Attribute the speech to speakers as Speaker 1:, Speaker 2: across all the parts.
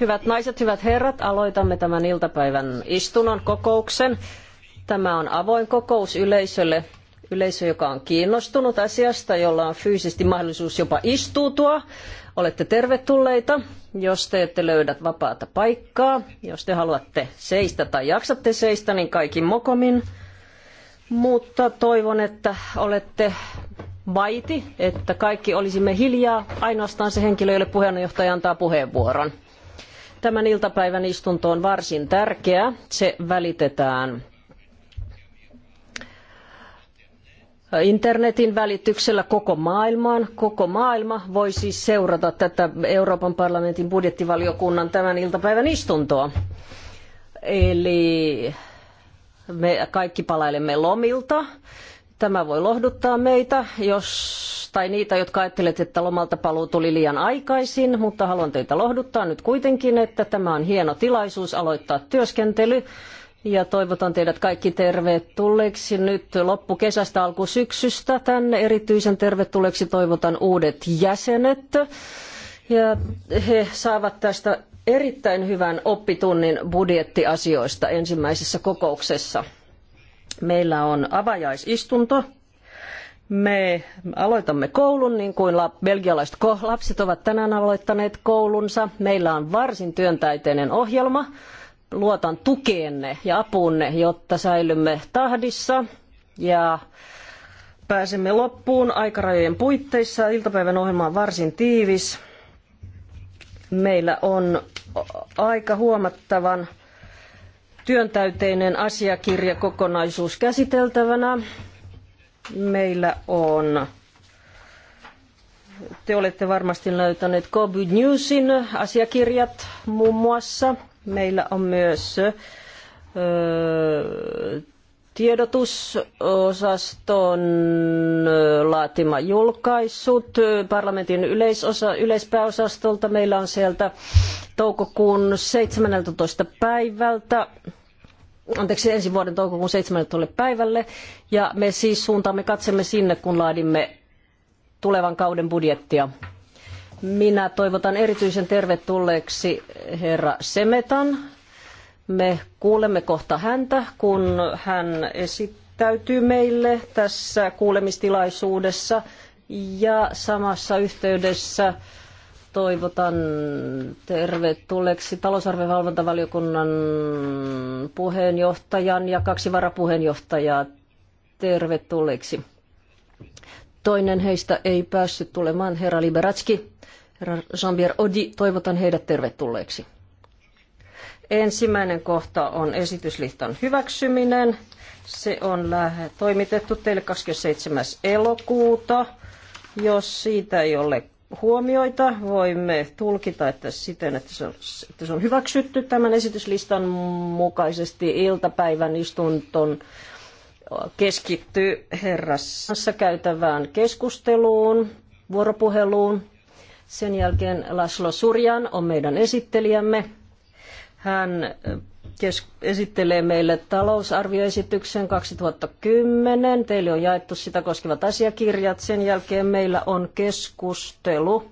Speaker 1: Hyvät naiset, hyvät herrat, aloitamme tämän iltapäivän istunnon kokouksen. Tämä on avoin kokous yleisölle, yleisö, joka on kiinnostunut asiasta, jolla on fyysisesti mahdollisuus jopa istuutua. Olette tervetulleita, jos te ette löydä vapaata paikkaa. Jos te haluatte seistä tai jaksatte seistä, niin kaikin mokomin. Mutta toivon, että olette vaiti, että kaikki olisimme hiljaa, ainoastaan se henkilö, jolle puheenjohtaja antaa puheenvuoron. Tämän iltapäivän istunto on varsin tärkeä. Se välitetään äh, internetin välityksellä koko maailmaan. Koko maailma voi siis seurata tätä Euroopan parlamentin budjettivaliokunnan tämän iltapäivän istuntoa. Eli me kaikki palailemme lomilta. Tämä voi lohduttaa meitä, jos, tai niitä, jotka ajattelet, että lomalta paluu tuli liian aikaisin, mutta haluan teitä lohduttaa nyt kuitenkin, että tämä on hieno tilaisuus aloittaa työskentely. Ja toivotan teidät kaikki tervetulleeksi nyt loppukesästä alkusyksystä. Tänne erityisen tervetulleeksi toivotan uudet jäsenet. Ja he saavat tästä erittäin hyvän oppitunnin budjettiasioista ensimmäisessä kokouksessa. Meillä on avajaisistunto. Me aloitamme koulun niin kuin belgialaiset lapset ovat tänään aloittaneet koulunsa. Meillä on varsin työntäyteinen ohjelma. Luotan tukeenne ja apuunne, jotta säilymme tahdissa ja pääsemme loppuun aikarajojen puitteissa. Iltapäivän ohjelma on varsin tiivis. Meillä on aika huomattavan työntäyteinen asiakirjakokonaisuus käsiteltävänä. Meillä on te olette varmasti löytäneet Kobu Newsin asiakirjat muun muassa. Meillä on myös ö, tiedotusosaston laatima julkaisu parlamentin yleisosa, yleispääosastolta. Meillä on sieltä toukokuun 17. päivältä anteeksi, ensi vuoden toukokuun 7. päivälle. Ja me siis suuntaamme katsemme sinne, kun laadimme tulevan kauden budjettia. Minä toivotan erityisen tervetulleeksi herra Semetan. Me kuulemme kohta häntä, kun hän esittäytyy meille tässä kuulemistilaisuudessa ja samassa yhteydessä toivotan tervetulleeksi talousarvevalvontavaliokunnan puheenjohtajan ja kaksi varapuheenjohtajaa tervetulleeksi. Toinen heistä ei päässyt tulemaan, herra Liberatski, herra Jean-Pierre Odi, toivotan heidät tervetulleeksi. Ensimmäinen kohta on esityslistan hyväksyminen. Se on toimitettu teille 27. elokuuta. Jos siitä ei ole huomioita. Voimme tulkita että siten, että se, on, että se on hyväksytty tämän esityslistan mukaisesti iltapäivän istunton keskittyy herrassa käytävään keskusteluun, vuoropuheluun. Sen jälkeen Laslo Surjan on meidän esittelijämme. Hän kes- esittelee meille talousarvioesityksen 2010. Teille on jaettu sitä koskevat asiakirjat. Sen jälkeen meillä on keskustelu,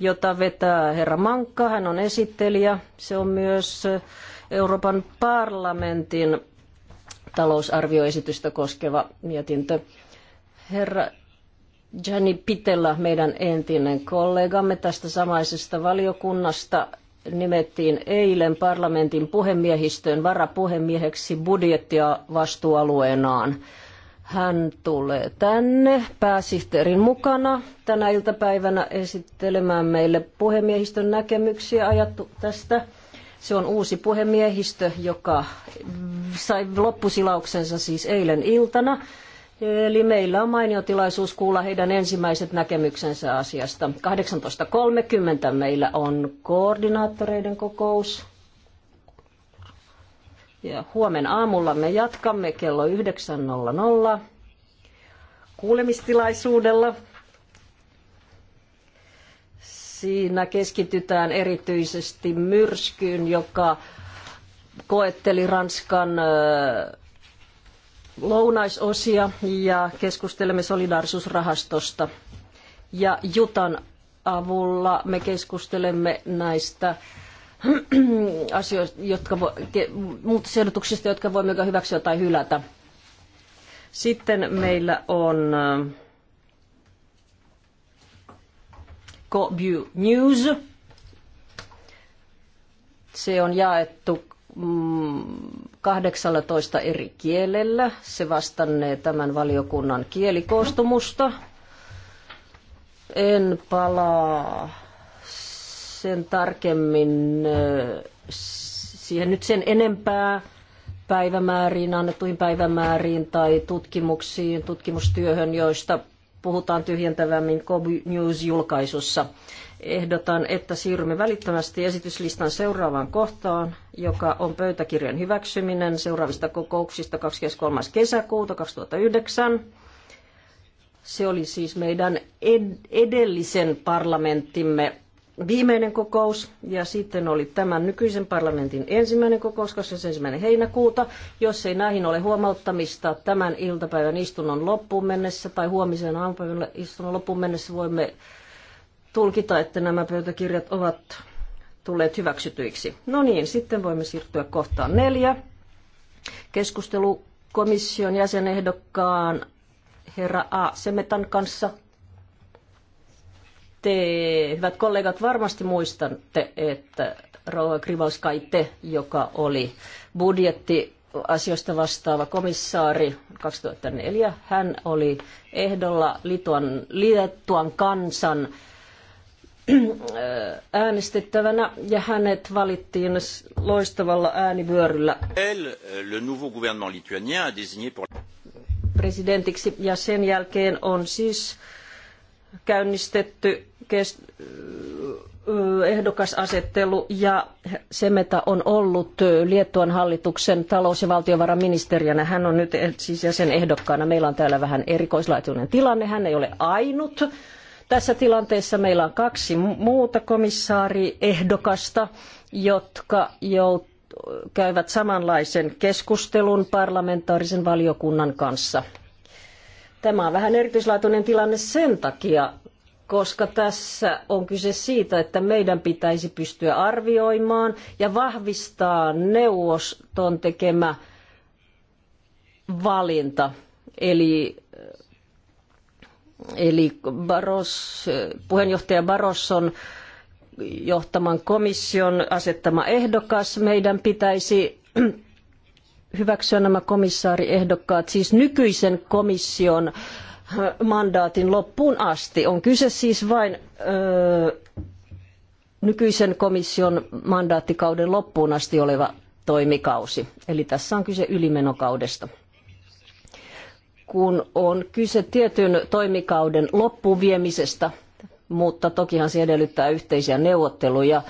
Speaker 1: jota vetää herra Mankka. Hän on esittelijä. Se on myös Euroopan parlamentin talousarvioesitystä koskeva mietintö. Herra Gianni Pitella, meidän entinen kollegamme tästä samaisesta valiokunnasta, nimettiin eilen parlamentin puhemiehistön varapuhemieheksi budjettia vastuualueenaan. Hän tulee tänne pääsihteerin mukana tänä iltapäivänä esittelemään meille puhemiehistön näkemyksiä ajattu tästä. Se on uusi puhemiehistö, joka sai loppusilauksensa siis eilen iltana. Eli meillä on mainio tilaisuus kuulla heidän ensimmäiset näkemyksensä asiasta. 18.30 meillä on koordinaattoreiden kokous. Ja huomenna aamulla me jatkamme kello 9.00 kuulemistilaisuudella. Siinä keskitytään erityisesti myrskyyn, joka koetteli Ranskan lounaisosia ja keskustelemme solidaarisuusrahastosta. Ja Jutan avulla me keskustelemme näistä asioista, jotka vo, muutosehdotuksista, jotka voimme joko hyväksyä tai hylätä. Sitten meillä on äh, Kobu News. Se on jaettu mm, 18 eri kielellä. Se vastannee tämän valiokunnan kielikoostumusta. En palaa sen tarkemmin äh, siihen nyt sen enempää päivämääriin, annettuihin päivämääriin tai tutkimuksiin, tutkimustyöhön, joista puhutaan tyhjentävämmin Kobu News-julkaisussa ehdotan, että siirrymme välittömästi esityslistan seuraavaan kohtaan, joka on pöytäkirjan hyväksyminen seuraavista kokouksista 23. kesäkuuta 2009. Se oli siis meidän edellisen parlamenttimme viimeinen kokous ja sitten oli tämän nykyisen parlamentin ensimmäinen kokous 21. heinäkuuta. Jos ei näihin ole huomauttamista tämän iltapäivän istunnon loppuun mennessä tai huomisen aamupäivän istunnon loppuun mennessä voimme tulkita, että nämä pöytäkirjat ovat tulleet hyväksytyiksi. No niin, sitten voimme siirtyä kohtaan neljä. Keskustelu komission jäsenehdokkaan herra A. Semetan kanssa. Te, hyvät kollegat, varmasti muistatte, että Rauha Krivalskaite, joka oli budjetti asioista vastaava komissaari 2004. Hän oli ehdolla Lituan, Litoan kansan äänestettävänä ja hänet valittiin loistavalla äänivyöryllä presidentiksi ja sen jälkeen on siis käynnistetty kes- ehdokasasettelu ja Semeta on ollut Liettuan hallituksen talous- ja valtiovarainministeriönä. Hän on nyt eh, siis jäsenehdokkaana. Meillä on täällä vähän erikoislaatuinen tilanne. Hän ei ole ainut tässä tilanteessa meillä on kaksi muuta komissaariehdokasta, jotka joutuvat käyvät samanlaisen keskustelun parlamentaarisen valiokunnan kanssa. Tämä on vähän erityislaatuinen tilanne sen takia, koska tässä on kyse siitä, että meidän pitäisi pystyä arvioimaan ja vahvistaa neuvoston tekemä valinta. Eli eli Baros, puheenjohtaja Barosson johtaman komission asettama ehdokas. Meidän pitäisi hyväksyä nämä komissaariehdokkaat, siis nykyisen komission mandaatin loppuun asti. On kyse siis vain öö, nykyisen komission mandaattikauden loppuun asti oleva toimikausi. Eli tässä on kyse ylimenokaudesta kun on kyse tietyn toimikauden loppuviemisestä, mutta tokihan se edellyttää yhteisiä neuvotteluja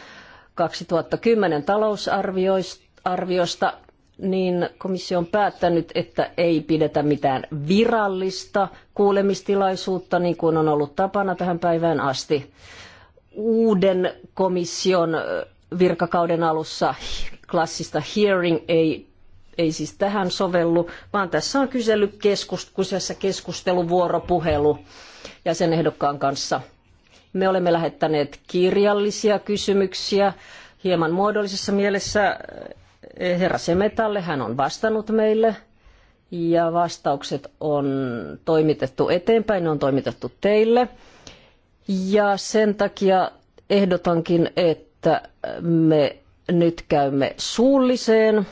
Speaker 1: 2010 talousarviosta, niin komissio on päättänyt, että ei pidetä mitään virallista kuulemistilaisuutta, niin kuin on ollut tapana tähän päivään asti. Uuden komission virkakauden alussa klassista hearing ei ei siis tähän sovellu, vaan tässä on kysely kyseessä keskusteluvuoropuhelu jäsenehdokkaan kanssa. Me olemme lähettäneet kirjallisia kysymyksiä hieman muodollisessa mielessä herra Semetalle. Hän on vastannut meille ja vastaukset on toimitettu eteenpäin, ne on toimitettu teille. Ja sen takia ehdotankin, että me nyt käymme suulliseen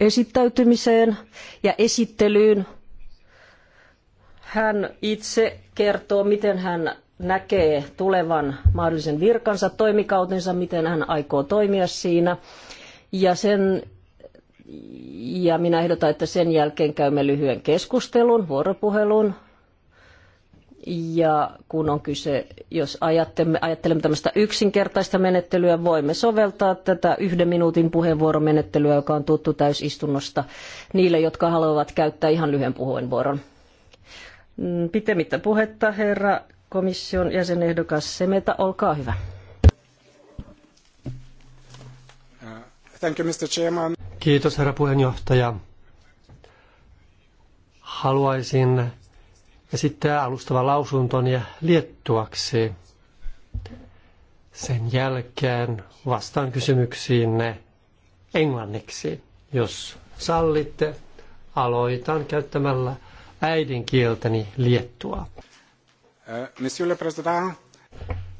Speaker 1: esittäytymiseen ja esittelyyn. Hän itse kertoo, miten hän näkee tulevan mahdollisen virkansa, toimikautensa, miten hän aikoo toimia siinä. Ja, sen, ja minä ehdotan, että sen jälkeen käymme lyhyen keskustelun, vuoropuhelun, ja kun on kyse, jos ajattelemme, ajattelemme tämmöistä yksinkertaista menettelyä, voimme soveltaa tätä yhden minuutin puheenvuoromenettelyä, joka on tuttu täysistunnosta niille, jotka haluavat käyttää ihan lyhyen puheenvuoron. Mm, pitemmittä puhetta, herra komission jäsenehdokas Semeta, olkaa hyvä.
Speaker 2: Uh, thank you, Mr. Chairman. Kiitos, herra puheenjohtaja. Haluaisin esittää alustava lausunton ja liettuaksi. Sen jälkeen vastaan kysymyksiinne englanniksi. Jos sallitte, aloitan käyttämällä äidinkieltäni liettua.
Speaker 1: Eh, monsieur le Président.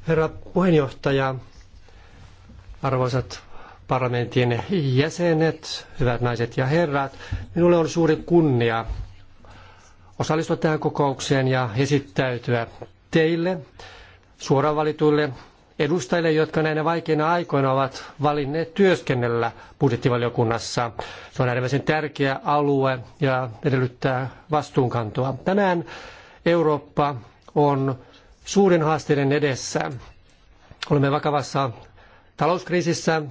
Speaker 2: Herra puheenjohtaja, arvoisat parlamentin jäsenet, hyvät naiset ja herrat, minulle on suuri kunnia osallistua tähän kokoukseen ja esittäytyä teille, suoraan valituille edustajille, jotka näinä vaikeina aikoina ovat valinneet työskennellä budjettivaliokunnassa. Se on äärimmäisen tärkeä alue ja edellyttää vastuunkantoa. Tänään Eurooppa on suuren haasteiden edessä. Olemme vakavassa talouskriisissä,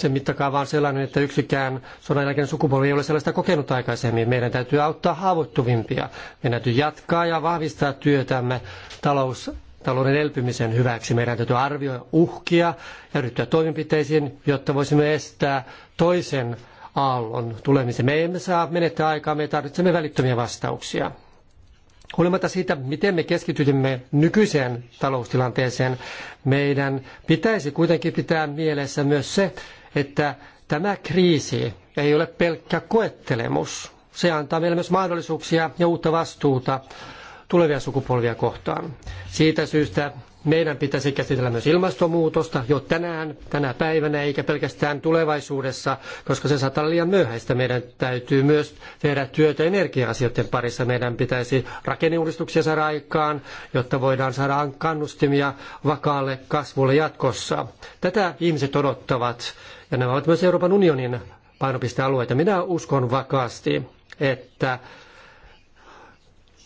Speaker 2: sen mittakaava on sellainen, että yksikään sodan jälkeen sukupolvi ei ole sellaista kokenut aikaisemmin. Meidän täytyy auttaa haavoittuvimpia. Meidän täytyy jatkaa ja vahvistaa työtämme talous, talouden elpymisen hyväksi. Meidän täytyy arvioida uhkia ja ryhtyä toimenpiteisiin, jotta voisimme estää toisen aallon tulemisen. Me emme saa menettää aikaa, me tarvitsemme välittömiä vastauksia. Huolimatta siitä, miten me keskitymme nykyiseen taloustilanteeseen, meidän pitäisi kuitenkin pitää mielessä myös se, että tämä kriisi ei ole pelkkä koettelemus. Se antaa meille myös mahdollisuuksia ja uutta vastuuta tulevia sukupolvia kohtaan. Siitä syystä meidän pitäisi käsitellä myös ilmastonmuutosta jo tänään, tänä päivänä, eikä pelkästään tulevaisuudessa, koska se saattaa olla liian myöhäistä. Meidän täytyy myös tehdä työtä energia-asioiden parissa. Meidän pitäisi rakenneuudistuksia saada aikaan, jotta voidaan saada kannustimia vakaalle kasvulle jatkossa. Tätä ihmiset odottavat ja nämä ovat myös Euroopan unionin painopistealueita. Minä uskon vakaasti, että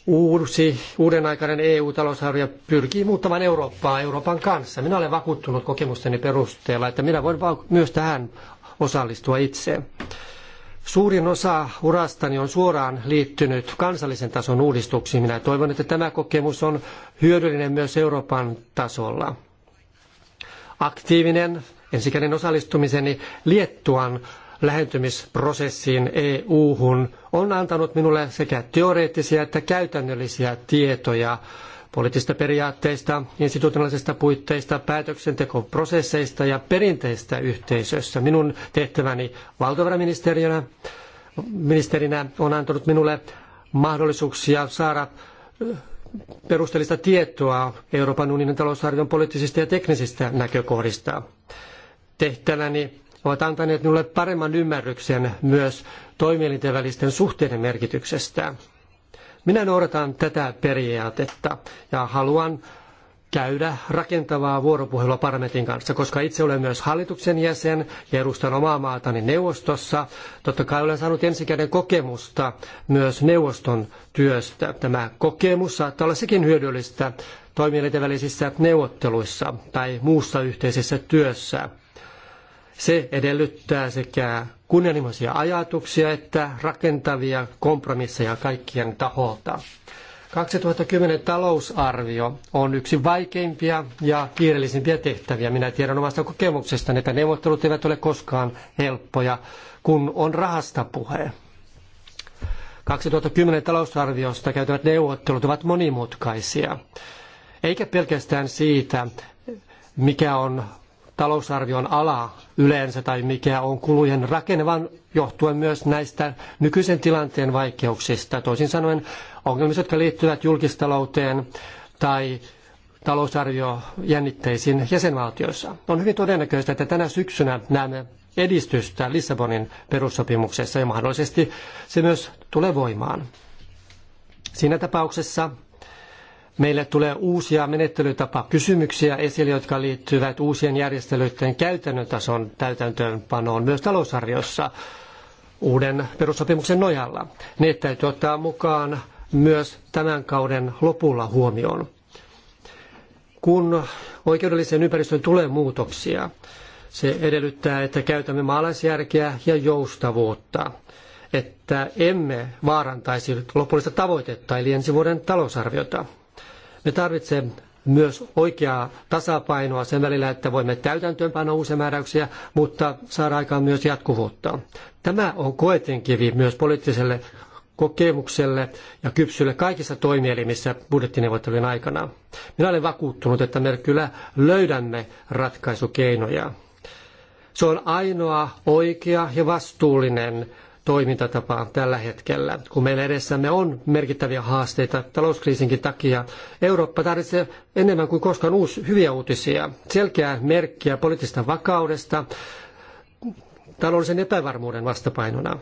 Speaker 2: uusi, uuden aikainen EU-talousarvio pyrkii muuttamaan Eurooppaa Euroopan kanssa. Minä olen vakuuttunut kokemusteni perusteella, että minä voin myös tähän osallistua itse. Suurin osa urastani on suoraan liittynyt kansallisen tason uudistuksiin. Minä toivon, että tämä kokemus on hyödyllinen myös Euroopan tasolla. Aktiivinen ensikäden osallistumiseni Liettuan lähentymisprosessiin EU-hun on antanut minulle sekä teoreettisia että käytännöllisiä tietoja poliittisista periaatteista, institutionaalisista puitteista, päätöksentekoprosesseista ja perinteistä yhteisössä. Minun tehtäväni valtiovarainministerinä ministerinä on antanut minulle mahdollisuuksia saada perusteellista tietoa Euroopan unionin talousarvion poliittisista ja teknisistä näkökohdista tehtäväni ovat antaneet minulle paremman ymmärryksen myös toimielinten välisten suhteiden merkityksestä. Minä noudatan tätä periaatetta ja haluan käydä rakentavaa vuoropuhelua parlamentin kanssa, koska itse olen myös hallituksen jäsen ja edustan omaa maatani neuvostossa. Totta kai olen saanut ensikäden kokemusta myös neuvoston työstä. Tämä kokemus saattaa olla sekin hyödyllistä toimielinten välisissä neuvotteluissa tai muussa yhteisessä työssä. Se edellyttää sekä kunnianhimoisia ajatuksia että rakentavia kompromisseja kaikkien taholta. 2010 talousarvio on yksi vaikeimpia ja kiireellisimpiä tehtäviä. Minä tiedän omasta kokemuksestani, että neuvottelut eivät ole koskaan helppoja, kun on rahasta puhe. 2010 talousarviosta käytävät neuvottelut ovat monimutkaisia. Eikä pelkästään siitä, mikä on talousarvion ala yleensä tai mikä on kulujen rakenne, vaan johtuen myös näistä nykyisen tilanteen vaikeuksista. Toisin sanoen ongelmista, jotka liittyvät julkistalouteen tai talousarviojännitteisiin jäsenvaltioissa. On hyvin todennäköistä, että tänä syksynä näemme edistystä Lissabonin perussopimuksessa ja mahdollisesti se myös tulee voimaan. Siinä tapauksessa Meille tulee uusia menettelytapakysymyksiä esille, jotka liittyvät uusien järjestelyiden käytännön tason täytäntöönpanoon myös talousarviossa uuden perussopimuksen nojalla. Ne täytyy ottaa mukaan myös tämän kauden lopulla huomioon. Kun oikeudellisen ympäristön tulee muutoksia, se edellyttää, että käytämme maalaisjärkeä ja joustavuutta, että emme vaarantaisi lopullista tavoitetta eli ensi vuoden talousarviota. Me tarvitsemme myös oikeaa tasapainoa sen välillä, että voimme täytäntöönpanna uusia määräyksiä, mutta saada aikaan myös jatkuvuutta. Tämä on koetinkivi myös poliittiselle kokemukselle ja kypsylle kaikissa toimielimissä budjettineuvottelujen aikana. Minä olen vakuuttunut, että me kyllä löydämme ratkaisukeinoja. Se on ainoa oikea ja vastuullinen toimintatapa tällä hetkellä. Kun meillä edessämme on merkittäviä haasteita talouskriisinkin takia, Eurooppa tarvitsee enemmän kuin koskaan uusi, hyviä uutisia, selkeää merkkiä poliittisesta vakaudesta, taloudellisen epävarmuuden vastapainona.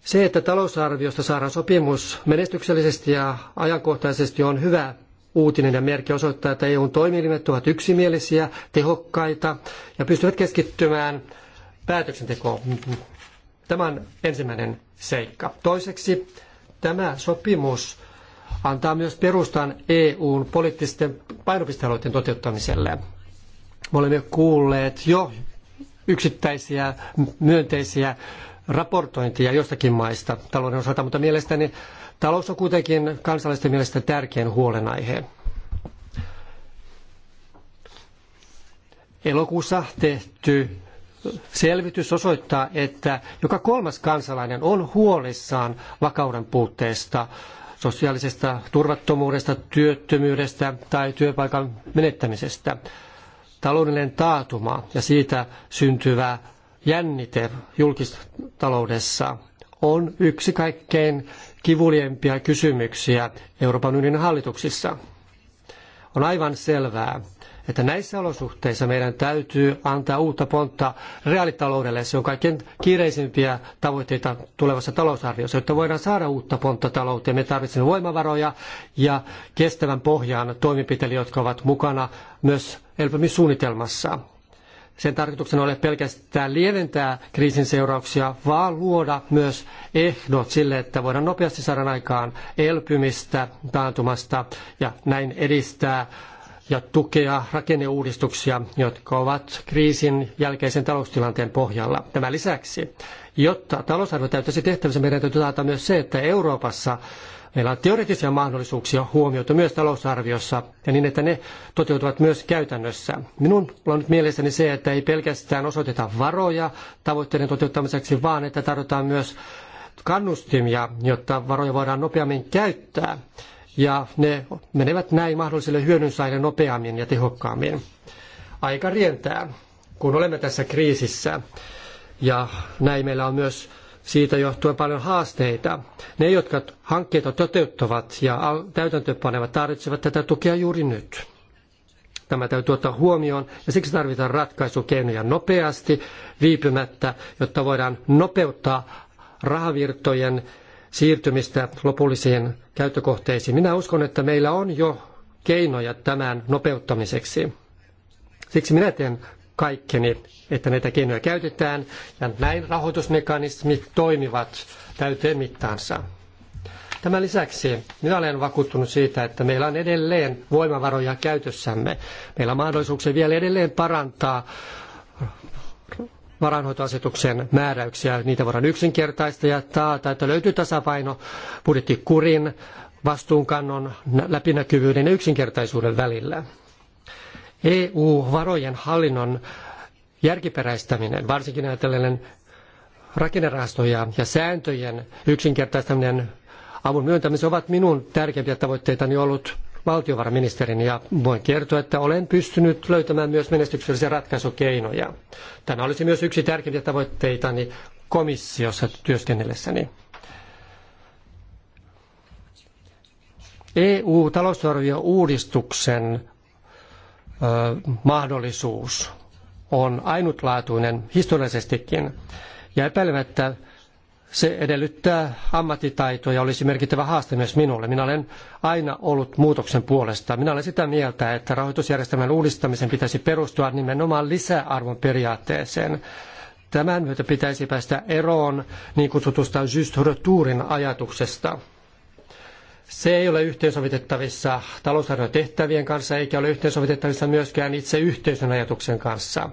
Speaker 2: Se, että talousarviosta saadaan sopimus menestyksellisesti ja ajankohtaisesti on hyvä uutinen ja merkki osoittaa, että EUn toimielimet ovat yksimielisiä, tehokkaita ja pystyvät keskittymään päätöksentekoon Tämä on ensimmäinen seikka. Toiseksi tämä sopimus antaa myös perustan EUn poliittisten painopistealueiden toteuttamiselle. Me olemme kuulleet jo yksittäisiä myönteisiä raportointia jostakin maista talouden osalta, mutta mielestäni talous on kuitenkin kansalaisten mielestä tärkein huolenaihe. Elokuussa tehty selvitys osoittaa, että joka kolmas kansalainen on huolissaan vakauden puutteesta, sosiaalisesta turvattomuudesta, työttömyydestä tai työpaikan menettämisestä. Taloudellinen taatuma ja siitä syntyvä jännite julkistaloudessa on yksi kaikkein kivuliempia kysymyksiä Euroopan unionin hallituksissa. On aivan selvää, että näissä olosuhteissa meidän täytyy antaa uutta pontta reaalitaloudelle. Se on kaikkein kiireisimpiä tavoitteita tulevassa talousarviossa. Jotta voidaan saada uutta pontta talouteen, me tarvitsemme voimavaroja ja kestävän pohjan toimenpiteille, jotka ovat mukana myös elpymissuunnitelmassa. Sen tarkoituksena ei ole pelkästään lieventää kriisin seurauksia, vaan luoda myös ehdot sille, että voidaan nopeasti saada aikaan elpymistä taantumasta ja näin edistää ja tukea rakenneuudistuksia, jotka ovat kriisin jälkeisen taloustilanteen pohjalla. Tämän lisäksi, jotta talousarvio täyttäisi tehtävänsä, meidän täytyy taata myös se, että Euroopassa meillä on teoreettisia mahdollisuuksia huomioitu myös talousarviossa ja niin, että ne toteutuvat myös käytännössä. Minun on nyt mielessäni se, että ei pelkästään osoiteta varoja tavoitteiden toteuttamiseksi, vaan että tarvitaan myös kannustimia, jotta varoja voidaan nopeammin käyttää ja ne menevät näin mahdollisille hyödynsaajille nopeammin ja tehokkaammin. Aika rientää, kun olemme tässä kriisissä. Ja näin meillä on myös siitä johtuen paljon haasteita. Ne, jotka hankkeita toteuttavat ja täytäntöönpanevat, tarvitsevat tätä tukea juuri nyt. Tämä täytyy ottaa huomioon ja siksi tarvitaan ratkaisukeinoja nopeasti, viipymättä, jotta voidaan nopeuttaa rahavirtojen siirtymistä lopullisiin käyttökohteisiin. Minä uskon, että meillä on jo keinoja tämän nopeuttamiseksi. Siksi minä teen kaikkeni, että näitä keinoja käytetään ja näin rahoitusmekanismit toimivat täyteen mittaansa. Tämän lisäksi minä olen vakuuttunut siitä, että meillä on edelleen voimavaroja käytössämme. Meillä on mahdollisuuksia vielä edelleen parantaa varainhoitoasetuksen määräyksiä. Niitä voidaan yksinkertaista ja taata, että löytyy tasapaino budjettikurin, vastuunkannon, läpinäkyvyyden ja yksinkertaisuuden välillä. EU-varojen hallinnon järkiperäistäminen, varsinkin ajatellen rakennerahastoja ja sääntöjen yksinkertaistaminen avun myöntämiseen ovat minun tärkeimpiä tavoitteitani ollut valtiovarainministerin ja voin kertoa, että olen pystynyt löytämään myös menestyksellisiä ratkaisukeinoja. Tämä olisi myös yksi tärkeimpiä tavoitteitani komissiossa työskennellessäni. EU-talousarvio-uudistuksen mahdollisuus on ainutlaatuinen historiallisestikin. Ja epäilemättä se edellyttää ammattitaitoa ja olisi merkittävä haaste myös minulle. Minä olen aina ollut muutoksen puolesta. Minä olen sitä mieltä, että rahoitusjärjestelmän uudistamisen pitäisi perustua nimenomaan lisäarvon periaatteeseen. Tämän myötä pitäisi päästä eroon niin kutsutusta just retourin ajatuksesta. Se ei ole yhteensovitettavissa talousarvion tehtävien kanssa, eikä ole yhteensovitettavissa myöskään itse yhteisön ajatuksen kanssa.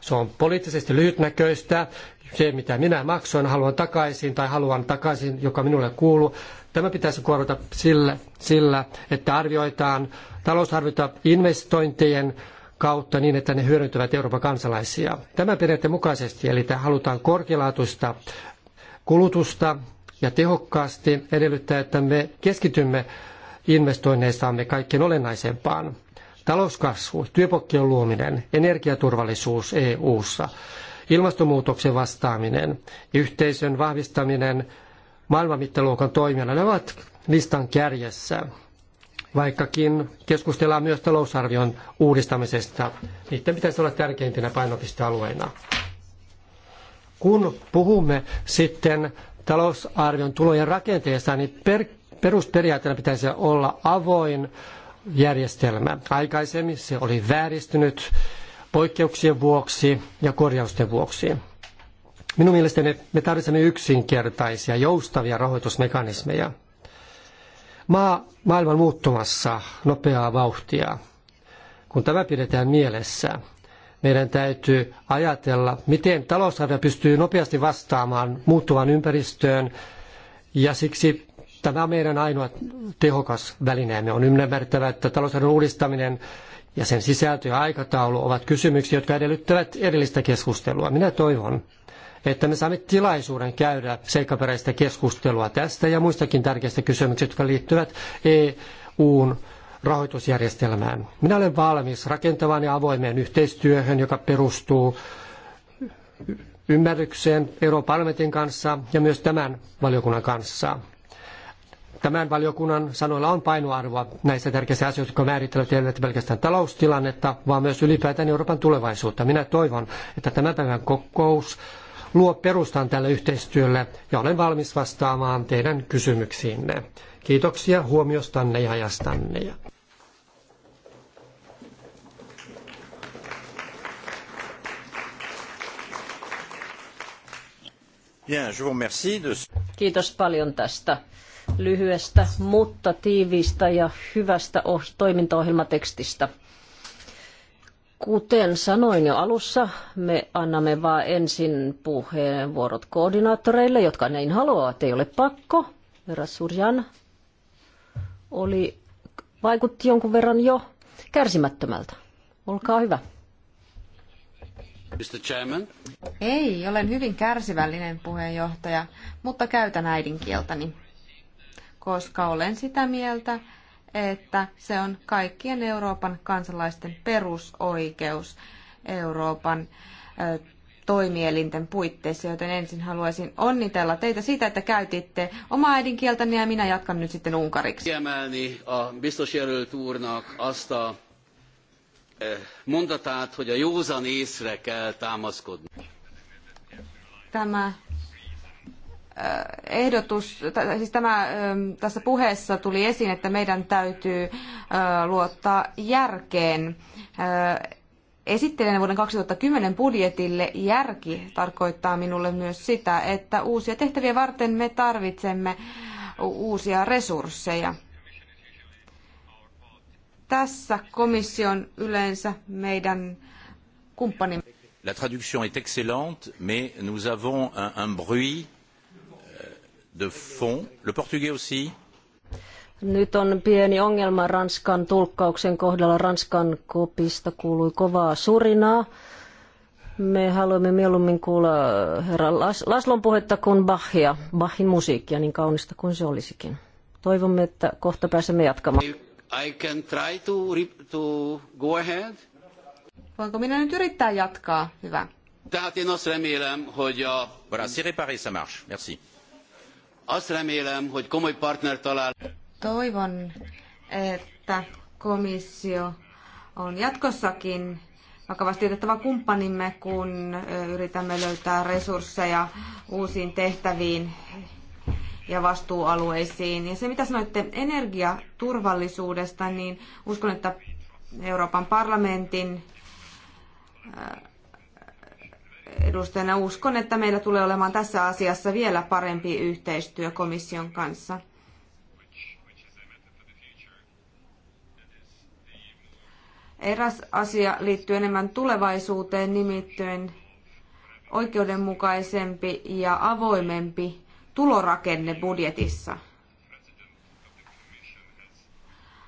Speaker 2: Se on poliittisesti lyhytnäköistä se, mitä minä maksoin, haluan takaisin tai haluan takaisin, joka minulle kuuluu. Tämä pitäisi korvata sillä, sillä että arvioitaan talousarviota investointien kautta niin, että ne hyödyntävät Euroopan kansalaisia. Tämän periaatteen mukaisesti, eli halutaan korkealaatuista kulutusta ja tehokkaasti edellyttää, että me keskitymme investoinneistamme kaikkein olennaisempaan. Talouskasvu, työpokkien luominen, energiaturvallisuus EU-ssa – ilmastonmuutoksen vastaaminen, yhteisön vahvistaminen maailmanmittaluokan toimijana, ne ovat listan kärjessä. Vaikkakin keskustellaan myös talousarvion uudistamisesta, niiden pitäisi olla tärkeimpinä painopistealueina. Kun puhumme sitten talousarvion tulojen rakenteesta, niin per, perusperiaatteena pitäisi olla avoin järjestelmä. Aikaisemmin se oli vääristynyt poikkeuksien vuoksi ja korjausten vuoksi. Minun mielestäni me tarvitsemme yksinkertaisia, joustavia rahoitusmekanismeja. Maa, maailman muuttumassa nopeaa vauhtia. Kun tämä pidetään mielessä, meidän täytyy ajatella, miten talousarvio pystyy nopeasti vastaamaan muuttuvan ympäristöön, ja siksi tämä on meidän ainoa tehokas välineemme. On ymmärrettävä, että talousarvion uudistaminen ja sen sisältö ja aikataulu ovat kysymyksiä, jotka edellyttävät erillistä keskustelua. Minä toivon, että me saamme tilaisuuden käydä seikkaperäistä keskustelua tästä ja muistakin tärkeistä kysymyksistä, jotka liittyvät EUn rahoitusjärjestelmään. Minä olen valmis rakentavaan ja avoimeen yhteistyöhön, joka perustuu ymmärrykseen Euroopan parlamentin kanssa ja myös tämän valiokunnan kanssa. Tämän valiokunnan sanoilla on painoarvoa näissä tärkeissä asioissa, jotka määrittelevät eivät pelkästään taloustilannetta, vaan myös ylipäätään Euroopan tulevaisuutta. Minä toivon, että tämän päivän kokous luo perustan tälle yhteistyölle ja olen valmis vastaamaan teidän kysymyksiinne. Kiitoksia huomiostanne ja ajastanne.
Speaker 1: Kiitos paljon tästä lyhyestä, mutta tiiviistä ja hyvästä oh- toimintaohjelmatekstistä. Kuten sanoin jo alussa, me annamme vain ensin puheenvuorot koordinaattoreille, jotka näin haluavat. Ei ole pakko. Herra oli, vaikutti jonkun verran jo kärsimättömältä. Olkaa hyvä. Mr. Chairman. Ei, olen hyvin kärsivällinen puheenjohtaja,
Speaker 3: mutta käytän äidinkieltäni koska olen sitä mieltä, että se on kaikkien Euroopan kansalaisten perusoikeus Euroopan toimielinten puitteissa, joten ensin haluaisin onnitella teitä siitä, että käytitte omaa äidinkieltäni ja minä jatkan nyt sitten unkariksi.
Speaker 2: Kiemelni a biztos azt a mondatát, hogy a józan észre kell támaszkodni.
Speaker 3: Tämä ehdotus, siis tämä, ähm, tässä puheessa tuli esiin, että meidän täytyy äh, luottaa järkeen. Äh, Esittelen vuoden 2010 budjetille järki tarkoittaa minulle myös sitä, että uusia tehtäviä varten me tarvitsemme uusia resursseja. Tässä komission yleensä meidän kumppanimme. La traduction est excellente, mais nous avons un, un bruit
Speaker 2: de fond. Le portugais aussi.
Speaker 1: Nyt on pieni ongelma Ranskan tulkkauksen kohdalla. Ranskan kopista kuului kovaa surinaa. Me haluamme mieluummin kuulla äh, herra Las- Laslon puhetta kuin Bachia, Bachin musiikkia, niin kaunista kuin se olisikin. Toivomme, että kohta pääsemme jatkamaan.
Speaker 3: I can try to, to go ahead. Voinko minä nyt yrittää jatkaa? Hyvä. Tehát én azt hogy a... Voilà, c'est réparé, ça marche. Merci.
Speaker 2: Azt remélem, hogy komoly partner talál.
Speaker 3: Toivon, että komissio on jatkossakin vakavasti otettava kumppanimme, kun yritämme löytää resursseja uusiin tehtäviin ja vastuualueisiin. Ja se, mitä sanoitte energiaturvallisuudesta, niin uskon, että Euroopan parlamentin edustajana uskon, että meillä tulee olemaan tässä asiassa vielä parempi yhteistyö komission kanssa. Eräs asia liittyy enemmän tulevaisuuteen, nimittäin oikeudenmukaisempi ja avoimempi tulorakenne budjetissa.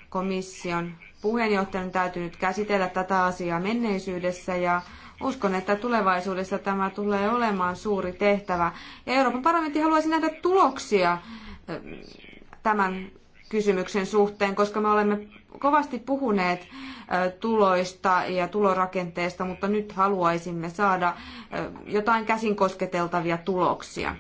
Speaker 3: Komission puheenjohtajan täytyy nyt käsitellä tätä asiaa menneisyydessä ja Uskon, että tulevaisuudessa tämä tulee olemaan suuri tehtävä. Ja Euroopan parlamentti haluaisi nähdä tuloksia ähm, tämän kysymyksen suhteen, koska me olemme kovasti puhuneet äh, tuloista ja tulorakenteesta, mutta nyt haluaisimme saada äh, jotain käsin kosketeltavia tuloksia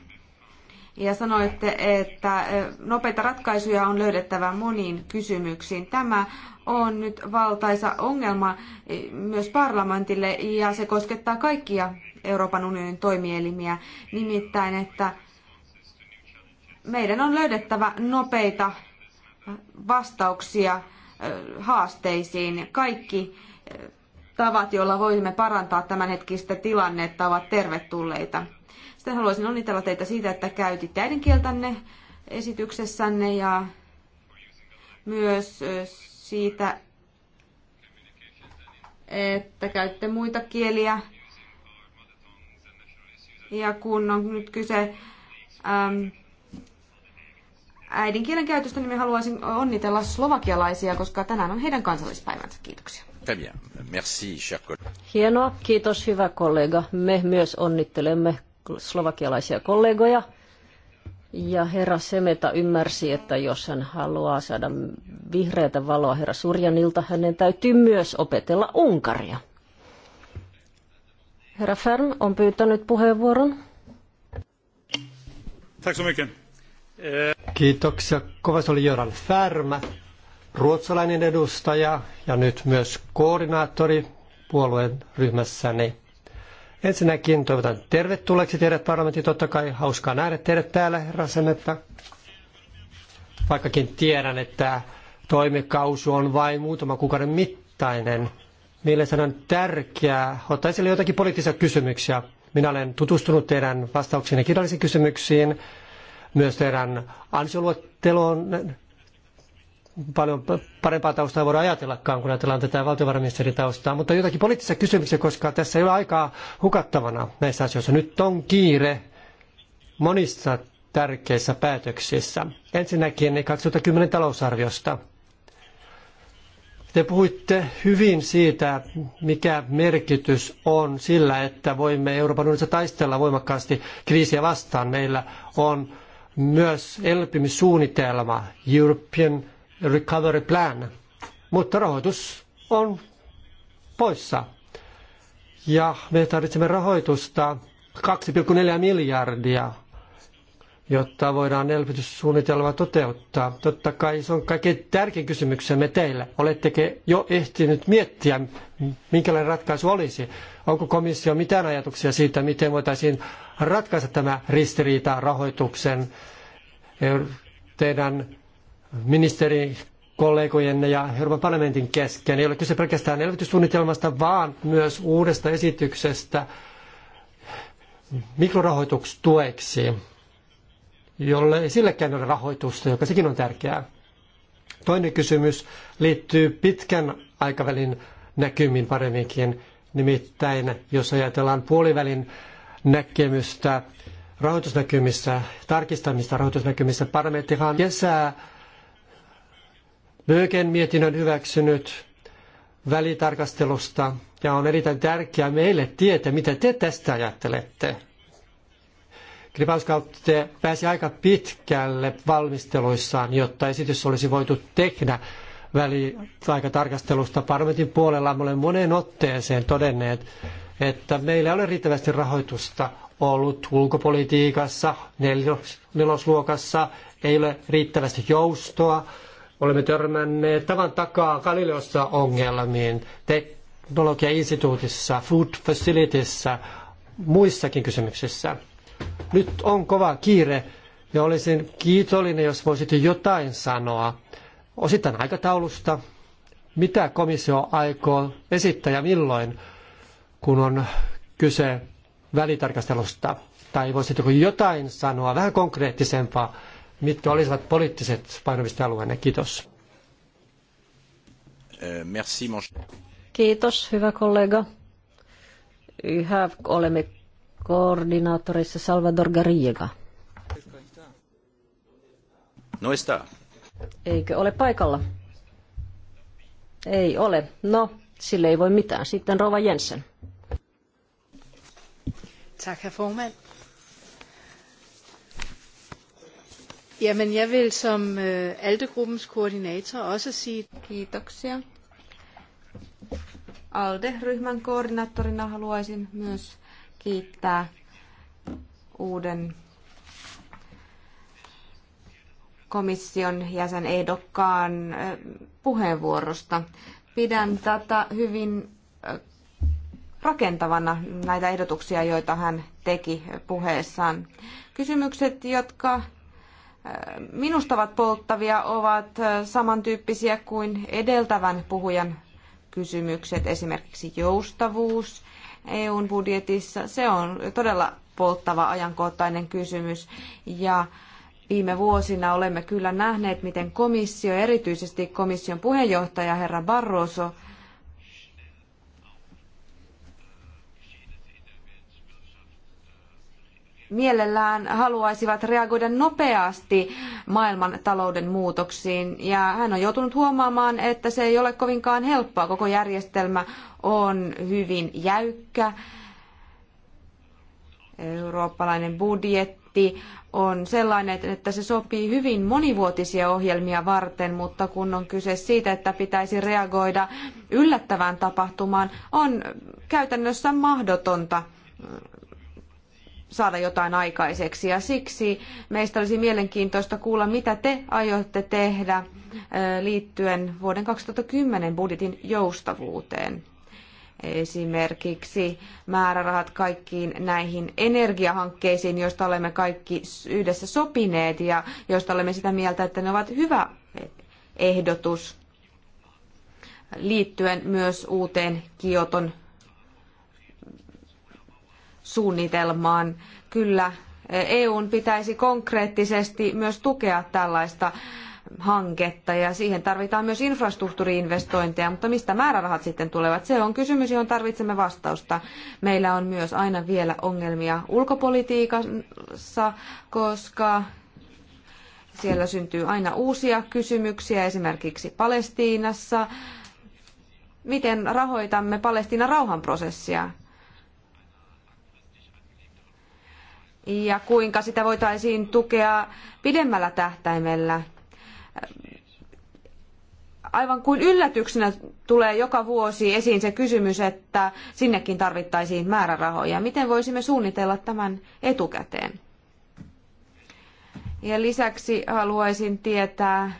Speaker 3: ja sanoitte, että nopeita ratkaisuja on löydettävä moniin kysymyksiin. Tämä on nyt valtaisa ongelma e, myös parlamentille ja se koskettaa kaikkia Euroopan unionin toimielimiä, nimittäin että meidän on löydettävä nopeita vastauksia haasteisiin. Kaikki tavat, joilla voimme parantaa tämänhetkistä tilannetta, ovat tervetulleita. Sitten haluaisin onnitella teitä siitä, että käytitte äidinkieltänne esityksessänne ja myös siitä, että käytte muita kieliä. Ja kun on nyt kyse äm, äidinkielen käytöstä, niin me haluaisin onnitella slovakialaisia,
Speaker 1: koska tänään on heidän kansallispäivänsä. Kiitoksia. Hienoa, kiitos hyvä kollega. Me myös onnittelemme slovakialaisia kollegoja. Ja herra Semeta ymmärsi, että jos hän haluaa saada vihreätä valoa herra Surjanilta, hänen täytyy myös opetella Unkaria. Herra Färm on pyytänyt puheenvuoron.
Speaker 2: Eh. Kiitoksia. Kovasti oli Göran Färm, ruotsalainen edustaja ja nyt myös koordinaattori puolueen ryhmässäni. Ensinnäkin toivotan tervetulleeksi teidät parlamentti. Totta kai hauskaa nähdä teidät täällä, herra Semetta. Vaikkakin tiedän, että toimikausi on vain muutama kuukauden mittainen. Mielestäni on tärkeää ottaa esille jotakin poliittisia kysymyksiä. Minä olen tutustunut teidän vastauksiin ja kirjallisiin kysymyksiin, myös teidän ansioluetteloon paljon parempaa taustaa voida ajatellakaan, kun ajatellaan tätä taustaa, mutta jotakin poliittisia kysymyksiä, koska tässä ei ole aikaa hukattavana näissä asioissa. Nyt on kiire monissa tärkeissä päätöksissä. Ensinnäkin 2010 talousarviosta. Te puhuitte hyvin siitä, mikä merkitys on sillä, että voimme Euroopan unionissa taistella voimakkaasti kriisiä vastaan. Meillä on myös elpymissuunnitelma, European recovery plan, mutta rahoitus on poissa. Ja me tarvitsemme rahoitusta 2,4 miljardia, jotta voidaan elvytyssuunnitelma toteuttaa. Totta kai se on kaikkein tärkein kysymyksemme teille. Oletteko jo ehtinyt miettiä, minkälainen ratkaisu olisi? Onko komissio mitään ajatuksia siitä, miten voitaisiin ratkaista tämä ristiriita rahoituksen er, teidän ministeri kollegojenne ja Euroopan parlamentin kesken. Ei ole kyse pelkästään elvytyssuunnitelmasta, vaan myös uudesta esityksestä mikrorahoitustueksi, jolle ei silläkään ole rahoitusta, joka sekin on tärkeää. Toinen kysymys liittyy pitkän aikavälin näkymiin paremminkin, nimittäin jos ajatellaan puolivälin näkemystä rahoitusnäkymissä, tarkistamista rahoitusnäkymissä, parlamenttihan kesää Böken mietinnön hyväksynyt välitarkastelusta ja on erittäin tärkeää meille tietää, mitä te tästä ajattelette. Kripauskautte pääsi aika pitkälle valmisteluissaan, jotta esitys olisi voitu tehdä väliaikatarkastelusta. Parlamentin puolella me olemme moneen otteeseen todenneet, että meillä ei ole riittävästi rahoitusta ollut ulkopolitiikassa, nelosluokassa, ei ole riittävästi joustoa, Olemme törmänneet tavan takaa Galileossa ongelmiin, teknologiainstituutissa, food facilityssä, muissakin kysymyksissä. Nyt on kova kiire ja olisin kiitollinen, jos voisit jotain sanoa osittain aikataulusta, mitä komissio aikoo esittää ja milloin, kun on kyse välitarkastelusta. Tai voisitteko jotain sanoa vähän konkreettisempaa mitkä olisivat poliittiset painopistealueenne? Kiitos.
Speaker 1: Eh, merci, mon... Kiitos, hyvä kollega. Yhä olemme koordinaattorissa Salvador Garriga. No está. Eikö ole paikalla? Ei ole. No, sille ei voi mitään. Sitten Rova Jensen. Tack, herr Jamen, jeg vil som øh, ALDE-gruppens koordinator også sige...
Speaker 3: Kiitoksia. ALDE-ryhmän koordinaattorina haluaisin myös kiittää uuden komission jäsen ehdokkaan puheenvuorosta. Pidän tätä hyvin rakentavana näitä ehdotuksia, joita hän teki puheessaan. Kysymykset, jotka minusta ovat polttavia ovat samantyyppisiä kuin edeltävän puhujan kysymykset, esimerkiksi joustavuus EUn budjetissa. Se on todella polttava ajankohtainen kysymys ja viime vuosina olemme kyllä nähneet, miten komissio, erityisesti komission puheenjohtaja herra Barroso, mielellään haluaisivat reagoida nopeasti maailmantalouden muutoksiin. Ja hän on joutunut huomaamaan, että se ei ole kovinkaan helppoa. Koko järjestelmä on hyvin jäykkä. Eurooppalainen budjetti on sellainen, että se sopii hyvin monivuotisia ohjelmia varten, mutta kun on kyse siitä, että pitäisi reagoida yllättävään tapahtumaan, on käytännössä mahdotonta saada jotain aikaiseksi. Ja siksi meistä olisi mielenkiintoista kuulla, mitä te aiotte tehdä liittyen vuoden 2010 budjetin joustavuuteen. Esimerkiksi määrärahat kaikkiin näihin energiahankkeisiin, joista olemme kaikki yhdessä sopineet ja joista olemme sitä mieltä, että ne ovat hyvä ehdotus liittyen myös uuteen Kioton suunnitelmaan. Kyllä EUn pitäisi konkreettisesti myös tukea tällaista hanketta ja siihen tarvitaan myös infrastruktuuriinvestointeja, mutta mistä määrärahat sitten tulevat? Se on kysymys, johon tarvitsemme vastausta. Meillä on myös aina vielä ongelmia ulkopolitiikassa, koska siellä syntyy aina uusia kysymyksiä, esimerkiksi Palestiinassa. Miten rahoitamme Palestiinan rauhanprosessia? ja kuinka sitä voitaisiin tukea pidemmällä tähtäimellä. Aivan kuin yllätyksenä tulee joka vuosi esiin se kysymys, että sinnekin tarvittaisiin määrärahoja. Miten voisimme suunnitella tämän etukäteen? Ja lisäksi haluaisin tietää,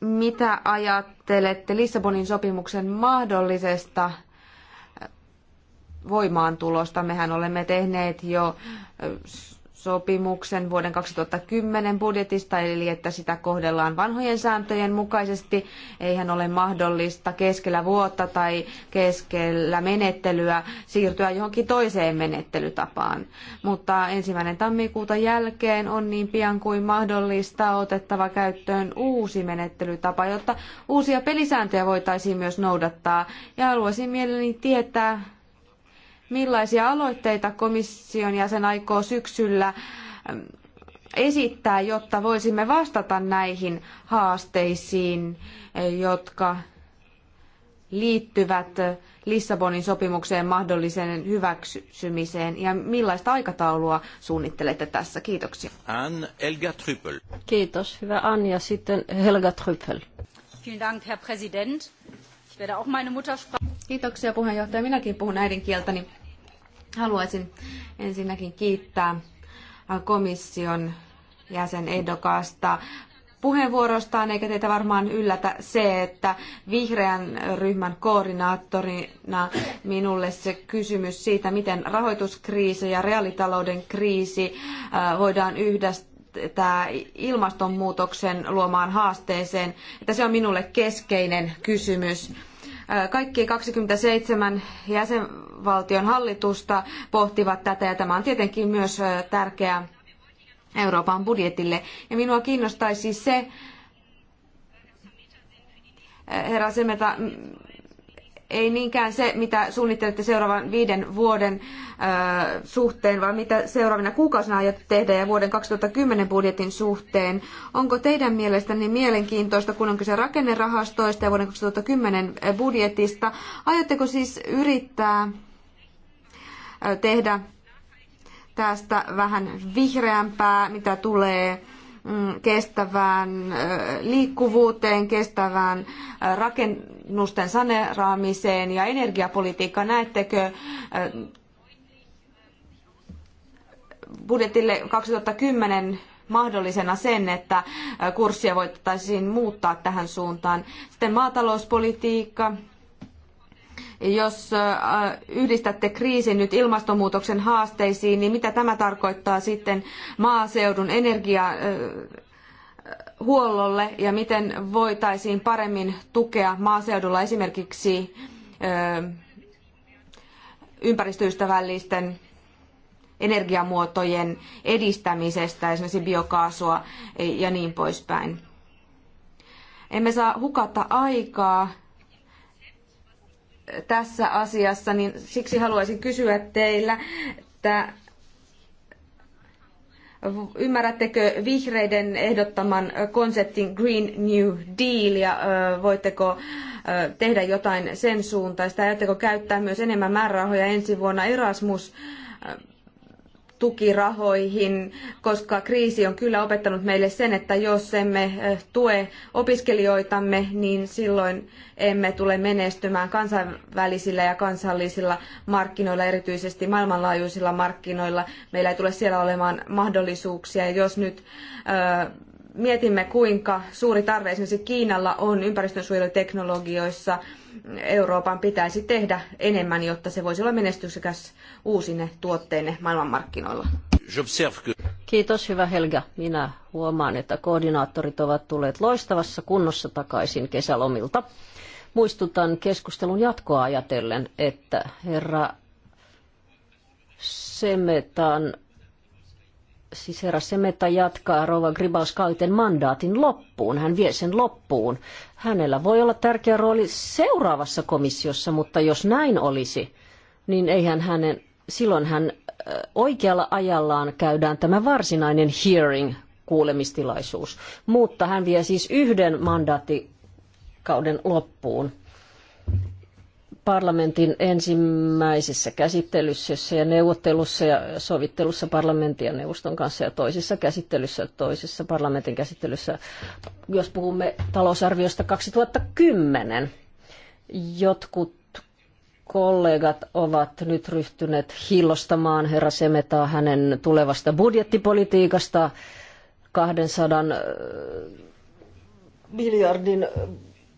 Speaker 3: mitä ajattelette Lissabonin sopimuksen mahdollisesta voimaantulosta. Mehän olemme tehneet jo sopimuksen vuoden 2010 budjetista, eli että sitä kohdellaan vanhojen sääntöjen mukaisesti. Eihän ole mahdollista keskellä vuotta tai keskellä menettelyä siirtyä johonkin toiseen menettelytapaan. Mutta ensimmäinen tammikuuta jälkeen on niin pian kuin mahdollista otettava käyttöön uusi menettelytapa, jotta uusia pelisääntöjä voitaisiin myös noudattaa. Ja haluaisin mielelläni tietää, millaisia aloitteita komission jäsen aikoo syksyllä ähm, esittää, jotta voisimme vastata näihin haasteisiin, jotka liittyvät Lissabonin sopimukseen mahdolliseen hyväksymiseen ja millaista aikataulua suunnittelette tässä? Kiitoksia.
Speaker 2: Ann Helga Tryppel.
Speaker 1: Kiitos. Hyvä Anja. Sitten Helga Tryppel. Vielen Herr Präsident. Ich werde auch meine Muttersprache... Kiitoksia
Speaker 3: puheenjohtaja. Minäkin puhun äidinkieltäni. Haluaisin ensinnäkin kiittää komission jäsenehdokasta puheenvuorostaan, eikä teitä varmaan yllätä se, että vihreän ryhmän koordinaattorina minulle se kysymys siitä, miten rahoituskriisi ja reaalitalouden kriisi voidaan yhdistää ilmastonmuutoksen luomaan haasteeseen, että se on minulle keskeinen kysymys kaikki 27 jäsenvaltion hallitusta pohtivat tätä ja tämä on tietenkin myös tärkeää Euroopan budjetille. Ja minua kiinnostaisi se, herra Semeta, ei niinkään se, mitä suunnittelette seuraavan viiden vuoden suhteen, vaan mitä seuraavina kuukausina aiotte tehdä ja vuoden 2010 budjetin suhteen. Onko teidän mielestänne mielenkiintoista, kun on kyse rakennerahastoista ja vuoden 2010 budjetista? Aiotteko siis yrittää tehdä tästä vähän vihreämpää, mitä tulee Mm, kestävään liikkuvuuteen, kestävään rakennusten saneraamiseen ja energiapolitiikkaan. Näettekö budjetille 2010 mahdollisena sen, että kurssia voitaisiin muuttaa tähän suuntaan. Sitten maatalouspolitiikka, jos äh, yhdistätte kriisin nyt ilmastonmuutoksen haasteisiin, niin mitä tämä tarkoittaa sitten maaseudun energiahuollolle äh, ja miten voitaisiin paremmin tukea maaseudulla esimerkiksi äh, ympäristöystävällisten energiamuotojen edistämisestä, esimerkiksi biokaasua ja niin poispäin. Emme saa hukata aikaa tässä asiassa, niin siksi haluaisin kysyä teillä, että ymmärrättekö vihreiden ehdottaman konseptin Green New Deal ja voitteko tehdä jotain sen suuntaista? Ajatteko käyttää myös enemmän määrärahoja ensi vuonna Erasmus tukirahoihin, koska kriisi on kyllä opettanut meille sen, että jos emme eh, tue opiskelijoitamme, niin silloin emme tule menestymään kansainvälisillä ja kansallisilla markkinoilla, erityisesti maailmanlaajuisilla markkinoilla. Meillä ei tule siellä olemaan mahdollisuuksia. Jos nyt eh, mietimme, kuinka suuri tarve esimerkiksi Kiinalla on ympäristönsuojeluteknologioissa, Euroopan pitäisi tehdä
Speaker 1: enemmän, jotta se voisi olla menestyksekäs uusine tuotteine maailmanmarkkinoilla. Kiitos, hyvä Helga. Minä huomaan, että koordinaattorit ovat tulleet loistavassa kunnossa takaisin kesälomilta. Muistutan keskustelun jatkoa ajatellen, että herra Semetan siis herra Semeta jatkaa rouva Gribauskaiten mandaatin loppuun. Hän vie sen loppuun. Hänellä voi olla tärkeä rooli seuraavassa komissiossa, mutta jos näin olisi, niin eihän hänen, silloin hän oikealla ajallaan käydään tämä varsinainen hearing, kuulemistilaisuus. Mutta hän vie siis yhden mandaattikauden loppuun parlamentin ensimmäisessä käsittelyssä ja neuvottelussa ja sovittelussa parlamentin ja neuvoston kanssa ja toisessa käsittelyssä, toisessa parlamentin käsittelyssä, jos puhumme talousarviosta 2010. Jotkut kollegat ovat nyt ryhtyneet hillostamaan herra Semetaa hänen tulevasta budjettipolitiikasta 200 miljardin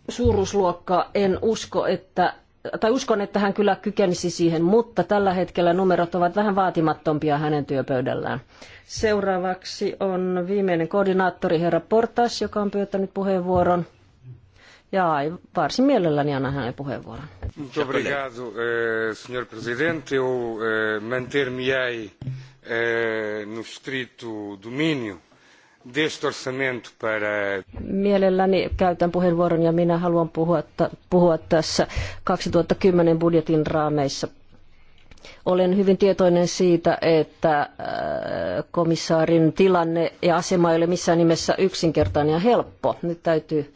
Speaker 1: suuruusluokkaa. En usko, että tai uskon, että hän kyllä kykenisi siihen, mutta tällä hetkellä numerot ovat vähän vaatimattompia hänen työpöydällään. Seuraavaksi on viimeinen koordinaattori herra Portas, joka on pyytänyt puheenvuoron. Ja varsin mielelläni annan hänelle puheenvuoron.
Speaker 2: Obrigado, eh, presidente. Eh, manter-me-ei eh, no
Speaker 1: Mielelläni käytän puheenvuoron ja minä haluan puhua, puhua tässä 2010 budjetin raameissa. Olen hyvin tietoinen siitä, että äh, komissaarin tilanne ja asema ei ole missään nimessä yksinkertainen ja helppo. Nyt täytyy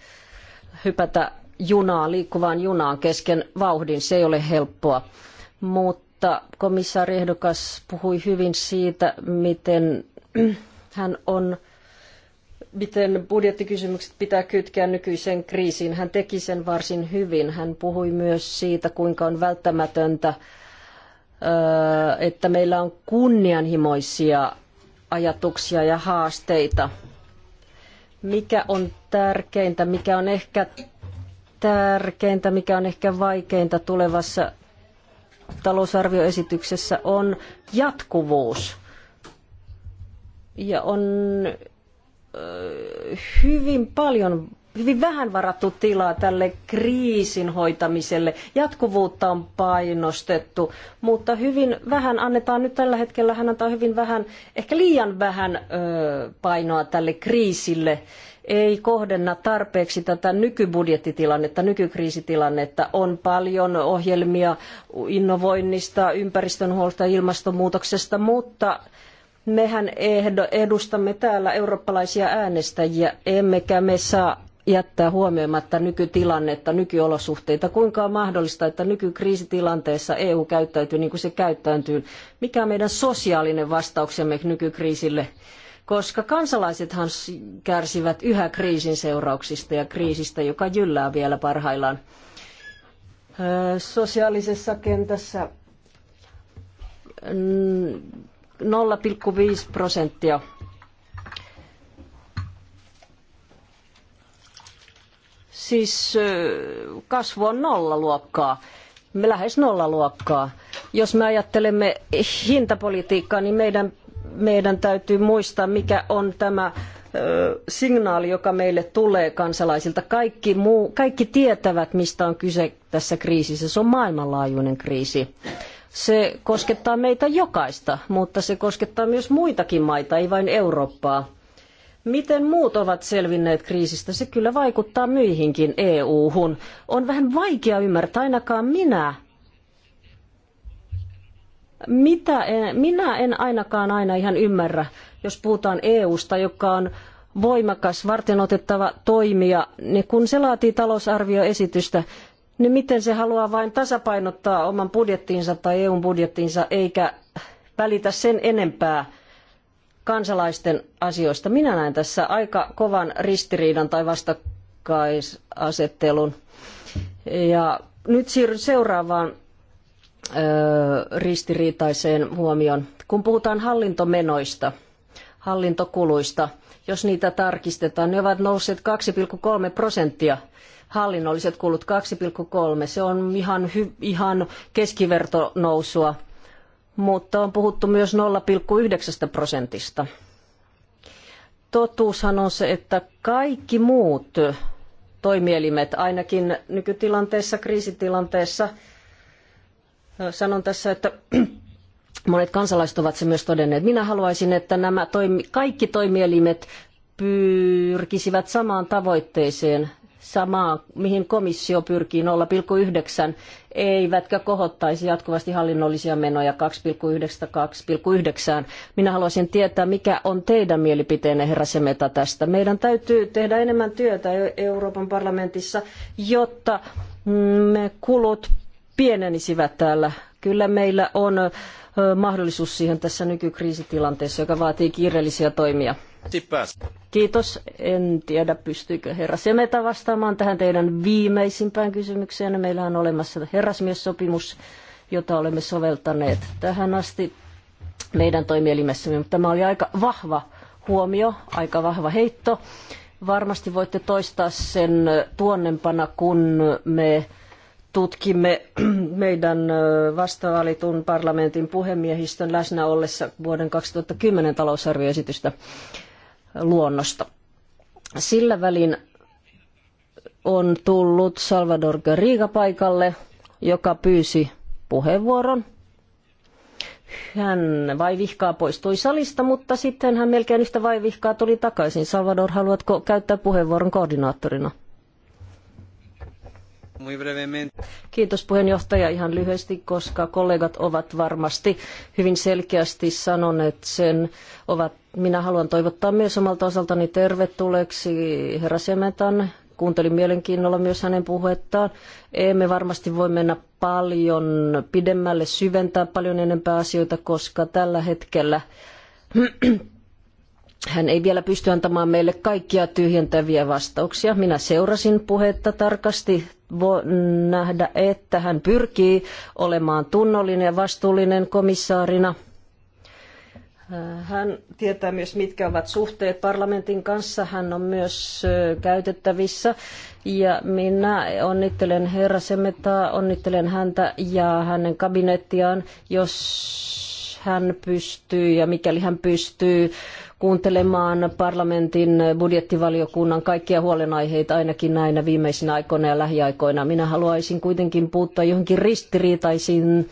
Speaker 1: hypätä junaan, liikkuvaan junaan kesken vauhdin. Se ei ole helppoa. Mutta komissaari ehdokas puhui hyvin siitä, miten hän on miten budjettikysymykset pitää kytkeä nykyiseen kriisiin. Hän teki sen varsin hyvin. Hän puhui myös siitä, kuinka on välttämätöntä, että meillä on kunnianhimoisia ajatuksia ja haasteita. Mikä on tärkeintä, mikä on ehkä tärkeintä, mikä on ehkä vaikeinta tulevassa talousarvioesityksessä on jatkuvuus. Ja on hyvin paljon hyvin vähän varattu tilaa tälle kriisin hoitamiselle. Jatkuvuutta on painostettu, mutta hyvin vähän annetaan nyt tällä hetkellä, hän antaa hyvin vähän, ehkä liian vähän painoa tälle kriisille. Ei kohdenna tarpeeksi tätä nykybudjettitilannetta, nykykriisitilannetta. On paljon ohjelmia innovoinnista, ympäristönhuolta ilmastonmuutoksesta, mutta Mehän edustamme täällä eurooppalaisia äänestäjiä, emmekä me saa jättää huomioimatta nykytilannetta, nykyolosuhteita. Kuinka on mahdollista, että nykykriisitilanteessa EU käyttäytyy niin kuin se käyttäytyy? Mikä on meidän sosiaalinen vastauksemme nykykriisille? Koska kansalaisethan kärsivät yhä kriisin seurauksista ja kriisistä, joka jyllää vielä parhaillaan. Sosiaalisessa kentässä 0,5 prosenttia. Siis kasvu on nollaluokkaa, me lähes nollaluokkaa. Jos me ajattelemme hintapolitiikkaa, niin meidän, meidän täytyy muistaa, mikä on tämä signaali, joka meille tulee kansalaisilta. Kaikki, muu, kaikki tietävät, mistä on kyse tässä kriisissä. Se on maailmanlaajuinen kriisi. Se koskettaa meitä jokaista, mutta se koskettaa myös muitakin maita, ei vain Eurooppaa. Miten muut ovat selvinneet kriisistä? Se kyllä vaikuttaa myihinkin EU-hun. On vähän vaikea ymmärtää, ainakaan minä. Mitä en, minä en ainakaan aina ihan ymmärrä, jos puhutaan EUsta, joka on voimakas, varten otettava toimija, niin kun se laatii talousarvioesitystä, niin miten se haluaa vain tasapainottaa oman budjettiinsa tai EUn budjettiinsa, eikä välitä sen enempää kansalaisten asioista. Minä näen tässä aika kovan ristiriidan tai vastakkaisasettelun. Ja nyt siirryn seuraavaan ristiriitaiseen huomioon. Kun puhutaan hallintomenoista, hallintokuluista, jos niitä tarkistetaan, ne ovat nousseet 2,3 prosenttia – Hallinnolliset kulut 2,3. Se on ihan, hy, ihan keskivertonousua, mutta on puhuttu myös 0,9 prosentista. Totuushan on se, että kaikki muut toimielimet, ainakin nykytilanteessa, kriisitilanteessa, sanon tässä, että monet kansalaiset ovat se myös todenneet. Minä haluaisin, että nämä toimi, kaikki toimielimet pyrkisivät samaan tavoitteeseen, samaa, mihin komissio pyrkii 0,9, eivätkä kohottaisi jatkuvasti hallinnollisia menoja 2,9-2,9. Minä haluaisin tietää, mikä on teidän mielipiteenne, herra Semeta, tästä. Meidän täytyy tehdä enemmän työtä Euroopan parlamentissa, jotta mm, me kulut pienenisivät täällä. Kyllä meillä on mahdollisuus siihen tässä nykykriisitilanteessa, joka vaatii kiireellisiä toimia. Kiitos. En tiedä, pystyykö herra Semeta vastaamaan tähän teidän viimeisimpään kysymykseen. Meillä on olemassa herrasmiessopimus, jota olemme soveltaneet tähän asti meidän toimielimessämme. Mutta tämä oli aika vahva huomio, aika vahva heitto. Varmasti voitte toistaa sen tuonnempana, kun me tutkimme meidän vastavalitun parlamentin puhemiehistön läsnä ollessa vuoden 2010 talousarvioesitystä luonnosta. Sillä välin on tullut Salvador Garriga paikalle, joka pyysi puheenvuoron. Hän vaivihkaa poistui salista, mutta sitten hän melkein yhtä vaivihkaa tuli takaisin. Salvador, haluatko käyttää puheenvuoron koordinaattorina? Kiitos puheenjohtaja ihan lyhyesti, koska kollegat ovat varmasti hyvin selkeästi sanoneet sen. Ovat, minä haluan toivottaa myös omalta osaltani tervetulleeksi herra Semetan. Kuuntelin mielenkiinnolla myös hänen puhettaan. Emme varmasti voi mennä paljon pidemmälle, syventää paljon enempää asioita, koska tällä hetkellä hän ei vielä pysty antamaan meille kaikkia tyhjentäviä vastauksia. Minä seurasin puhetta tarkasti. Voi nähdä, että hän pyrkii olemaan tunnollinen ja vastuullinen komissaarina. Hän tietää myös, mitkä ovat suhteet parlamentin kanssa. Hän on myös käytettävissä. Ja minä onnittelen herra Semetaa, onnittelen häntä ja hänen kabinettiaan, jos hän pystyy ja mikäli hän pystyy kuuntelemaan parlamentin budjettivaliokunnan kaikkia huolenaiheita ainakin näinä viimeisinä aikoina ja lähiaikoina. Minä haluaisin kuitenkin puuttua johonkin ristiriitaisiin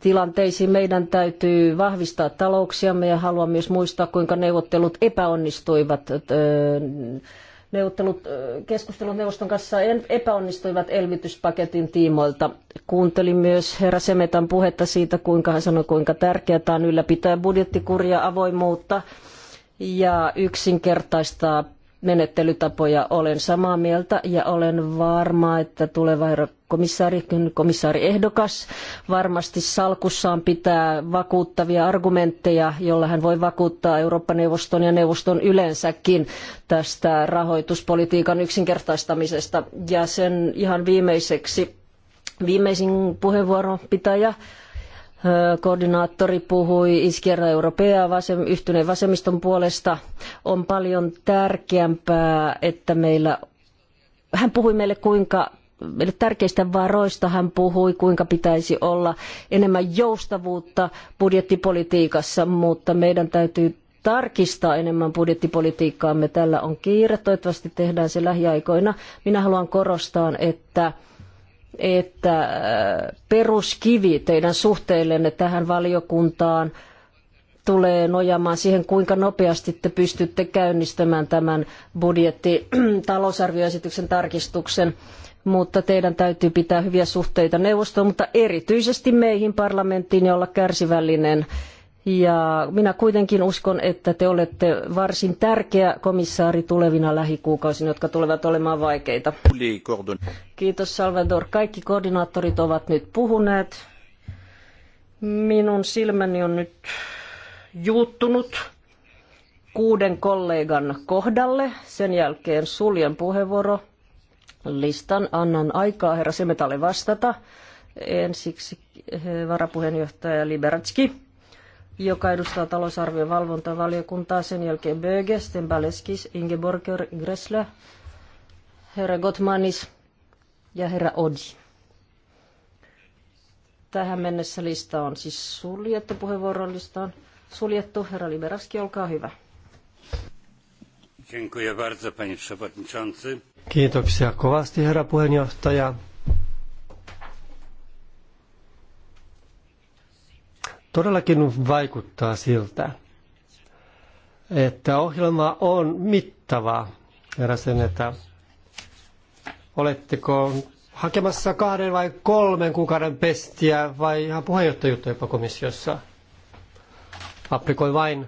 Speaker 1: tilanteisiin meidän täytyy vahvistaa talouksiamme ja haluan myös muistaa, kuinka neuvottelut epäonnistuivat neuvottelut, keskustelut neuvoston kanssa epäonnistuivat elvytyspaketin tiimoilta. Kuuntelin myös herra Semetan puhetta siitä, kuinka hän sanoi, kuinka tärkeää on ylläpitää budjettikuria avoimuutta ja yksinkertaistaa menettelytapoja. Olen samaa mieltä ja olen varma, että tuleva komissaari, komissaari ehdokas varmasti salkussaan pitää vakuuttavia argumentteja, jolla hän voi vakuuttaa Eurooppa-neuvoston ja neuvoston yleensäkin tästä rahoituspolitiikan yksinkertaistamisesta. Ja sen ihan viimeiseksi, viimeisin puheenvuoron pitäjä koordinaattori puhui Izquierda Europea vasem, yhtyneen vasemmiston puolesta. On paljon tärkeämpää, että meillä... Hän puhui meille kuinka meille tärkeistä varoista hän puhui, kuinka pitäisi olla enemmän joustavuutta budjettipolitiikassa, mutta meidän täytyy tarkistaa enemmän budjettipolitiikkaamme. Tällä on kiire, toivottavasti tehdään se lähiaikoina. Minä haluan korostaa, että että äh, peruskivi teidän suhteellenne tähän valiokuntaan tulee nojaamaan siihen, kuinka nopeasti te pystytte käynnistämään tämän budjetti talousarvioesityksen tarkistuksen mutta teidän täytyy pitää hyviä suhteita neuvostoon, mutta erityisesti meihin parlamenttiin ja olla kärsivällinen ja minä kuitenkin uskon, että te olette varsin tärkeä komissaari tulevina lähikuukausina, jotka tulevat olemaan vaikeita. Kiitos Salvador. Kaikki koordinaattorit ovat nyt puhuneet. Minun silmäni on nyt juuttunut kuuden kollegan kohdalle. Sen jälkeen suljen puheenvuoro listan. Annan aikaa herra Semetalle vastata. Ensiksi varapuheenjohtaja Liberatski joka edustaa talousarvion valvontavaliokuntaa, sen jälkeen Böge, Stenbaleskis, Ingeborger, Gressler, herra Gottmanis ja herra Odi. Tähän mennessä lista on siis suljettu puheenvuorolistaan. Suljettu. Herra
Speaker 2: Liberaski, olkaa hyvä. Kiitoksia kovasti, herra puheenjohtaja. todellakin vaikuttaa siltä, että ohjelma on mittava. Heräsen, että oletteko hakemassa kahden vai kolmen kuukauden pestiä vai ihan puheenjohtajuutta jopa komissiossa? Aprikoi vain,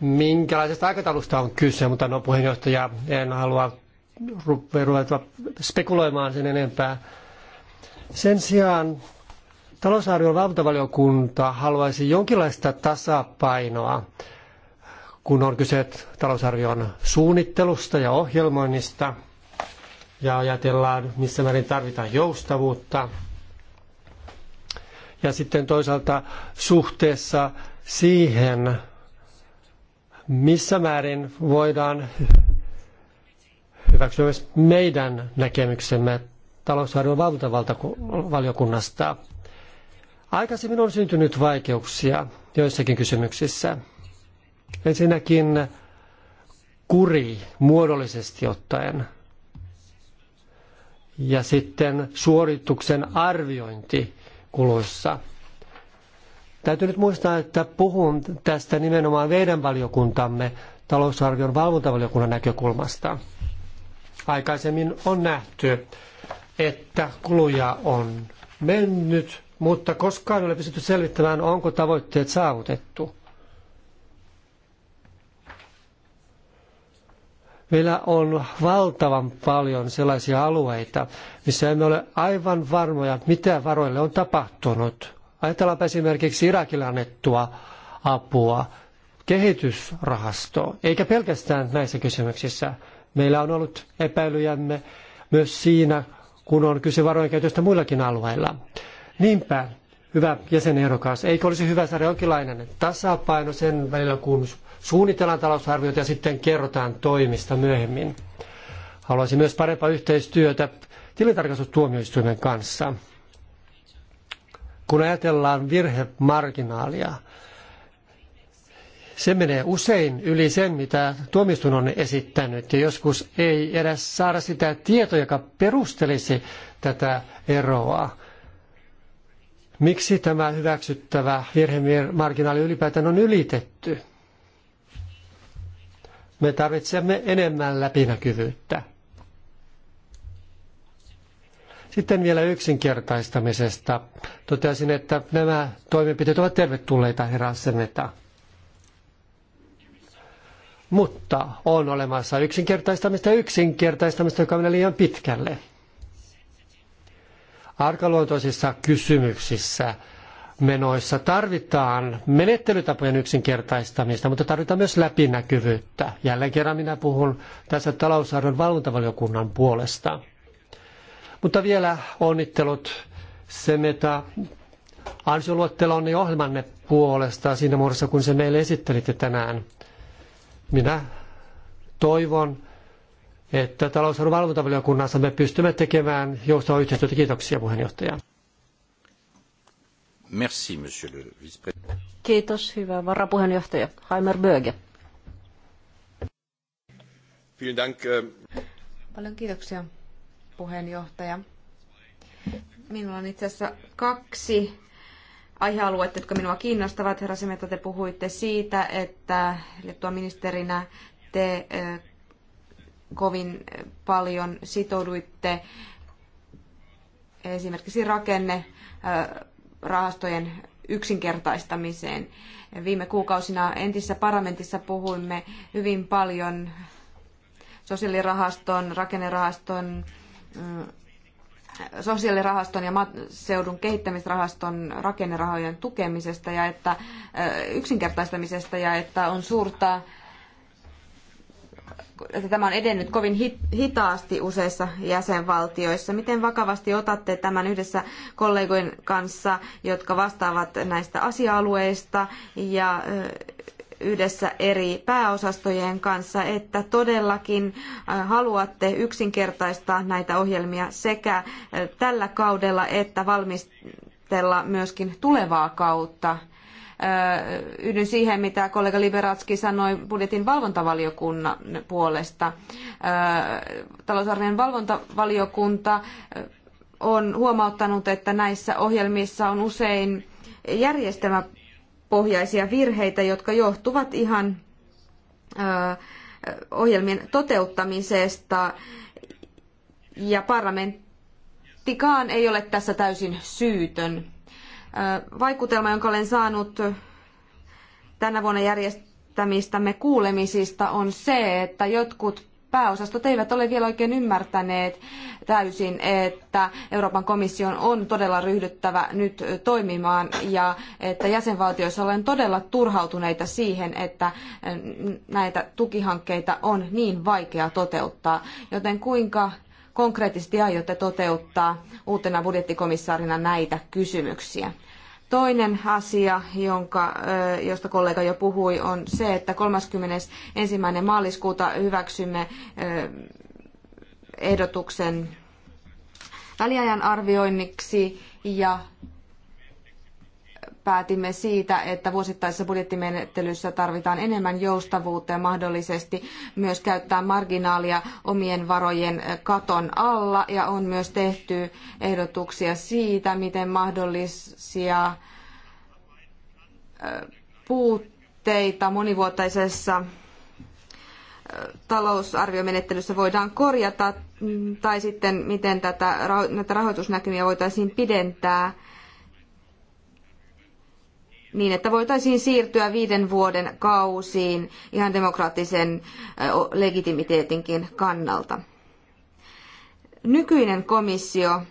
Speaker 2: minkälaisesta aikataulusta on kyse, mutta no puheenjohtaja, en halua ruveta spekuloimaan sen enempää. Sen sijaan talousarvion valvontavaliokunta haluaisi jonkinlaista tasapainoa, kun on kyse talousarvion suunnittelusta ja ohjelmoinnista ja ajatellaan, missä määrin tarvitaan joustavuutta. Ja sitten toisaalta suhteessa siihen, missä määrin voidaan hyväksyä myös meidän näkemyksemme talousarvion valvontavaliokunnasta. Aikaisemmin on syntynyt vaikeuksia joissakin kysymyksissä. Ensinnäkin kuri muodollisesti ottaen ja sitten suorituksen arviointi kuluissa. Täytyy nyt muistaa, että puhun tästä nimenomaan meidän valiokuntamme talousarvion valvontavaliokunnan näkökulmasta. Aikaisemmin on nähty, että kuluja on mennyt mutta koskaan ei ole pystytty selvittämään, onko tavoitteet saavutettu. Meillä on valtavan paljon sellaisia alueita, missä emme ole aivan varmoja, mitä varoille on tapahtunut. Ajatellaanpa esimerkiksi Irakille annettua apua kehitysrahastoon, eikä pelkästään näissä kysymyksissä. Meillä on ollut epäilyjämme myös siinä, kun on kyse varojen käytöstä muillakin alueilla. Niinpä, hyvä jäsenehdokas, eikö olisi hyvä saada jonkinlainen tasapaino sen välillä, kun suunnitellaan talousarviota ja sitten kerrotaan toimista myöhemmin. Haluaisin myös parempaa yhteistyötä tilintarkastustuomioistuimen kanssa. Kun ajatellaan virhemarginaalia, se menee usein yli sen, mitä tuomioistuin on esittänyt, ja joskus ei edes saada sitä tietoa, joka perustelisi tätä eroa miksi tämä hyväksyttävä virhemarginaali ylipäätään on ylitetty. Me tarvitsemme enemmän läpinäkyvyyttä. Sitten vielä yksinkertaistamisesta. Toteasin, että nämä toimenpiteet ovat tervetulleita herra Semeta. Mutta on olemassa yksinkertaistamista ja yksinkertaistamista, joka menee liian pitkälle – arkaluontoisissa kysymyksissä menoissa tarvitaan menettelytapojen yksinkertaistamista, mutta tarvitaan myös läpinäkyvyyttä. Jälleen kerran minä puhun tässä talousarvon valvontavaliokunnan puolesta. Mutta vielä onnittelut Semeta ansioluettelon ohjelmanne puolesta siinä muodossa, kun se meille esittelitte tänään. Minä toivon, että talousarvon valvontavaliokunnassa me pystymme tekemään joustavaa yhteistyötä. Kiitoksia puheenjohtaja. Merci, monsieur le vice
Speaker 1: Kiitos, hyvä varapuheenjohtaja Heimer Böge. Äh, Paljon
Speaker 3: kiitoksia, puheenjohtaja. Minulla on itse asiassa kaksi aihealuetta, jotka minua kiinnostavat. Herra Semeta, te puhuitte siitä, että tuo ministerinä te äh, kovin paljon sitouduitte esimerkiksi rakenne rahastojen yksinkertaistamiseen. Viime kuukausina entisessä parlamentissa puhuimme hyvin paljon sosiaalirahaston, rakennerahaston, sosiaalirahaston ja seudun kehittämisrahaston rakennerahojen tukemisesta ja että yksinkertaistamisesta ja että on suurta että tämä on edennyt kovin hitaasti useissa jäsenvaltioissa. Miten vakavasti otatte tämän yhdessä kollegojen kanssa, jotka vastaavat näistä asia-alueista ja yhdessä eri pääosastojen kanssa, että todellakin haluatte yksinkertaistaa näitä ohjelmia sekä tällä kaudella että valmistella myöskin tulevaa kautta yhdyn siihen, mitä kollega Liberatski sanoi budjetin valvontavaliokunnan puolesta. Talousarvion valvontavaliokunta on huomauttanut, että näissä ohjelmissa on usein järjestelmäpohjaisia virheitä, jotka johtuvat ihan ohjelmien toteuttamisesta ja parlamenttikaan ei ole tässä täysin syytön vaikutelma, jonka olen saanut tänä vuonna järjestämistämme kuulemisista, on se, että jotkut pääosastot eivät ole vielä oikein ymmärtäneet täysin, että Euroopan komission on todella ryhdyttävä nyt toimimaan ja että jäsenvaltioissa olen todella turhautuneita siihen, että näitä tukihankkeita on niin vaikea toteuttaa. Joten kuinka konkreettisesti aiotte toteuttaa uutena budjettikomissaarina näitä kysymyksiä? Toinen asia, jonka, josta kollega jo puhui, on se, että 31. maaliskuuta hyväksymme ehdotuksen väliajan arvioinniksi ja päätimme siitä, että vuosittaisessa budjettimenettelyssä tarvitaan enemmän joustavuutta ja mahdollisesti myös käyttää marginaalia omien varojen katon alla. Ja on myös tehty ehdotuksia siitä, miten mahdollisia puutteita monivuotaisessa talousarviomenettelyssä voidaan korjata tai sitten miten tätä, näitä rahoitusnäkymiä voitaisiin pidentää niin, että voitaisiin siirtyä viiden vuoden kausiin ihan demokraattisen legitimiteetinkin kannalta. Nykyinen komissio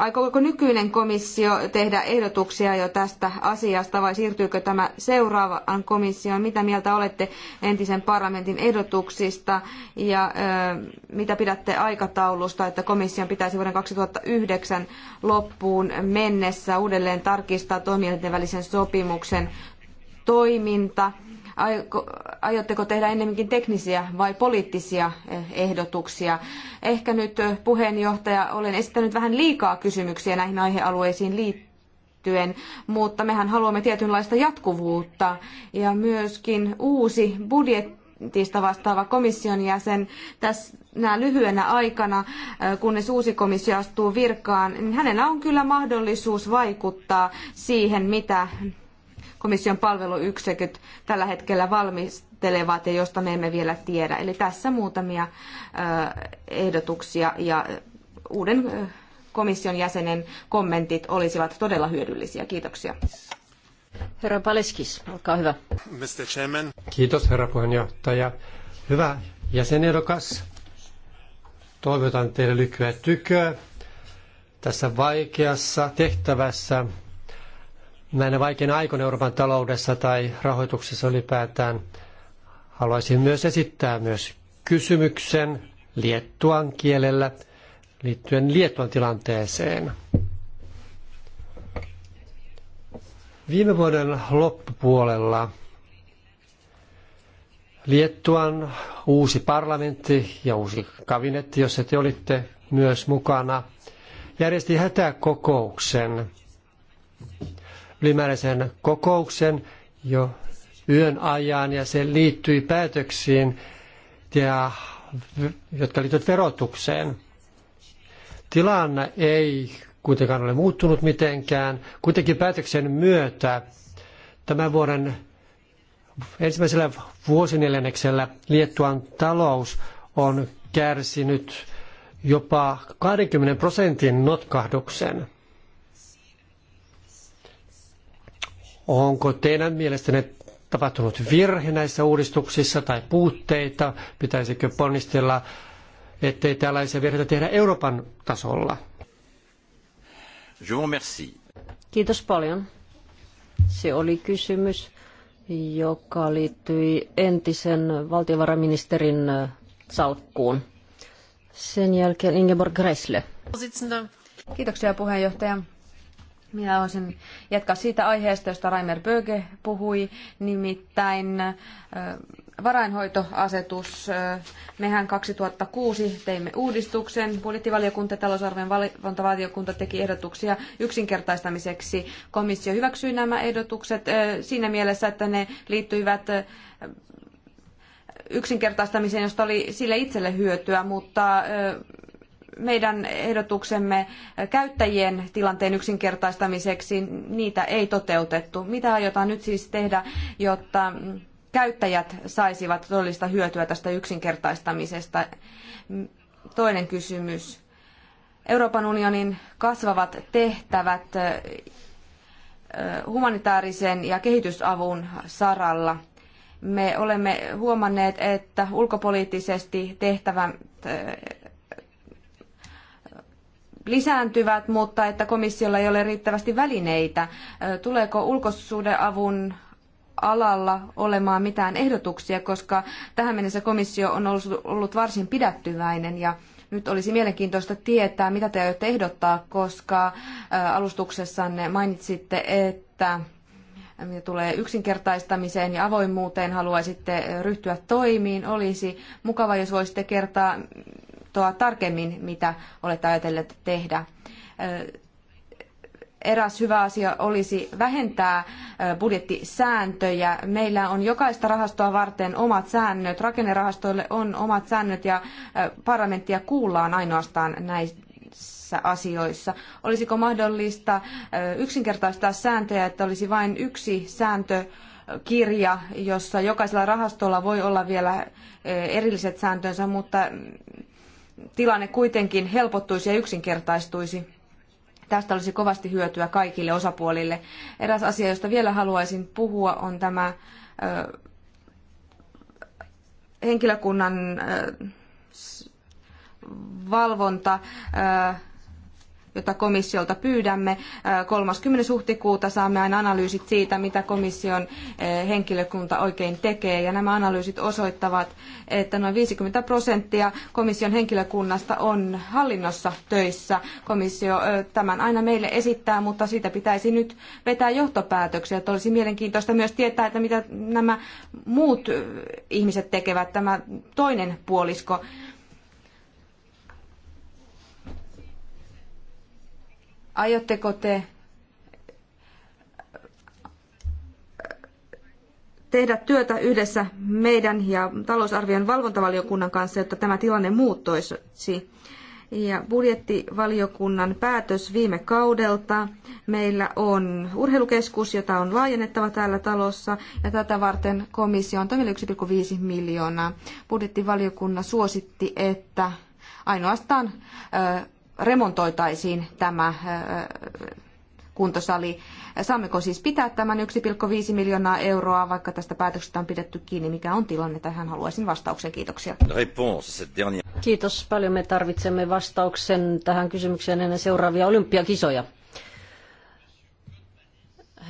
Speaker 3: Aikooko nykyinen komissio tehdä ehdotuksia jo tästä asiasta vai siirtyykö tämä seuraavaan komissioon? Mitä mieltä olette entisen parlamentin ehdotuksista ja mitä pidätte aikataulusta, että komission pitäisi vuoden 2009 loppuun mennessä uudelleen tarkistaa toimielinten välisen sopimuksen toiminta? aiotteko tehdä ennemminkin teknisiä vai poliittisia eh, ehdotuksia? Ehkä nyt eh, puheenjohtaja, olen esittänyt vähän liikaa kysymyksiä näihin aihealueisiin liittyen, mutta mehän haluamme tietynlaista jatkuvuutta ja myöskin uusi budjetti vastaava komission jäsen tässä lyhyenä aikana, eh, kunnes uusi komissio astuu virkaan, niin hänellä on kyllä mahdollisuus vaikuttaa siihen, mitä komission palveluyksiköt tällä hetkellä valmistelevat ja josta me emme vielä tiedä. Eli tässä muutamia ehdotuksia ja uuden komission jäsenen kommentit olisivat todella hyödyllisiä. Kiitoksia.
Speaker 1: Herra Paleskis, olkaa hyvä.
Speaker 2: Mr. Chairman. Kiitos herra puheenjohtaja. Hyvä jäsenehdokas. Toivotan teille lykkyä tyköä tässä vaikeassa tehtävässä, näinä vaikeina aikoina Euroopan taloudessa tai rahoituksessa ylipäätään haluaisin myös esittää myös kysymyksen liettuan kielellä liittyen Liettuan tilanteeseen. Viime vuoden loppupuolella Liettuan uusi parlamentti ja uusi kabinetti, jossa te olitte myös mukana, järjesti hätäkokouksen ylimääräisen kokouksen jo yön ajan ja se liittyi päätöksiin, ja, jotka liittyvät verotukseen. Tilanne ei kuitenkaan ole muuttunut mitenkään. Kuitenkin päätöksen myötä tämän vuoden ensimmäisellä vuosineljänneksellä Liettuan talous on kärsinyt jopa 20 prosentin notkahduksen. Onko teidän mielestänne tapahtunut virhe näissä uudistuksissa tai puutteita? Pitäisikö ponnistella, ettei tällaisia virheitä tehdä Euroopan tasolla? Je vous remercie. Kiitos paljon. Se oli
Speaker 1: kysymys, joka liittyi entisen valtiovarainministerin äh, salkkuun. Sen jälkeen Ingeborg Gressle.
Speaker 3: Kiitoksia puheenjohtaja. Minä voisin jatkaa siitä aiheesta, josta Raimer Böge puhui, nimittäin varainhoitoasetus. Mehän 2006 teimme uudistuksen. Budjettivaliokunta ja talousarvion valvontavaliokunta teki ehdotuksia yksinkertaistamiseksi. Komissio hyväksyi nämä ehdotukset siinä mielessä, että ne liittyivät yksinkertaistamiseen, josta oli sille itselle hyötyä, mutta meidän ehdotuksemme käyttäjien tilanteen yksinkertaistamiseksi, niitä ei toteutettu. Mitä aiotaan nyt siis tehdä, jotta käyttäjät saisivat todellista hyötyä tästä yksinkertaistamisesta? Toinen kysymys. Euroopan unionin kasvavat tehtävät humanitaarisen ja kehitysavun saralla. Me olemme huomanneet, että ulkopoliittisesti tehtävät lisääntyvät, mutta että komissiolla ei ole riittävästi välineitä. Tuleeko ulkosuhdeavun alalla olemaan mitään ehdotuksia, koska tähän mennessä komissio on ollut varsin pidättyväinen ja nyt olisi mielenkiintoista tietää, mitä te aiotte ehdottaa, koska alustuksessanne mainitsitte, että mitä tulee yksinkertaistamiseen ja avoimuuteen, haluaisitte ryhtyä toimiin. Olisi mukava, jos voisitte kertaa, kertoa tarkemmin, mitä olette ajatelleet tehdä. Eräs hyvä asia olisi vähentää budjettisääntöjä. Meillä on jokaista rahastoa varten omat säännöt, rakennerahastoille on omat säännöt ja parlamenttia kuullaan ainoastaan näissä asioissa? Olisiko mahdollista yksinkertaistaa sääntöjä, että olisi vain yksi sääntö kirja, jossa jokaisella rahastolla voi olla vielä erilliset sääntönsä, mutta mm, tilanne kuitenkin helpottuisi ja yksinkertaistuisi. Tästä olisi kovasti hyötyä kaikille osapuolille. Eräs asia, josta vielä haluaisin puhua, on tämä henkilökunnan valvonta jota komissiolta pyydämme. 30. huhtikuuta saamme aina analyysit siitä, mitä komission henkilökunta oikein tekee. Ja nämä analyysit osoittavat, että noin 50 prosenttia komission henkilökunnasta on hallinnossa töissä. Komissio tämän aina meille esittää, mutta siitä pitäisi nyt vetää johtopäätöksiä. Että olisi mielenkiintoista myös tietää, että mitä nämä muut ihmiset tekevät, tämä toinen puolisko. Aiotteko te tehdä työtä yhdessä meidän ja talousarvion valvontavaliokunnan kanssa, jotta tämä tilanne muuttoisi? Ja budjettivaliokunnan päätös viime kaudelta. Meillä on urheilukeskus, jota on laajennettava täällä talossa, ja tätä varten komissio on 1,5 miljoonaa. Budjettivaliokunna suositti, että ainoastaan remontoitaisiin tämä kuntosali. Saammeko siis pitää tämän 1,5 miljoonaa euroa, vaikka tästä päätöksestä on pidetty kiinni? Mikä on tilanne? Tähän haluaisin vastauksen. Kiitoksia.
Speaker 1: Kiitos paljon. Me tarvitsemme vastauksen tähän kysymykseen ennen seuraavia olympiakisoja.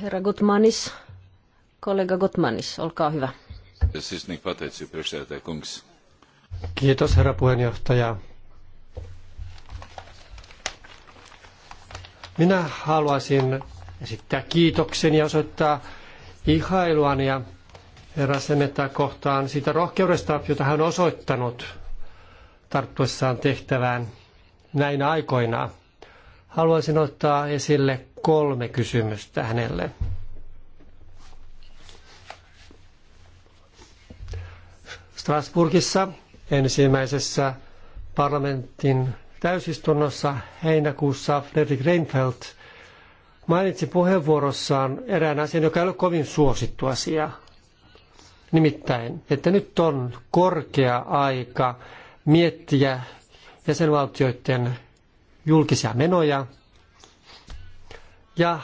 Speaker 1: Herra Gutmanis, kollega Gutmanis, olkaa hyvä. Siis niin,
Speaker 2: Kiitos herra puheenjohtaja. Minä haluaisin esittää kiitokseni ja osoittaa ihailuani ja herra Semetää kohtaan siitä rohkeudesta, jota hän on osoittanut tarttuessaan tehtävään näinä aikoina. Haluaisin ottaa esille kolme kysymystä hänelle. Strasbourgissa ensimmäisessä parlamentin täysistunnossa heinäkuussa Fredrik Reinfeldt mainitsi puheenvuorossaan erään asian, joka ei ole kovin suosittu asia. Nimittäin, että nyt on korkea aika miettiä jäsenvaltioiden julkisia menoja ja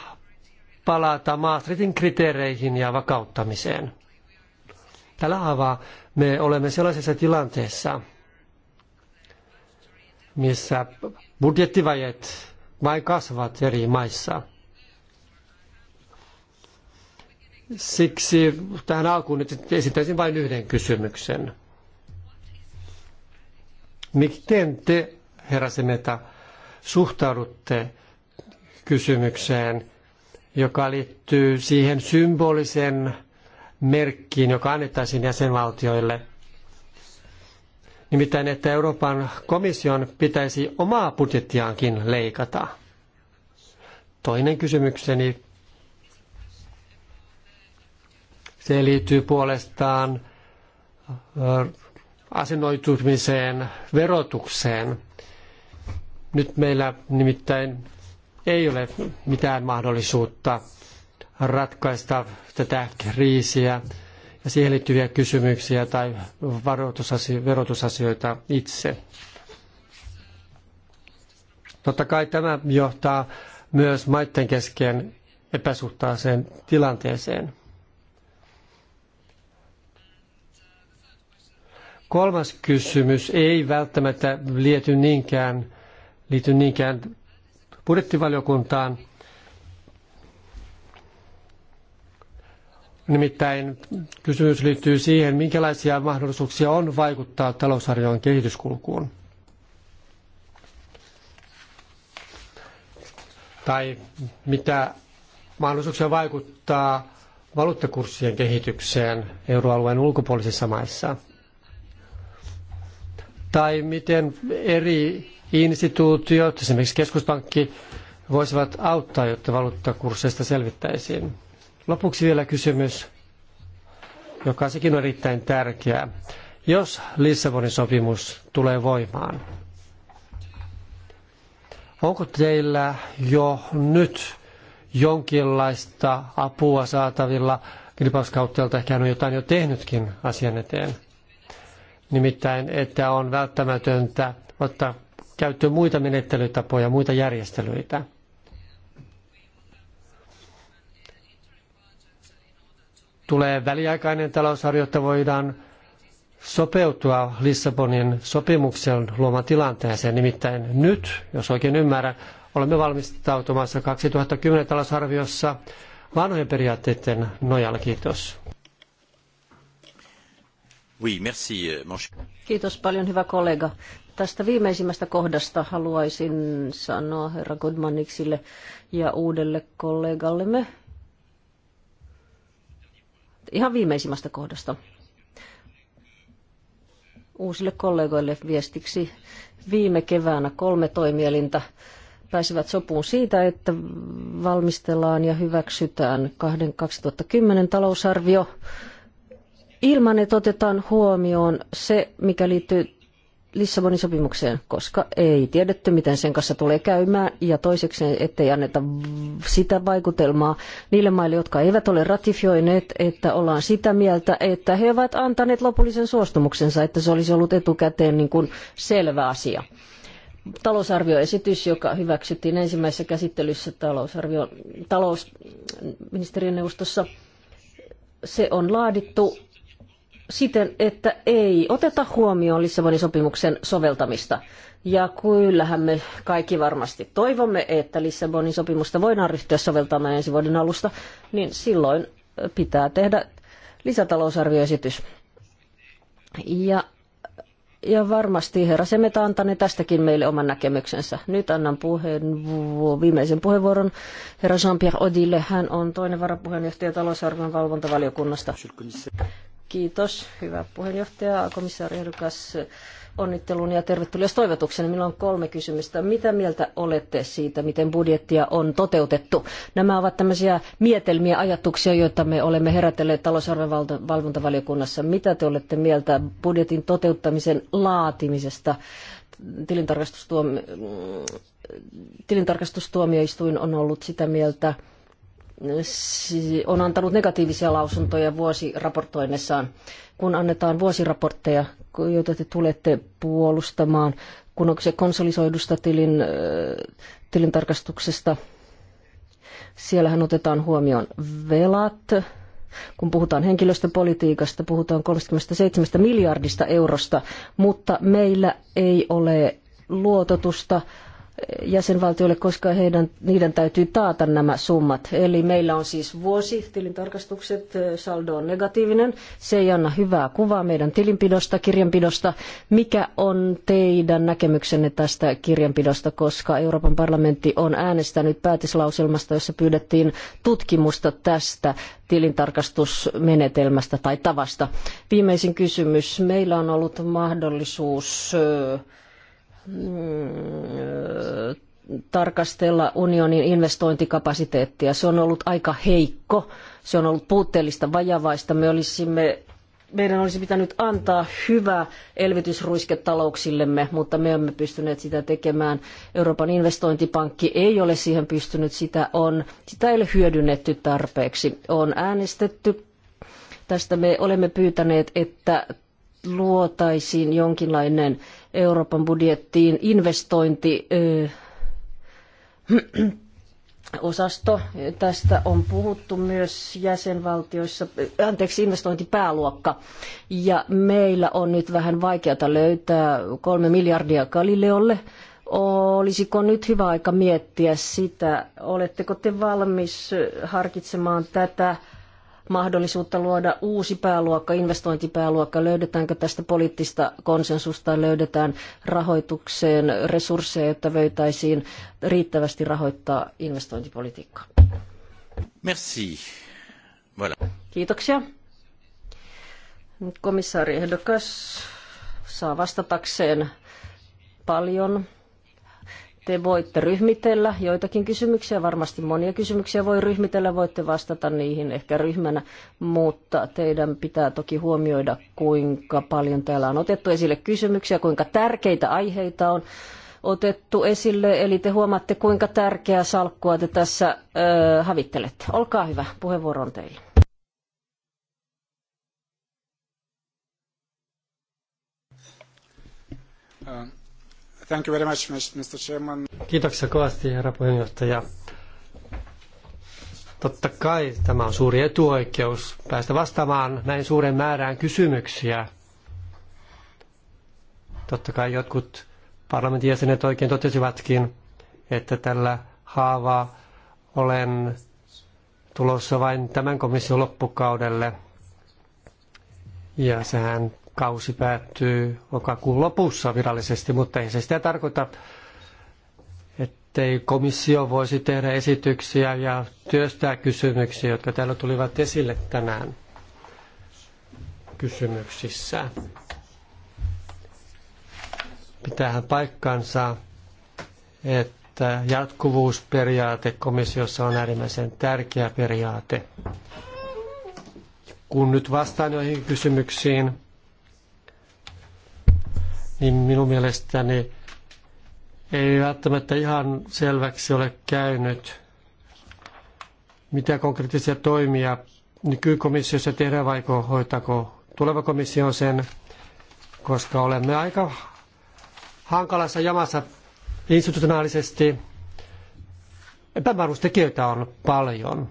Speaker 2: palata Maastrichtin kriteereihin ja vakauttamiseen. Tällä haavaa me olemme sellaisessa tilanteessa, missä budjettivajet vain kasvavat eri maissa. Siksi tähän alkuun esittäisin vain yhden kysymyksen. Miten te, herra Semeta, suhtaudutte kysymykseen, joka liittyy siihen symbolisen merkkiin, joka annettaisiin jäsenvaltioille – nimittäin että Euroopan komission pitäisi omaa budjettiaankin leikata. Toinen kysymykseni se liittyy puolestaan asennoitumiseen, verotukseen. Nyt meillä nimittäin ei ole mitään mahdollisuutta ratkaista tätä kriisiä ja siihen liittyviä kysymyksiä tai verotusasioita itse. Totta kai tämä johtaa myös maiden kesken epäsuhtaiseen tilanteeseen. Kolmas kysymys ei välttämättä liity niinkään, liity niinkään budjettivaliokuntaan, Nimittäin kysymys liittyy siihen, minkälaisia mahdollisuuksia on vaikuttaa talousarvion kehityskulkuun. Tai mitä mahdollisuuksia vaikuttaa valuuttakurssien kehitykseen euroalueen ulkopuolisissa maissa. Tai miten eri instituutiot, esimerkiksi keskuspankki, voisivat auttaa, jotta valuuttakursseista selvittäisiin. Lopuksi vielä kysymys, joka sekin on erittäin tärkeä. Jos Lissabonin sopimus tulee voimaan, onko teillä jo nyt jonkinlaista apua saatavilla? Kilpauskautteelta ehkä hän on jotain jo tehnytkin asian eteen. Nimittäin, että on välttämätöntä ottaa käyttöön muita menettelytapoja, muita järjestelyitä – tulee väliaikainen talousarvio, että voidaan sopeutua Lissabonin sopimuksen luoman tilanteeseen. Nimittäin nyt, jos oikein ymmärrän, olemme valmistautumassa 2010 talousarviossa vanhojen periaatteiden nojalla. Kiitos. Oui, merci, euh,
Speaker 1: Kiitos paljon, hyvä kollega. Tästä viimeisimmästä kohdasta haluaisin sanoa herra Goodmaniksille ja uudelle kollegallemme ihan viimeisimmästä kohdasta. Uusille kollegoille viestiksi viime keväänä kolme toimielintä pääsivät sopuun siitä, että valmistellaan ja hyväksytään 2010 talousarvio ilman, että otetaan huomioon se, mikä liittyy Lissabonin sopimukseen, koska ei tiedetty, miten sen kanssa tulee käymään, ja toiseksi, ettei anneta sitä vaikutelmaa niille maille, jotka eivät ole ratifioineet, että ollaan sitä mieltä, että he ovat antaneet lopullisen suostumuksensa, että se olisi ollut etukäteen niin kuin selvä asia. Talousarvioesitys, joka hyväksyttiin ensimmäisessä käsittelyssä talousarvio, talousministeriön neuvostossa, se on laadittu siten, että ei oteta huomioon Lissabonin sopimuksen soveltamista. Ja kyllähän me kaikki varmasti toivomme, että Lissabonin sopimusta voidaan ryhtyä soveltamaan ensi vuoden alusta, niin silloin pitää tehdä lisätalousarvioesitys. Ja, ja varmasti herra Semeta antane tästäkin meille oman näkemyksensä. Nyt annan puheen, viimeisen puheenvuoron herra Jean-Pierre Odille. Hän on toinen varapuheenjohtaja talousarvion valvontavaliokunnasta. Kiitos, hyvä puheenjohtaja, komissaari ehdokas. Onnittelun ja tervetuloa toivotukseni. Minulla on kolme kysymystä. Mitä mieltä olette siitä, miten budjettia on toteutettu? Nämä ovat tämmöisiä mietelmiä, ajatuksia, joita me olemme herätelleet talousarven valvontavaliokunnassa. Mitä te olette mieltä budjetin toteuttamisen laatimisesta? Tilintarkastustuomioistuin on ollut sitä mieltä, on antanut negatiivisia lausuntoja vuosiraportoinnissaan. Kun annetaan vuosiraportteja, joita te tulette puolustamaan, kun onko se konsolisoidusta tilin, tilintarkastuksesta, siellähän otetaan huomioon velat, kun puhutaan henkilöstöpolitiikasta, puhutaan 37 miljardista eurosta, mutta meillä ei ole luototusta jäsenvaltioille, koska heidän, niiden täytyy taata nämä summat. Eli meillä on siis vuosi tilintarkastukset, saldo on negatiivinen. Se ei anna hyvää kuvaa meidän tilinpidosta, kirjanpidosta. Mikä on teidän näkemyksenne tästä kirjanpidosta, koska Euroopan parlamentti on äänestänyt päätöslauselmasta, jossa pyydettiin tutkimusta tästä tilintarkastusmenetelmästä tai tavasta. Viimeisin kysymys. Meillä on ollut mahdollisuus tarkastella unionin investointikapasiteettia. Se on ollut aika heikko, se on ollut puutteellista, vajavaista. Me olisimme, meidän olisi pitänyt antaa hyvä elvytysruiske talouksillemme, mutta me emme pystyneet sitä tekemään. Euroopan investointipankki ei ole siihen pystynyt, sitä, on, sitä ei ole hyödynnetty tarpeeksi. On äänestetty. Tästä me olemme pyytäneet, että luotaisiin jonkinlainen Euroopan budjettiin investointi osasto. Tästä on puhuttu myös jäsenvaltioissa, anteeksi, investointipääluokka. Ja meillä on nyt vähän vaikeata löytää kolme miljardia Galileolle. Olisiko nyt hyvä aika miettiä sitä, oletteko te valmis harkitsemaan tätä mahdollisuutta luoda uusi pääluokka, investointipääluokka? Löydetäänkö tästä poliittista konsensusta, löydetään rahoitukseen resursseja, jotta voitaisiin riittävästi rahoittaa investointipolitiikkaa?
Speaker 2: Merci. Voilà.
Speaker 1: Kiitoksia. Komissaari ehdokas saa vastatakseen paljon te voitte ryhmitellä joitakin kysymyksiä, varmasti monia kysymyksiä voi ryhmitellä, voitte vastata niihin ehkä ryhmänä, mutta teidän pitää toki huomioida, kuinka paljon täällä on otettu esille kysymyksiä, kuinka tärkeitä aiheita on otettu esille, eli te huomaatte, kuinka tärkeää salkkua te tässä ö, havittelette. Olkaa hyvä, puheenvuoro on teille. Um. Ähm, Thank you very much, Mr. Chairman. Kiitoksia
Speaker 2: kovasti, herra puheenjohtaja. Totta kai tämä on suuri etuoikeus päästä vastaamaan näin suuren määrään kysymyksiä. Totta kai jotkut parlamentin jäsenet oikein totesivatkin, että tällä haavaa olen tulossa vain tämän komission loppukaudelle. Ja sehän kausi päättyy lokakuun lopussa virallisesti, mutta ei se sitä tarkoita, ettei komissio voisi tehdä esityksiä ja työstää kysymyksiä, jotka täällä tulivat esille tänään kysymyksissä. Pitäähän paikkansa, että jatkuvuusperiaate komissiossa on äärimmäisen tärkeä periaate. Kun nyt vastaan joihin kysymyksiin, niin minun mielestäni ei välttämättä ihan selväksi ole käynyt, mitä konkreettisia toimia nykykomissiossa tehdään vai hoitako tuleva komissio sen, koska olemme aika hankalassa jamassa institutionaalisesti. Epävarmuustekijöitä on paljon,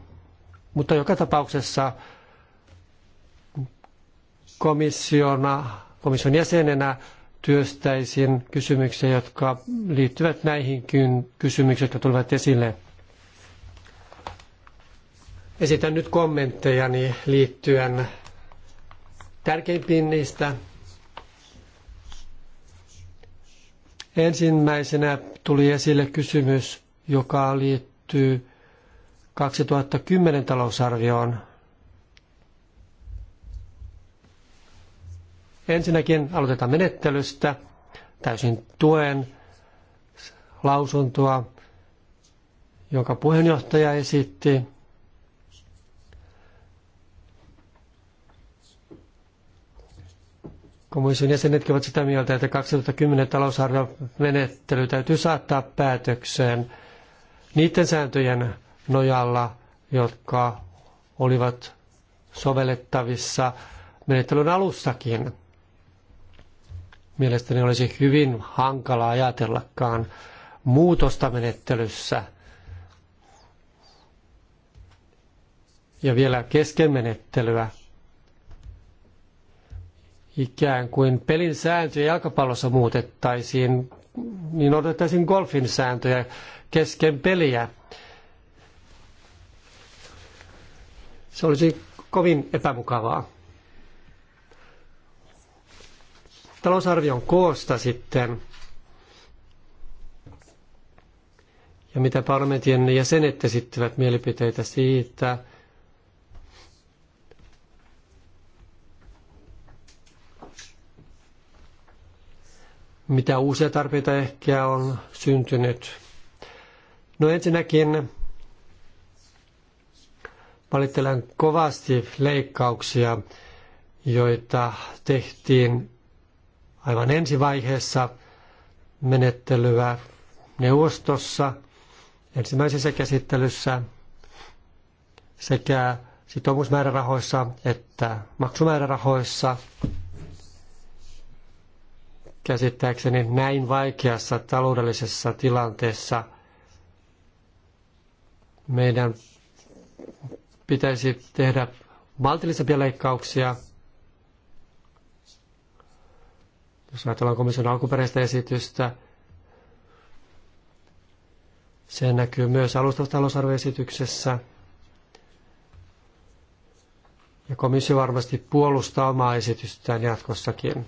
Speaker 2: mutta joka tapauksessa komissiona, komission jäsenenä työstäisin kysymyksiä, jotka liittyvät näihinkin kysymyksiin, jotka tulevat esille. Esitän nyt kommenttejani liittyen tärkeimpiin niistä. Ensimmäisenä tuli esille kysymys, joka liittyy 2010 talousarvioon. Ensinnäkin aloitetaan menettelystä. Täysin tuen lausuntoa, jonka puheenjohtaja esitti. Komission jäsenetkin ovat sitä mieltä, että 2010 menettely täytyy saattaa päätökseen niiden sääntöjen nojalla, jotka olivat sovellettavissa menettelyn alussakin. Mielestäni olisi hyvin hankala ajatellakaan muutosta menettelyssä ja vielä kesken menettelyä. Ikään kuin pelin sääntöjä jalkapallossa muutettaisiin, niin odotettaisiin golfin sääntöjä kesken peliä. Se olisi kovin epämukavaa. talousarvion koosta sitten ja mitä parlamentin jäsenet esittävät mielipiteitä siitä, mitä uusia tarpeita ehkä on syntynyt. No ensinnäkin valittelen kovasti leikkauksia, joita tehtiin aivan ensivaiheessa menettelyä neuvostossa ensimmäisessä käsittelyssä sekä sitoumusmäärärahoissa että maksumäärärahoissa. Käsittääkseni näin vaikeassa taloudellisessa tilanteessa meidän pitäisi tehdä maltillisempia leikkauksia – Jos ajatellaan komission alkuperäistä esitystä, se näkyy myös alustatalousarvoesityksessä. Ja komissio varmasti puolustaa omaa esitystään jatkossakin.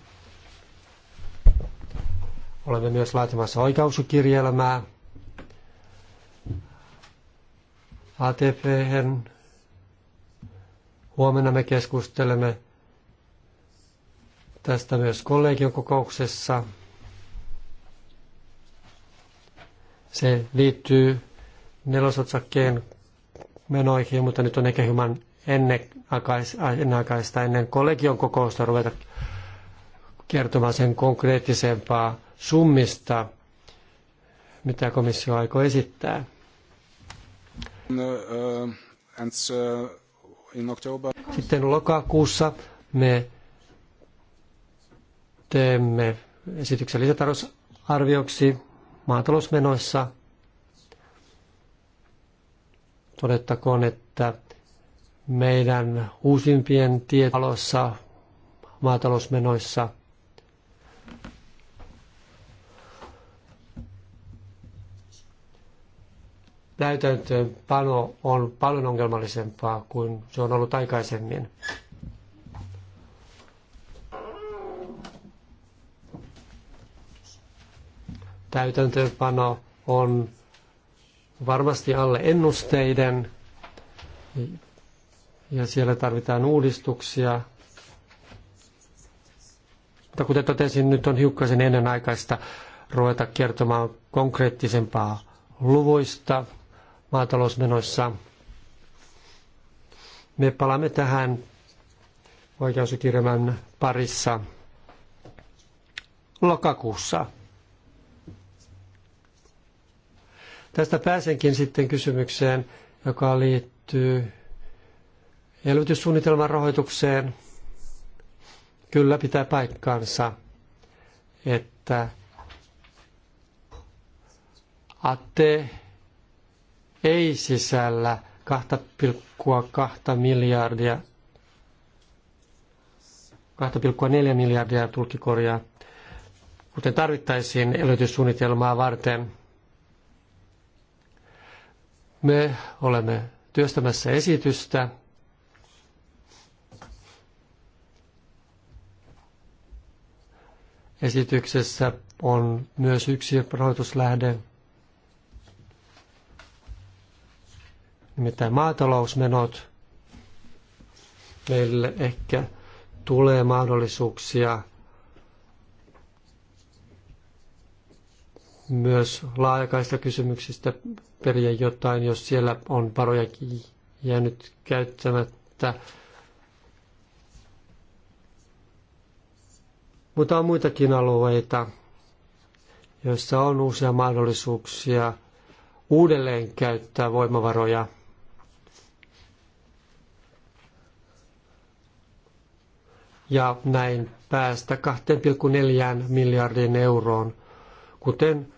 Speaker 2: Olemme myös laatimassa oikausukirjelmää atp -hän. Huomenna me keskustelemme tästä myös kollegion kokouksessa. Se liittyy nelosotsakkeen menoihin, mutta nyt on ehkä hieman ennenaikaista ennen kollegion kokousta ruveta kertomaan sen konkreettisempaa summista, mitä komissio aikoo esittää.
Speaker 1: No, eh, eh,
Speaker 2: Sitten lokakuussa me teemme esityksen lisätalousarvioksi maatalousmenoissa. Todettakoon, että meidän uusimpien tietalossa maatalousmenoissa täytäntöönpano on paljon ongelmallisempaa kuin se on ollut aikaisemmin. täytäntöönpano on varmasti alle ennusteiden ja siellä tarvitaan uudistuksia. Mutta kuten totesin, nyt on hiukkasen ennenaikaista ruveta kertomaan konkreettisempaa luvuista maatalousmenoissa. Me palaamme tähän oikeusikirjelmän parissa lokakuussa. Tästä pääsenkin sitten kysymykseen, joka liittyy elvytyssuunnitelman rahoitukseen. Kyllä pitää paikkansa, että ATE ei sisällä 2,2 miljardia, 2,4 miljardia tulkikorjaa, kuten tarvittaisiin elvytyssuunnitelmaa varten. Me olemme työstämässä esitystä, Esityksessä on myös yksi rahoituslähde, nimittäin maatalousmenot. Meille ehkä tulee mahdollisuuksia myös laajakaista kysymyksistä periä jotain, jos siellä on varoja jäänyt käyttämättä. Mutta on muitakin alueita, joissa on uusia mahdollisuuksia uudelleen käyttää voimavaroja. Ja näin päästä 2,4 miljardin euroon kuten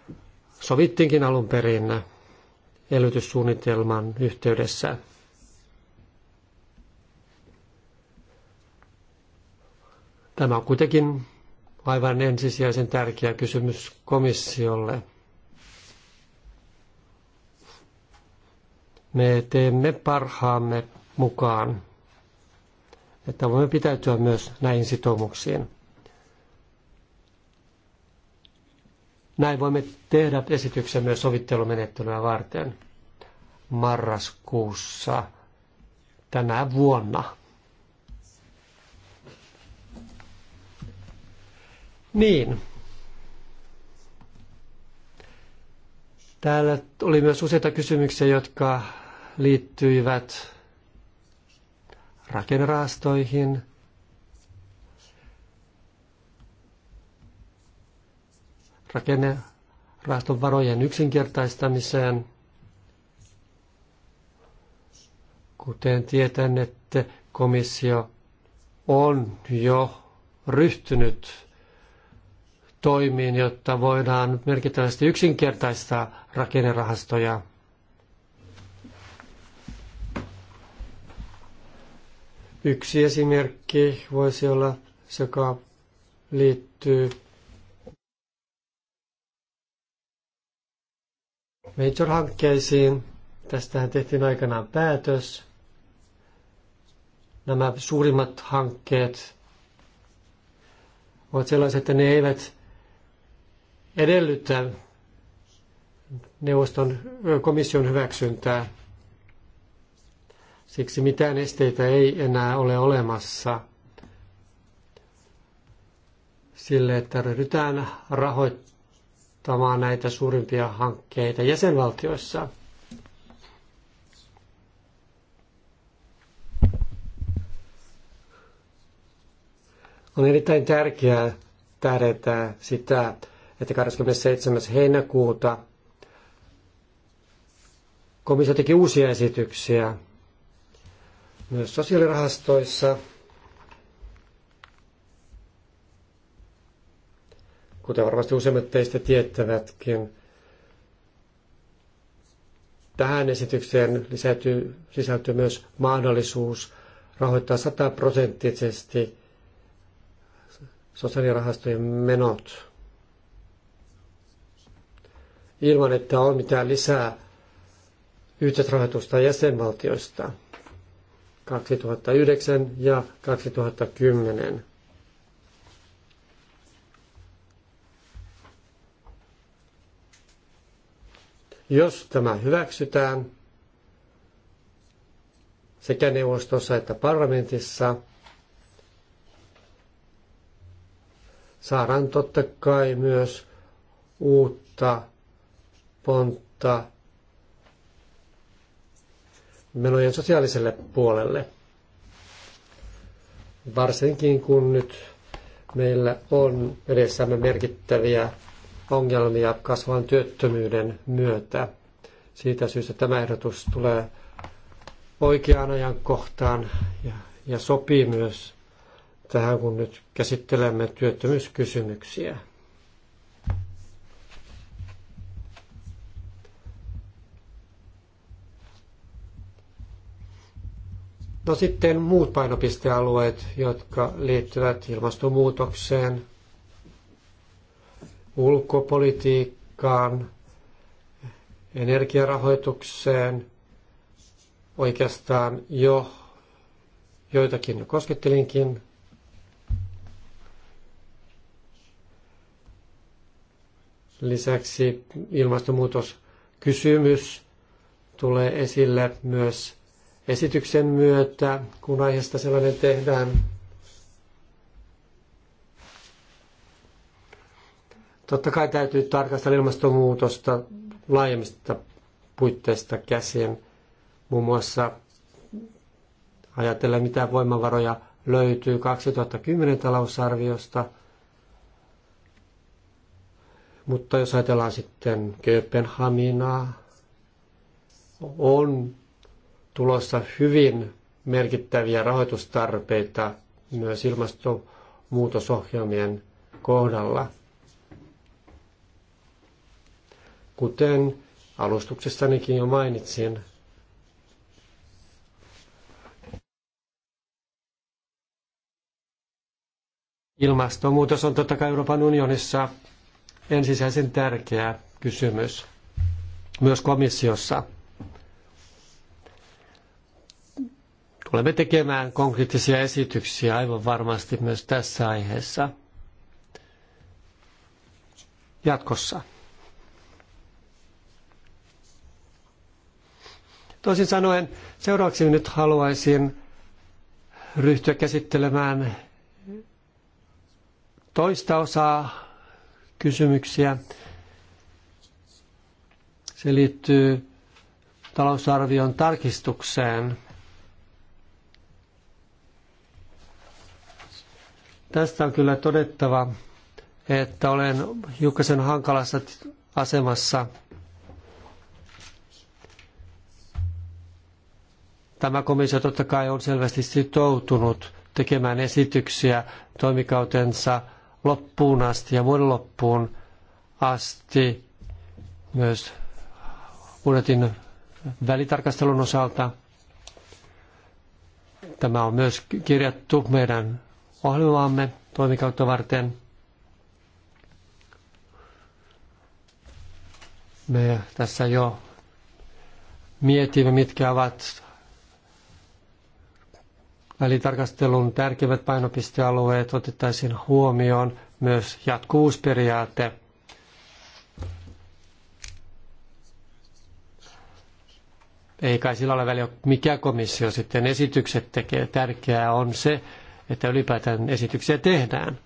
Speaker 2: sovittiinkin alun perin elvytyssuunnitelman yhteydessä. Tämä on kuitenkin aivan ensisijaisen tärkeä kysymys komissiolle. Me teemme parhaamme mukaan, että voimme pitäytyä myös näihin sitoumuksiin. Näin voimme tehdä esityksen myös sovittelumenettelyä varten marraskuussa tänä vuonna. Niin. Täällä oli myös useita kysymyksiä, jotka liittyivät rakennerahastoihin – rakennerahaston varojen yksinkertaistamiseen. Kuten tietän, että komissio on jo ryhtynyt toimiin, jotta voidaan merkittävästi yksinkertaistaa rakennerahastoja. Yksi esimerkki voisi olla, joka liittyy Major-hankkeisiin. Tästähän tehtiin aikanaan päätös. Nämä suurimmat hankkeet ovat sellaiset, että ne eivät edellytä neuvoston komission hyväksyntää. Siksi mitään esteitä ei enää ole olemassa sille, että ryhdytään rahoittamaan rahoittamaan näitä suurimpia hankkeita jäsenvaltioissa. On erittäin tärkeää tähdentää sitä, että 27. heinäkuuta komissio teki uusia esityksiä myös sosiaalirahastoissa – kuten varmasti useimmat teistä tiettävätkin, tähän esitykseen lisäytyy, sisältyy myös mahdollisuus rahoittaa sataprosenttisesti sosiaalirahastojen menot ilman, että on mitään lisää yhteisrahoitusta jäsenvaltioista 2009 ja 2010. Jos tämä hyväksytään sekä neuvostossa että parlamentissa, saadaan totta kai myös uutta pontta menojen sosiaaliselle puolelle. Varsinkin kun nyt meillä on edessämme merkittäviä ongelmia kasvavan työttömyyden myötä. Siitä syystä tämä ehdotus tulee oikeaan ajankohtaan ja, ja sopii myös tähän, kun nyt käsittelemme työttömyyskysymyksiä. No sitten muut painopistealueet, jotka liittyvät ilmastonmuutokseen, ulkopolitiikkaan, energiarahoitukseen. Oikeastaan jo joitakin jo koskettelinkin. Lisäksi ilmastonmuutoskysymys tulee esille myös esityksen myötä, kun aiheesta sellainen tehdään. Totta kai täytyy tarkastella ilmastonmuutosta laajemmista puitteista käsin, muun muassa ajatella, mitä voimavaroja löytyy 2010 talousarviosta. Mutta jos ajatellaan sitten Kööpenhaminaa, on tulossa hyvin merkittäviä rahoitustarpeita myös ilmastonmuutosohjelmien kohdalla – Kuten alustuksestanikin jo mainitsin, Ilmastonmuutos on totta kai Euroopan unionissa ensisijaisen tärkeä kysymys myös komissiossa. Tulemme tekemään konkreettisia esityksiä aivan varmasti myös tässä aiheessa jatkossa. Toisin sanoen, seuraavaksi nyt haluaisin ryhtyä käsittelemään toista osaa kysymyksiä. Se liittyy talousarvion tarkistukseen. Tästä on kyllä todettava, että olen hiukkasen hankalassa asemassa – Tämä komissio totta kai on selvästi sitoutunut tekemään esityksiä toimikautensa loppuun asti ja vuoden loppuun asti myös budjetin välitarkastelun osalta. Tämä on myös kirjattu meidän ohjelmaamme toimikautta varten. Me tässä jo mietimme, mitkä ovat välitarkastelun tärkeimmät painopistealueet otettaisiin huomioon myös jatkuvuusperiaate. Ei kai sillä ole väliä, mikä komissio sitten esitykset tekee. Tärkeää on se, että ylipäätään esityksiä tehdään.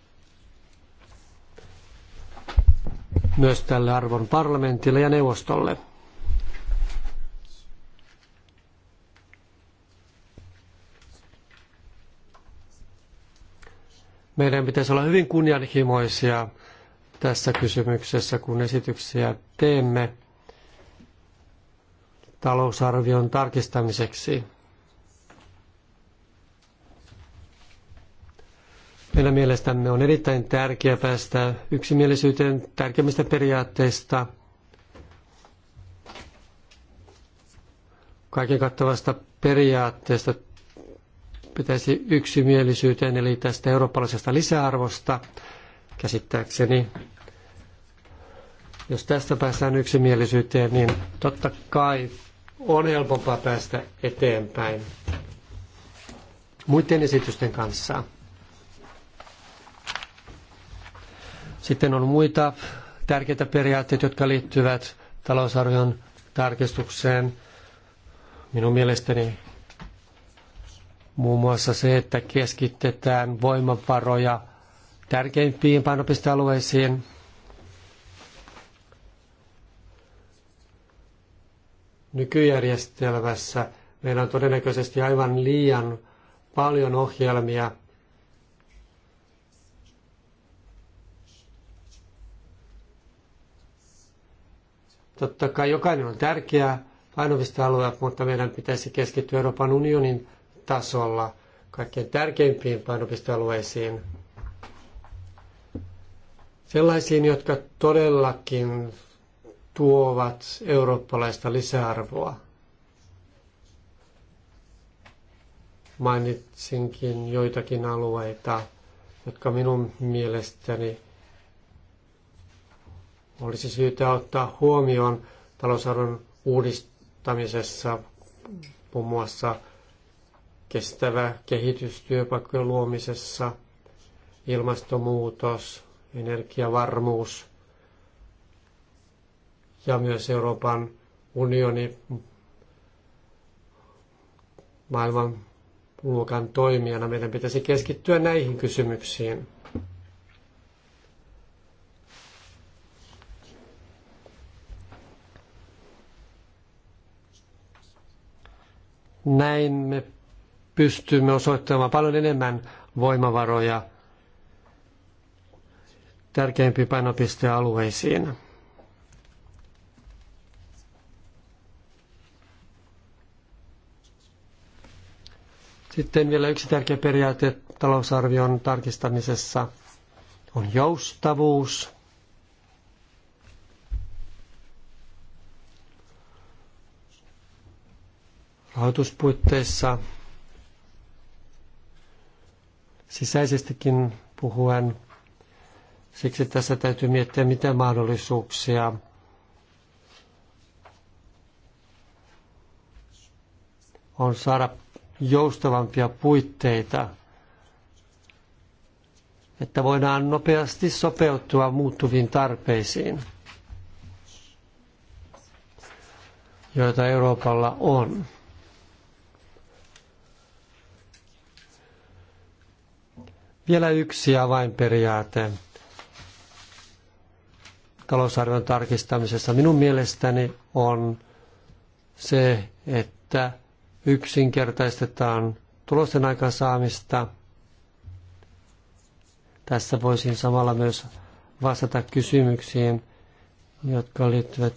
Speaker 2: Myös tälle arvon parlamentille ja neuvostolle. Meidän pitäisi olla hyvin kunnianhimoisia tässä kysymyksessä, kun esityksiä teemme talousarvion tarkistamiseksi. Meidän mielestämme on erittäin tärkeää päästä yksimielisyyteen tärkeimmistä periaatteista, kaiken kattavasta periaatteesta pitäisi yksimielisyyteen, eli tästä eurooppalaisesta lisäarvosta käsittääkseni. Jos tästä päästään yksimielisyyteen, niin totta kai on helpompaa päästä eteenpäin muiden esitysten kanssa. Sitten on muita tärkeitä periaatteita, jotka liittyvät talousarvion tarkistukseen. Minun mielestäni Muun muassa se, että keskitetään voimavaroja tärkeimpiin painopistealueisiin. Nykyjärjestelmässä meillä on todennäköisesti aivan liian paljon ohjelmia, Totta kai jokainen on tärkeä painopistealue, mutta meidän pitäisi keskittyä Euroopan unionin tasolla kaikkein tärkeimpiin painopistealueisiin, sellaisiin, jotka todellakin tuovat eurooppalaista lisäarvoa. Mainitsinkin joitakin alueita, jotka minun mielestäni olisi syytä ottaa huomioon talousarvon uudistamisessa, muun muassa kestävä kehitys työpaikkojen luomisessa, ilmastonmuutos, energiavarmuus ja myös Euroopan unioni maailman luokan toimijana. Meidän pitäisi keskittyä näihin kysymyksiin. Näin me pystymme osoittamaan paljon enemmän voimavaroja tärkeimpiin painopistealueisiin. Sitten vielä yksi tärkeä periaate talousarvion tarkistamisessa on joustavuus. Rahoituspuitteissa sisäisestikin puhuen. Siksi tässä täytyy miettiä, mitä mahdollisuuksia on saada joustavampia puitteita, että voidaan nopeasti sopeutua muuttuviin tarpeisiin, joita Euroopalla on. Vielä yksi avainperiaate talousarvion tarkistamisessa minun mielestäni on se, että yksinkertaistetaan tulosten aikaansaamista. Tässä voisin samalla myös vastata kysymyksiin, jotka liittyvät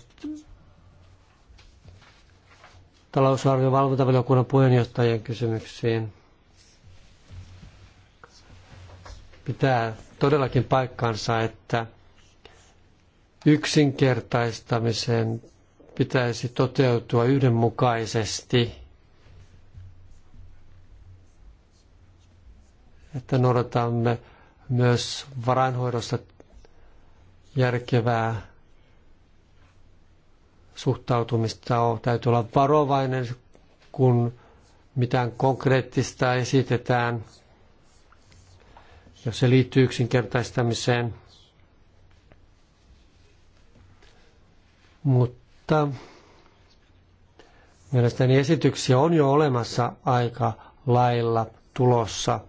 Speaker 2: talousarvion valvontavaliokunnan puheenjohtajien kysymyksiin. pitää todellakin paikkansa, että yksinkertaistamisen pitäisi toteutua yhdenmukaisesti, että noudatamme myös varainhoidossa järkevää suhtautumista on. Täytyy olla varovainen, kun mitään konkreettista esitetään – jos se liittyy yksinkertaistamiseen. Mutta mielestäni esityksiä on jo olemassa aika lailla tulossa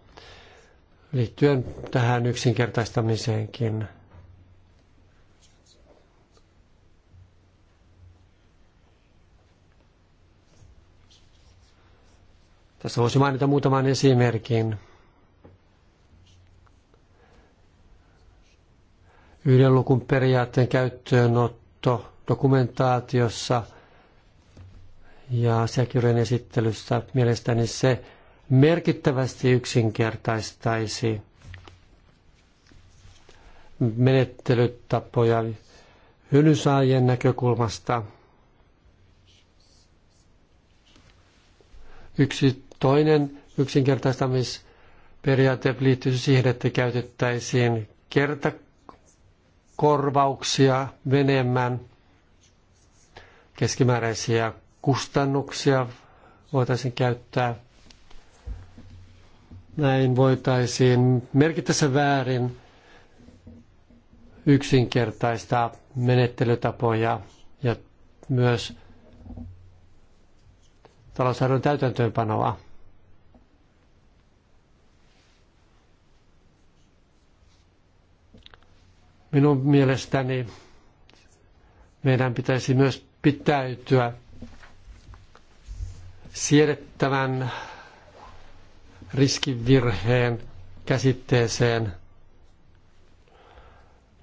Speaker 2: liittyen tähän yksinkertaistamiseenkin. Tässä voisi mainita muutaman esimerkin. yhden lukun periaatteen käyttöönotto dokumentaatiossa ja asiakirjojen esittelyssä mielestäni se merkittävästi yksinkertaistaisi menettelytapoja hylysaajien näkökulmasta. Yksi toinen yksinkertaistamisperiaate liittyy siihen, että käytettäisiin kertakäyttöä korvauksia enemmän, keskimääräisiä kustannuksia voitaisiin käyttää. Näin voitaisiin merkittävässä väärin yksinkertaistaa menettelytapoja ja myös talousarvon täytäntöönpanoa. Minun mielestäni meidän pitäisi myös pitäytyä siedettävän riskivirheen käsitteeseen.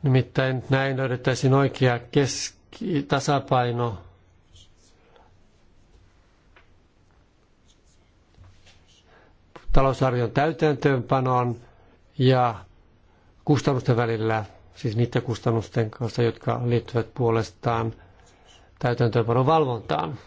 Speaker 2: Nimittäin näin löydettäisiin oikea keski- tasapaino talousarvion täytäntöönpanoon ja kustannusten välillä – siis niiden kustannusten kanssa, jotka liittyvät puolestaan täytäntöönpanon valvontaan.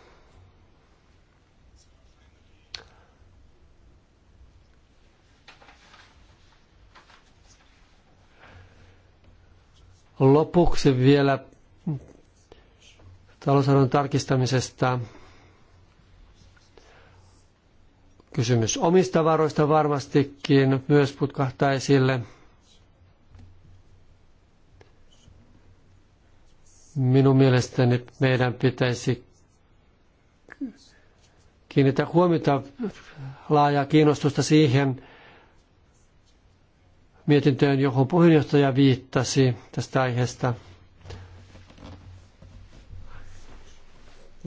Speaker 2: Lopuksi vielä talousarvon tarkistamisesta. Kysymys omista varoista varmastikin myös putkahtaa esille. Minun mielestäni meidän pitäisi kiinnittää huomiota laajaa kiinnostusta siihen mietintöön, johon puheenjohtaja viittasi tästä aiheesta.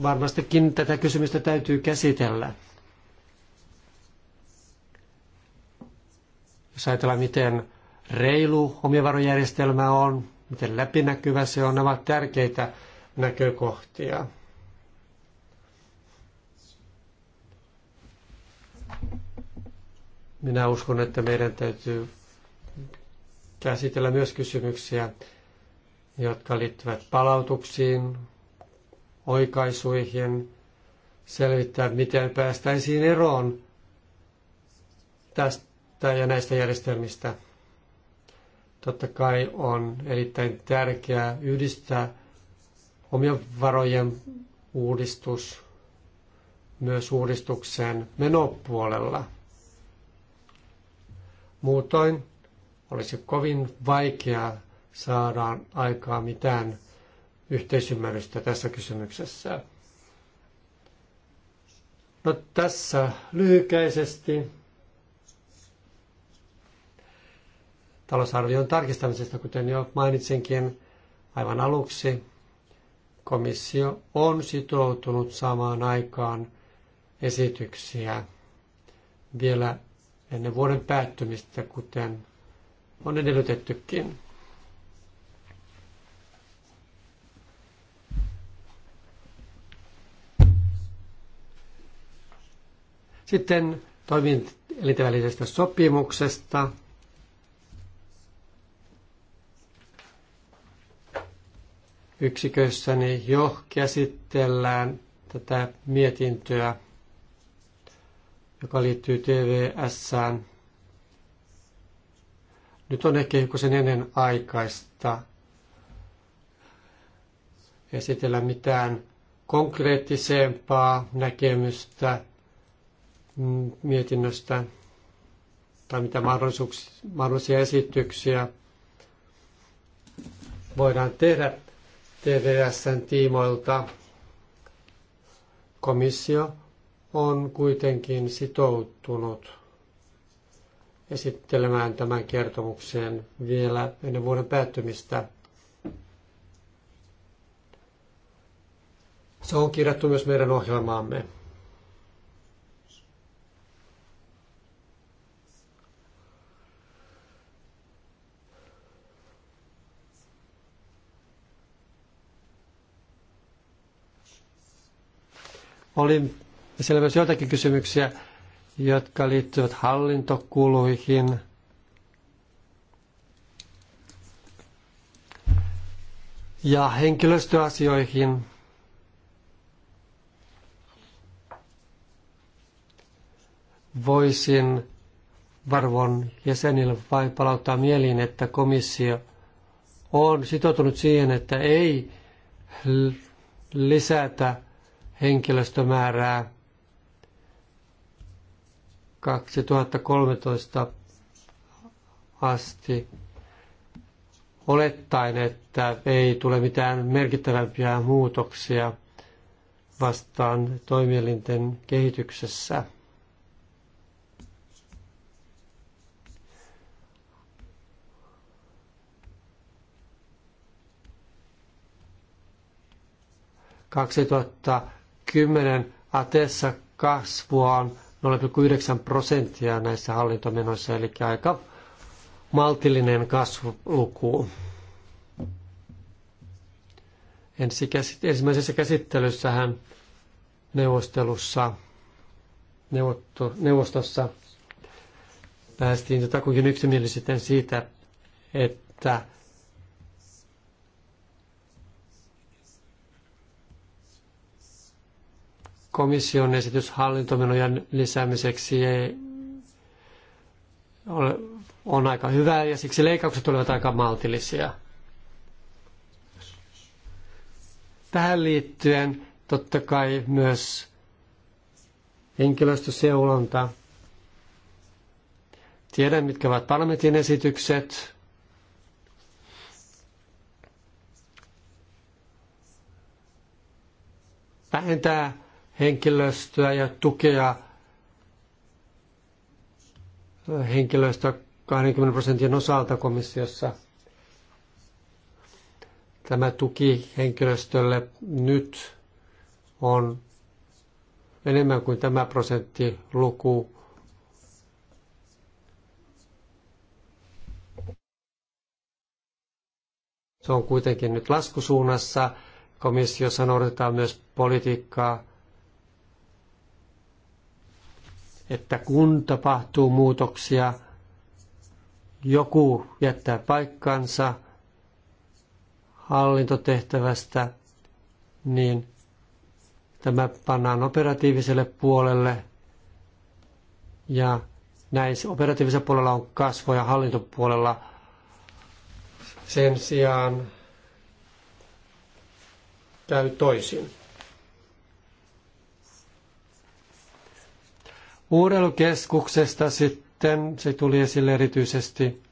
Speaker 2: Varmastikin tätä kysymystä täytyy käsitellä. Jos ajatellaan, miten reilu varojärjestelmä on, miten läpinäkyvä se on. ovat tärkeitä näkökohtia. Minä uskon, että meidän täytyy käsitellä myös kysymyksiä, jotka liittyvät palautuksiin, oikaisuihin, selvittää, miten päästäisiin eroon tästä ja näistä järjestelmistä. Totta kai on erittäin tärkeää yhdistää omien varojen uudistus myös uudistukseen menopuolella. Muutoin olisi kovin vaikeaa saada aikaa mitään yhteisymmärrystä tässä kysymyksessä. No tässä lyhykäisesti talousarvion tarkistamisesta, kuten jo mainitsinkin aivan aluksi. Komissio on sitoutunut samaan aikaan esityksiä vielä ennen vuoden päättymistä, kuten on edellytettykin. Sitten toimielinten sopimuksesta – yksikössäni jo käsitellään tätä mietintöä, joka liittyy TVSään. Nyt on ehkä joku sen ennen aikaista esitellä mitään konkreettisempaa näkemystä mietinnöstä tai mitä mahdollisia esityksiä voidaan tehdä TVSn tiimoilta. Komissio on kuitenkin sitoutunut esittelemään tämän kertomuksen vielä ennen vuoden päättymistä. Se on kirjattu myös meidän ohjelmaamme. Oli siellä myös joitakin kysymyksiä, jotka liittyvät hallintokuluihin. Ja henkilöstöasioihin. Voisin varvon jäsenille vain palauttaa mieliin, että komissio on sitoutunut siihen, että ei lisätä henkilöstömäärää. 2013 asti olettaen, että ei tule mitään merkittävämpiä muutoksia vastaan toimielinten kehityksessä. 2010 Atessa kasvua on 0,9 prosenttia näissä hallintomenoissa, eli aika maltillinen kasvuluku. Ensi käsit- ensimmäisessä käsittelyssähän neuvostelussa, neuvotto, neuvostossa päästiin jotakuinkin yksimielisyyteen siitä, että komission esitys hallintomenojen lisäämiseksi ei ole, on aika hyvä ja siksi leikkaukset olivat aika maltillisia. Tähän liittyen totta kai myös henkilöstöseulonta. Tiedän, mitkä ovat parlamentin esitykset. Vähentää henkilöstöä ja tukea henkilöstöä 20 prosentin osalta komissiossa. Tämä tuki henkilöstölle nyt on enemmän kuin tämä prosenttiluku. Se on kuitenkin nyt laskusuunnassa. Komissiossa noudatetaan myös politiikkaa, että kun tapahtuu muutoksia, joku jättää paikkansa hallintotehtävästä, niin tämä pannaan operatiiviselle puolelle ja näin operatiivisella puolella on kasvoja hallintopuolella sen sijaan käy toisin. Urheilukeskuksesta sitten se tuli esille erityisesti.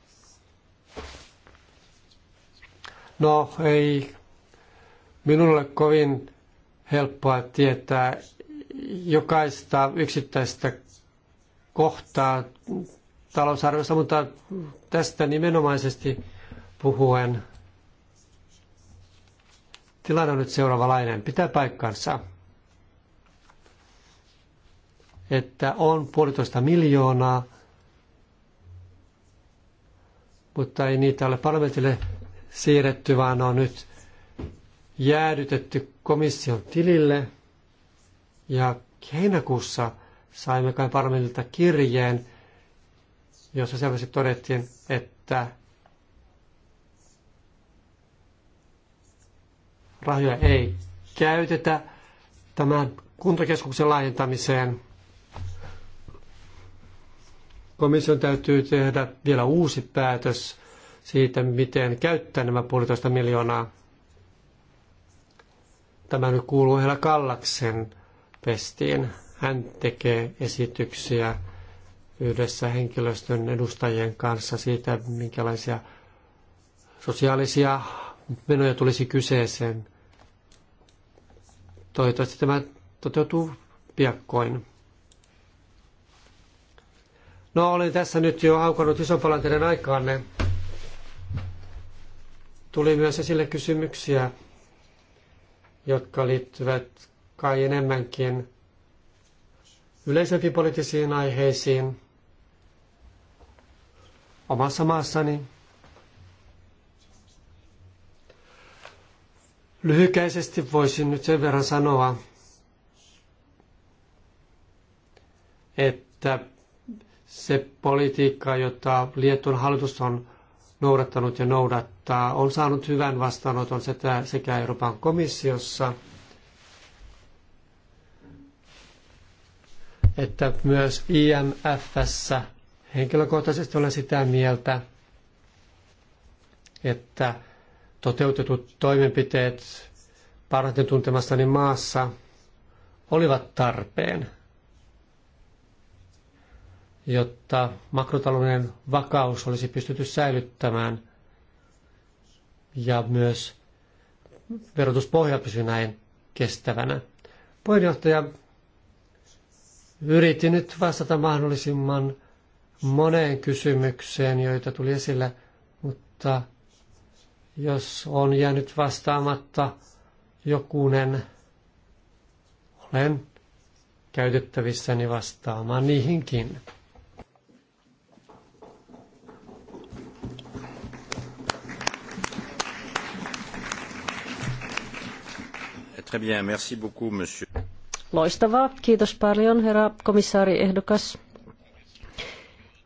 Speaker 2: No ei minulle kovin helppoa tietää jokaista yksittäistä kohtaa talousarviossa, mutta tästä nimenomaisesti puhuen tilanne on nyt seuraavalainen. Pitää paikkansa että on puolitoista miljoonaa, mutta ei niitä ole parlamentille siirretty, vaan on nyt jäädytetty komission tilille. Ja heinäkuussa saimme kai parlamentilta kirjeen, jossa selvästi todettiin, että rahoja ei käytetä tämän kuntokeskuksen laajentamiseen – komission täytyy tehdä vielä uusi päätös siitä, miten käyttää nämä puolitoista miljoonaa. Tämä nyt kuuluu Hela Kallaksen pestiin. Hän tekee esityksiä yhdessä henkilöstön edustajien kanssa siitä, minkälaisia sosiaalisia menoja tulisi kyseeseen. Toivottavasti tämä toteutuu piakkoin. No olen tässä nyt jo haukannut ison palan teidän aikaanne. Tuli myös esille kysymyksiä, jotka liittyvät kai enemmänkin yleisempiin poliittisiin aiheisiin omassa maassani. Lyhykäisesti voisin nyt sen verran sanoa, että se politiikka, jota Liettuan hallitus on noudattanut ja noudattaa, on saanut hyvän vastaanoton sekä Euroopan komissiossa että myös IMFssä. Henkilökohtaisesti olen sitä mieltä, että toteutetut toimenpiteet parhaiten tuntemassani maassa olivat tarpeen jotta makrotalouden vakaus olisi pystytty säilyttämään ja myös verotuspohja pysyi näin kestävänä. Puheenjohtaja yritti nyt vastata mahdollisimman moneen kysymykseen, joita tuli esille, mutta jos on jäänyt vastaamatta jokunen, olen käytettävissäni vastaamaan niihinkin.
Speaker 1: Très bien, merci beaucoup, monsieur. Loistavaa. Kiitos paljon, herra komissaari ehdokas.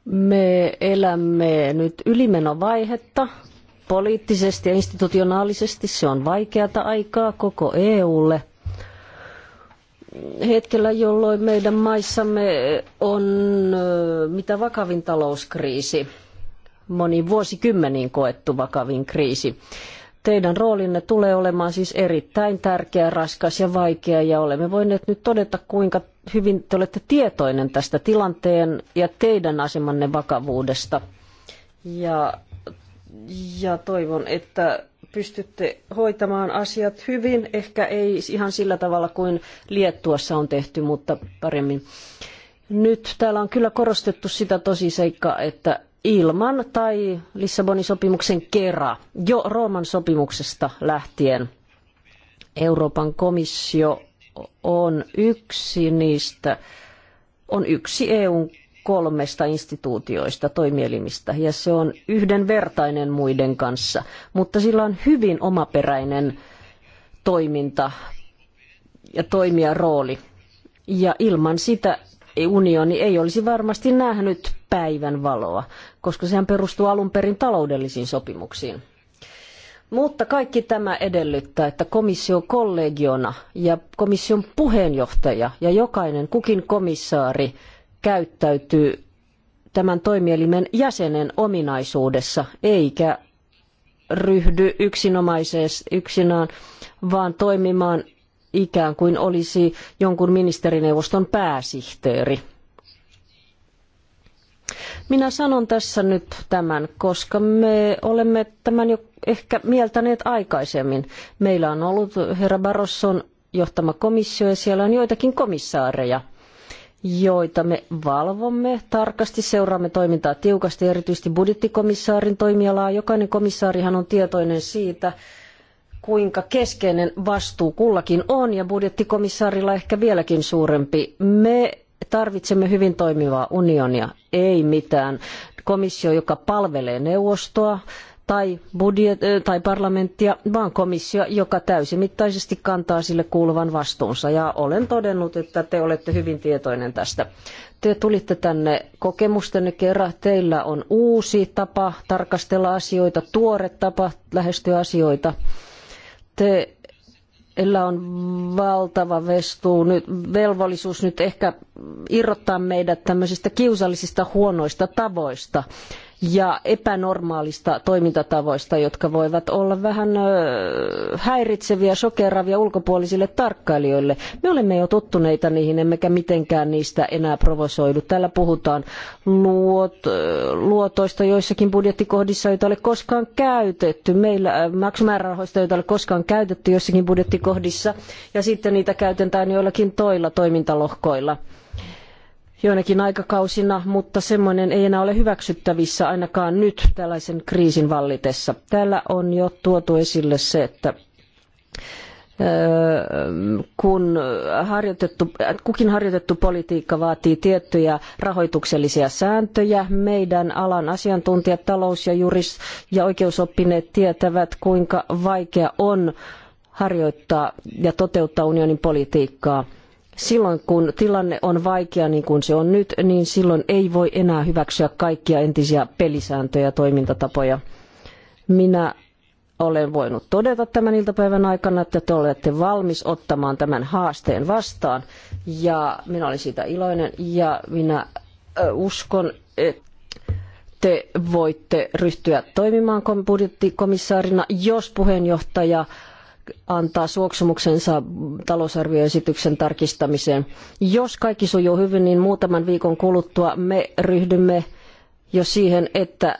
Speaker 1: Me elämme nyt ylimenovaihetta poliittisesti ja institutionaalisesti. Se on vaikeata aikaa koko EUlle. Hetkellä, jolloin meidän maissamme on mitä vakavin talouskriisi, moni vuosikymmeniin koettu vakavin kriisi. Teidän roolinne tulee olemaan siis erittäin tärkeä, raskas ja vaikea ja olemme voineet nyt todeta, kuinka hyvin te olette tietoinen tästä tilanteen ja teidän asemanne vakavuudesta. Ja, ja toivon, että pystytte hoitamaan asiat hyvin, ehkä ei ihan sillä tavalla kuin Liettuassa on tehty, mutta paremmin. Nyt täällä on kyllä korostettu sitä tosiseikkaa, että ilman tai Lissabonin sopimuksen kera jo Rooman sopimuksesta lähtien. Euroopan komissio on yksi niistä, on yksi EUn kolmesta instituutioista, toimielimistä, ja se on yhdenvertainen muiden kanssa, mutta sillä on hyvin omaperäinen toiminta ja toimijarooli. Ja ilman sitä unioni ei olisi varmasti nähnyt päivän valoa, koska sehän perustuu alun perin taloudellisiin sopimuksiin. Mutta kaikki tämä edellyttää, että komission kollegiona ja komission puheenjohtaja ja jokainen kukin komissaari käyttäytyy tämän toimielimen jäsenen ominaisuudessa, eikä ryhdy yksinomaisesti yksinään, vaan toimimaan ikään kuin olisi jonkun ministerineuvoston pääsihteeri. Minä sanon tässä nyt tämän, koska me olemme tämän jo ehkä mieltäneet aikaisemmin. Meillä on ollut herra Barrosson johtama komissio ja siellä on joitakin komissaareja, joita me valvomme tarkasti, seuraamme toimintaa tiukasti, erityisesti budjettikomissaarin toimialaa. Jokainen komissaarihan on tietoinen siitä, kuinka keskeinen vastuu kullakin on ja budjettikomissaarilla ehkä vieläkin suurempi. Me tarvitsemme hyvin toimivaa unionia, ei mitään komissio, joka palvelee neuvostoa tai, budjet, tai parlamenttia, vaan komissio, joka täysimittaisesti kantaa sille kuuluvan vastuunsa. Ja olen todennut, että te olette hyvin tietoinen tästä. Te tulitte tänne kokemustenne kerran. Teillä on uusi tapa tarkastella asioita, tuore tapa lähestyä asioita teillä on valtava vestuu nyt, velvollisuus nyt ehkä irrottaa meidät tämmöisistä kiusallisista huonoista tavoista ja epänormaalista toimintatavoista, jotka voivat olla vähän häiritseviä, shokeravia ulkopuolisille tarkkailijoille. Me olemme jo tottuneita niihin, emmekä mitenkään niistä enää provosoidu. Täällä puhutaan luot, luotoista joissakin budjettikohdissa, joita ei ole koskaan käytetty. Meillä maksumäärärahoista, joita ei ole koskaan käytetty joissakin budjettikohdissa, ja sitten niitä käytetään joillakin toilla toimintalohkoilla joinakin aikakausina, mutta semmoinen ei enää ole hyväksyttävissä ainakaan nyt tällaisen kriisin vallitessa. Täällä on jo tuotu esille se, että kun harjoitettu, kukin harjoitettu politiikka vaatii tiettyjä rahoituksellisia sääntöjä. Meidän alan asiantuntijat, talous- ja juris- ja oikeusoppineet tietävät, kuinka vaikea on harjoittaa ja toteuttaa unionin politiikkaa – silloin kun tilanne on vaikea niin kuin se on nyt, niin silloin ei voi enää hyväksyä kaikkia entisiä pelisääntöjä ja toimintatapoja. Minä olen voinut todeta tämän iltapäivän aikana, että te olette valmis ottamaan tämän haasteen vastaan. Ja minä olen siitä iloinen ja minä uskon, että te voitte ryhtyä toimimaan budjettikomissaarina, jos puheenjohtaja antaa suoksumuksensa talousarvioesityksen tarkistamiseen. Jos kaikki sujuu hyvin, niin muutaman viikon kuluttua me ryhdymme jo siihen, että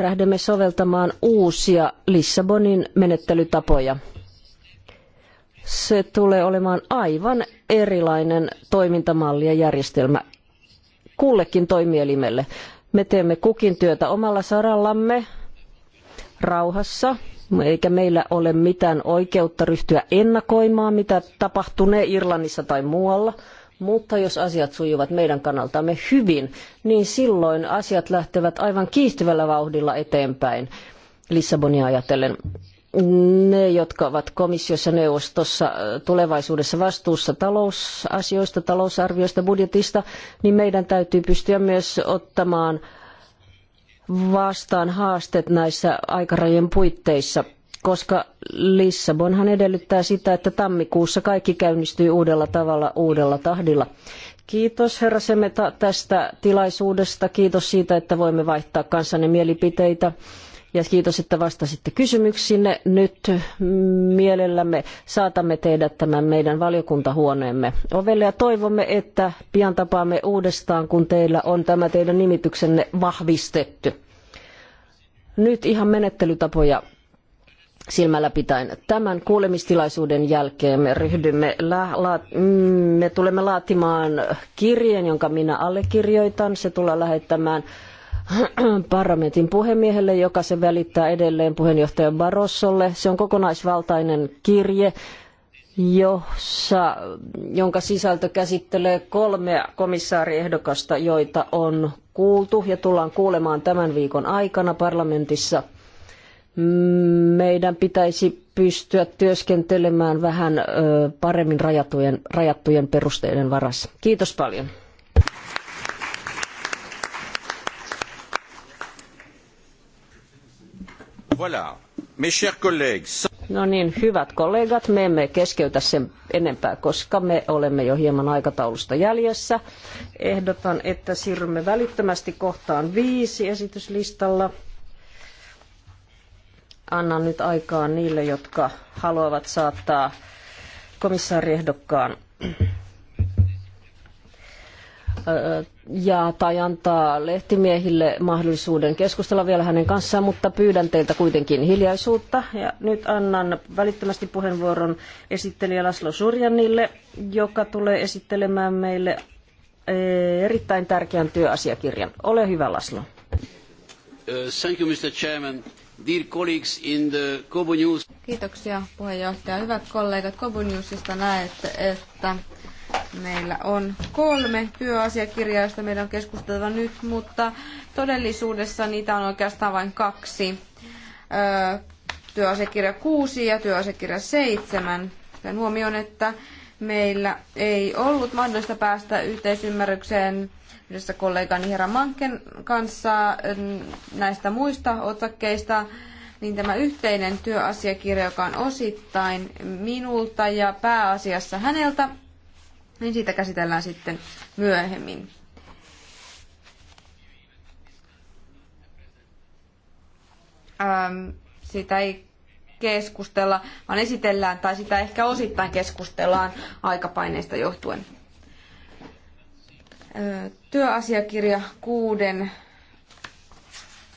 Speaker 1: lähdemme soveltamaan uusia Lissabonin menettelytapoja. Se tulee olemaan aivan erilainen toimintamalli ja järjestelmä kullekin toimielimelle. Me teemme kukin työtä omalla sarallamme rauhassa eikä meillä ole mitään oikeutta ryhtyä ennakoimaan, mitä tapahtunee Irlannissa tai muualla. Mutta jos asiat sujuvat meidän kannaltamme hyvin, niin silloin asiat lähtevät aivan kiihtyvällä vauhdilla eteenpäin Lissabonia ajatellen ne, jotka ovat komissiossa neuvostossa tulevaisuudessa vastuussa talousasioista, talousarvioista, budjetista, niin meidän täytyy pystyä myös ottamaan vastaan haasteet näissä aikarajojen puitteissa, koska Lissabonhan edellyttää sitä, että tammikuussa kaikki käynnistyy uudella tavalla, uudella tahdilla. Kiitos herra Semeta tästä tilaisuudesta. Kiitos siitä, että voimme vaihtaa kanssanne mielipiteitä ja kiitos, että vastasitte kysymyksinne. Nyt mielellämme saatamme teidät tämän meidän valiokuntahuoneemme ovelle ja toivomme, että pian tapaamme uudestaan, kun teillä on tämä teidän nimityksenne vahvistettu. Nyt ihan menettelytapoja silmällä pitäen. Tämän kuulemistilaisuuden jälkeen me, ryhdymme mm, me tulemme laatimaan kirjeen, jonka minä allekirjoitan. Se tullaan lähettämään parlamentin puhemiehelle, joka se välittää edelleen puheenjohtaja Barossolle. Se on kokonaisvaltainen kirje, jossa, jonka sisältö käsittelee kolmea komissaariehdokasta, joita on kuultu ja tullaan kuulemaan tämän viikon aikana parlamentissa. Meidän pitäisi pystyä työskentelemään vähän paremmin rajattujen, rajattujen perusteiden varassa. Kiitos paljon. No niin, hyvät kollegat, me emme keskeytä sen enempää, koska me olemme jo hieman aikataulusta jäljessä. Ehdotan, että siirrymme välittömästi kohtaan viisi esityslistalla. Annan nyt aikaa niille, jotka haluavat saattaa komissaariehdokkaan ja, tai antaa lehtimiehille mahdollisuuden keskustella vielä hänen kanssaan, mutta pyydän teiltä kuitenkin hiljaisuutta. Ja nyt annan välittömästi puheenvuoron esittelijä Laslo Surjanille, joka tulee esittelemään meille eh, erittäin tärkeän työasiakirjan. Ole hyvä, Laslo. Uh, thank you, Mr. Chairman. Dear colleagues in the News. Kiitoksia
Speaker 3: puheenjohtaja. Hyvät kollegat, Kobu Newsista näette, että Meillä on kolme työasiakirjaa, joista meidän on keskusteltava nyt, mutta todellisuudessa niitä on oikeastaan vain kaksi. Työasiakirja 6 ja työasiakirja 7. Tämän huomioon, että meillä ei ollut mahdollista päästä yhteisymmärrykseen yhdessä kollegani Herra Manken kanssa näistä muista otsakkeista, niin tämä yhteinen työasiakirja, joka on osittain minulta ja pääasiassa häneltä, niin siitä käsitellään sitten myöhemmin. äm, sitä ei keskustella, vaan esitellään tai sitä ehkä osittain keskustellaan aikapaineista johtuen. Työasiakirja kuuden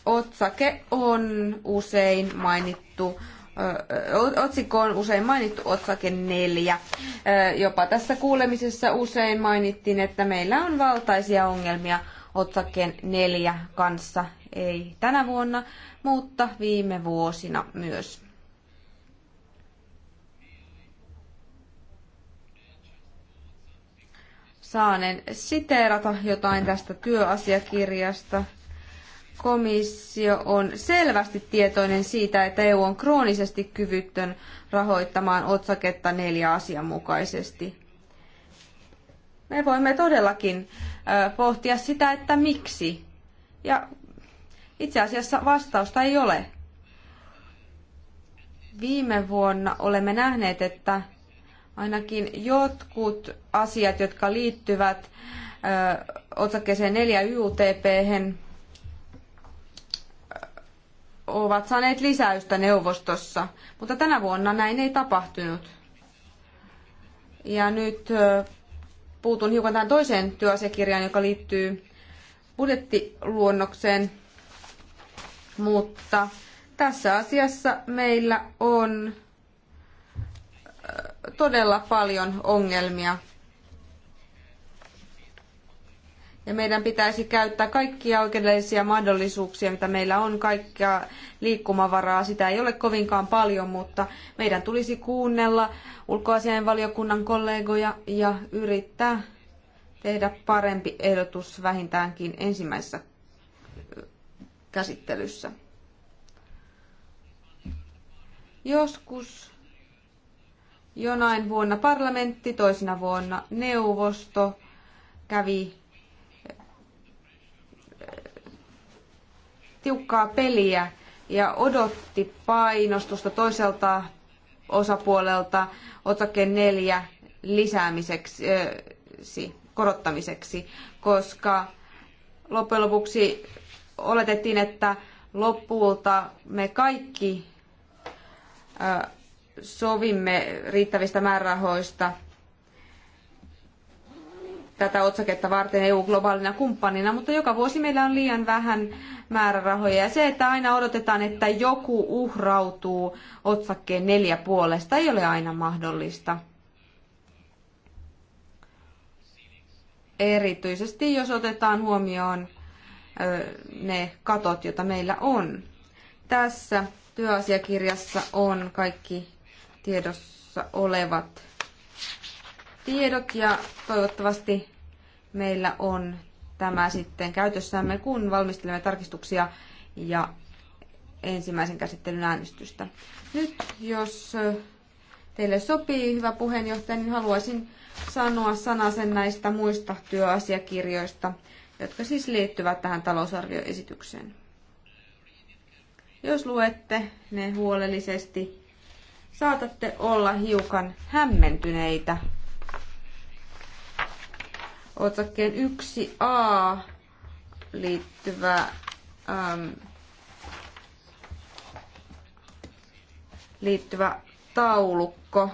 Speaker 3: otsake on usein mainittu otsikko on usein mainittu otsake neljä. Jopa tässä kuulemisessa usein mainittiin, että meillä on valtaisia ongelmia otsakkeen neljä kanssa, ei tänä vuonna, mutta viime vuosina myös. Saanen siteerata jotain tästä työasiakirjasta komissio on selvästi tietoinen siitä, että EU on kroonisesti kyvyttön rahoittamaan otsaketta neljä asianmukaisesti. Me voimme todellakin pohtia sitä, että miksi. Ja itse asiassa vastausta ei ole. Viime vuonna olemme nähneet, että ainakin jotkut asiat, jotka liittyvät ö, otsakkeeseen 4 YUTP, ovat saaneet lisäystä neuvostossa, mutta tänä vuonna näin ei tapahtunut. Ja nyt puutun hiukan tähän toiseen työasiakirjaan, joka liittyy budjettiluonnokseen, mutta tässä asiassa meillä on todella paljon ongelmia. Ja meidän pitäisi käyttää kaikkia oikeudellisia mahdollisuuksia, mitä meillä on, kaikkia liikkumavaraa. Sitä ei ole kovinkaan paljon, mutta meidän tulisi kuunnella ulkoasiainvaliokunnan kollegoja ja yrittää tehdä parempi ehdotus vähintäänkin ensimmäisessä käsittelyssä. Joskus jonain vuonna parlamentti, toisena vuonna neuvosto kävi tiukkaa peliä ja odotti painostusta toiselta osapuolelta otsake neljä lisäämiseksi, korottamiseksi, koska loppujen lopuksi oletettiin, että lopulta me kaikki sovimme riittävistä määrärahoista – tätä otsaketta varten EU globaalina kumppanina, mutta joka vuosi meillä on liian vähän määrärahoja. Ja se, että aina odotetaan, että joku uhrautuu otsakkeen neljä puolesta, ei ole aina mahdollista. Erityisesti jos otetaan huomioon ne katot, joita meillä on. Tässä työasiakirjassa on kaikki tiedossa olevat tiedot ja toivottavasti meillä on tämä sitten käytössämme, kun valmistelemme tarkistuksia ja ensimmäisen käsittelyn äänestystä. Nyt, jos teille sopii, hyvä puheenjohtaja, niin haluaisin sanoa sanasen näistä muista työasiakirjoista, jotka siis liittyvät tähän talousarvioesitykseen. Jos luette ne huolellisesti, saatatte olla hiukan hämmentyneitä otsakkeen 1a liittyvä äm, liittyvä taulukko.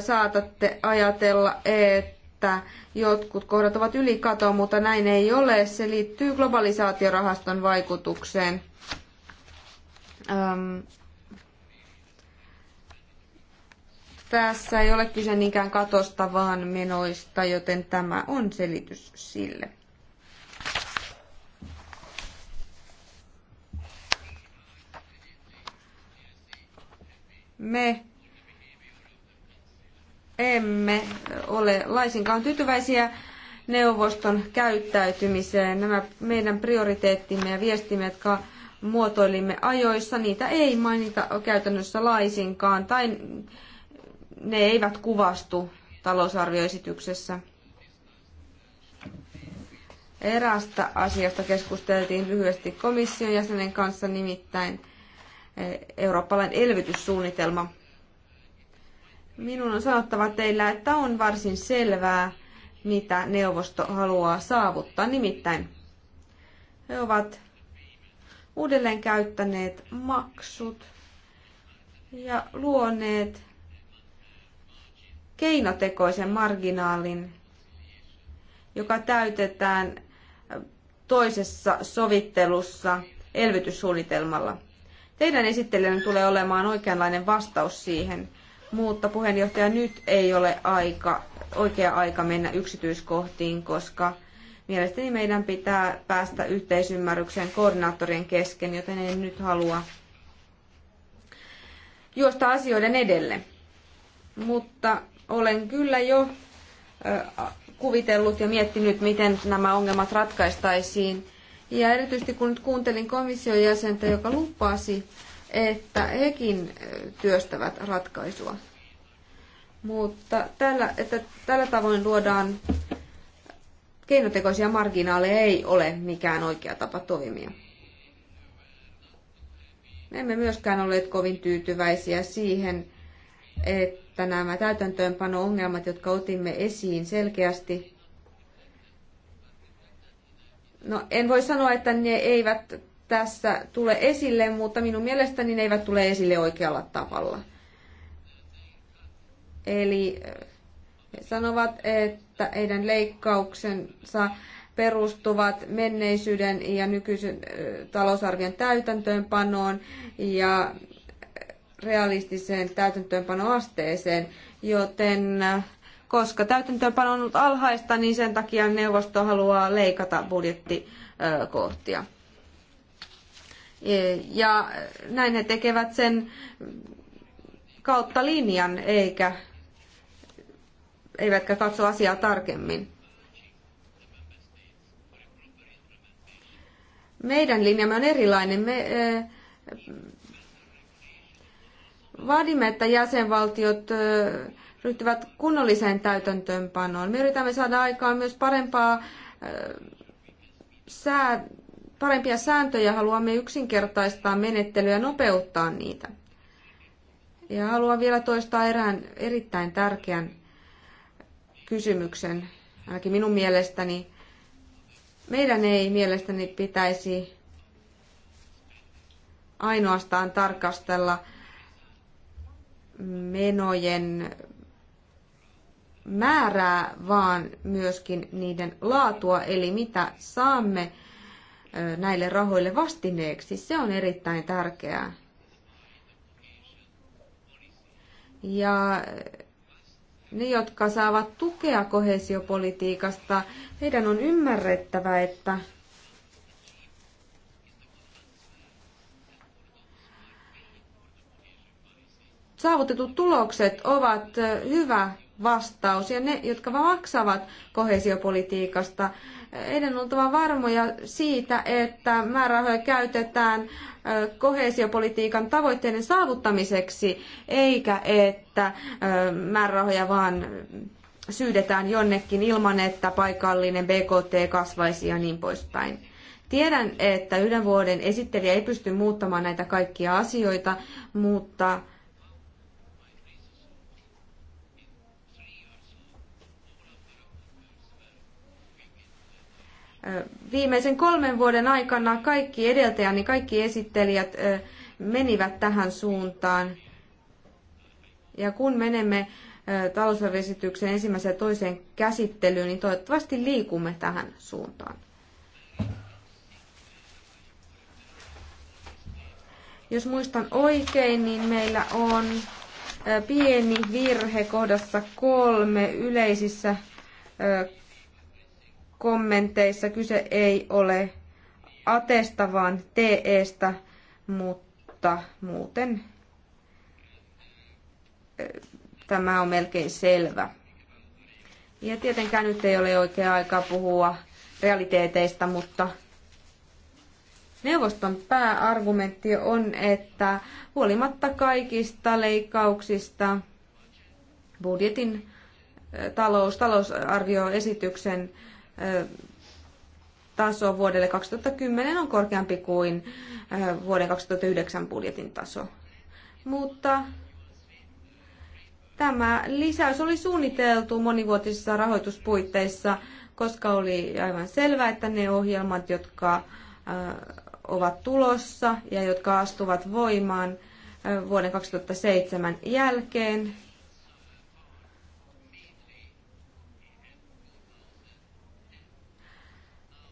Speaker 3: Saatatte ajatella, että jotkut kohdat ovat yli mutta näin ei ole. Se liittyy globalisaatiorahaston vaikutukseen. Öm, Tässä ei ole kyse niinkään katosta, vaan menoista, joten tämä on selitys sille. Me emme ole laisinkaan tyytyväisiä neuvoston käyttäytymiseen. Nämä meidän prioriteettimme ja viestimme, jotka muotoilimme ajoissa, niitä ei mainita käytännössä laisinkaan. Tai ne eivät kuvastu talousarvioesityksessä. Erästä asiasta keskusteltiin lyhyesti komission jäsenen kanssa, nimittäin eh, eurooppalainen elvytyssuunnitelma. Minun on sanottava teillä, että on varsin selvää, mitä neuvosto haluaa saavuttaa. Nimittäin he ovat uudelleen käyttäneet maksut ja luoneet keinotekoisen marginaalin, joka täytetään toisessa sovittelussa elvytyssuunnitelmalla. Teidän esittelijänne tulee olemaan oikeanlainen vastaus siihen, mutta puheenjohtaja nyt ei ole aika, oikea aika mennä yksityiskohtiin, koska mielestäni meidän pitää päästä yhteisymmärrykseen koordinaattorien kesken, joten en nyt halua juosta asioiden edelle. Mutta olen kyllä jo kuvitellut ja miettinyt, miten nämä ongelmat ratkaistaisiin. Ja erityisesti kun nyt kuuntelin komission jäsentä, joka lupasi, että hekin työstävät ratkaisua. Mutta tällä, että tällä tavoin luodaan keinotekoisia marginaaleja ei ole mikään oikea tapa toimia. Me emme myöskään olleet kovin tyytyväisiä siihen, että että nämä täytäntöönpano-ongelmat, jotka otimme esiin selkeästi, no en voi sanoa, että ne eivät tässä tule esille, mutta minun mielestäni ne eivät tule esille oikealla tavalla. Eli eh, he sanovat, että heidän leikkauksensa perustuvat menneisyyden ja nykyisen eh, talousarvion täytäntöönpanoon ja realistiseen täytäntöönpanoasteeseen, joten äh, koska täytäntöönpano on ollut alhaista, niin sen takia neuvosto haluaa leikata budjettikohtia. Äh, ja äh, näin he tekevät sen kautta linjan, eikä, eivätkä katso asiaa tarkemmin. Meidän linjamme on erilainen. Me, Vaadimme, että jäsenvaltiot ryhtyvät kunnolliseen täytäntöönpanoon. Me yritämme saada aikaan myös parempaa, sää, parempia sääntöjä, haluamme yksinkertaistaa menettelyä ja nopeuttaa niitä. Ja haluan vielä toistaa erään erittäin tärkeän kysymyksen, ainakin minun mielestäni. Meidän ei mielestäni pitäisi ainoastaan tarkastella menojen määrää, vaan myöskin niiden laatua, eli mitä saamme näille rahoille vastineeksi. Se on erittäin tärkeää. Ja ne, jotka saavat tukea kohesiopolitiikasta, heidän on ymmärrettävä, että saavutetut tulokset ovat hyvä vastaus. Ja ne, jotka maksavat kohesiopolitiikasta, heidän on oltava varmoja siitä, että määrärahoja käytetään kohesiopolitiikan tavoitteiden saavuttamiseksi, eikä että määrärahoja vaan syydetään jonnekin ilman, että paikallinen BKT kasvaisi ja niin poispäin. Tiedän, että yhden vuoden esittelijä ei pysty muuttamaan näitä kaikkia asioita, mutta Viimeisen kolmen vuoden aikana kaikki edeltäjäni, kaikki esittelijät menivät tähän suuntaan. Ja kun menemme talousarvioesityksen ensimmäiseen ja toiseen käsittelyyn, niin toivottavasti liikumme tähän suuntaan. Jos muistan oikein, niin meillä on pieni virhe kohdassa kolme yleisissä kommenteissa kyse ei ole atesta, vaan teestä, mutta muuten tämä on melkein selvä. Ja tietenkään nyt ei ole oikea aika puhua realiteeteista, mutta neuvoston pääargumentti on, että huolimatta kaikista leikkauksista budjetin talous, talousarvioesityksen taso vuodelle 2010 on korkeampi kuin vuoden 2009 budjetin taso. Mutta tämä lisäys oli suunniteltu monivuotisissa rahoituspuitteissa, koska oli aivan selvää, että ne ohjelmat, jotka ovat tulossa ja jotka astuvat voimaan vuoden 2007 jälkeen,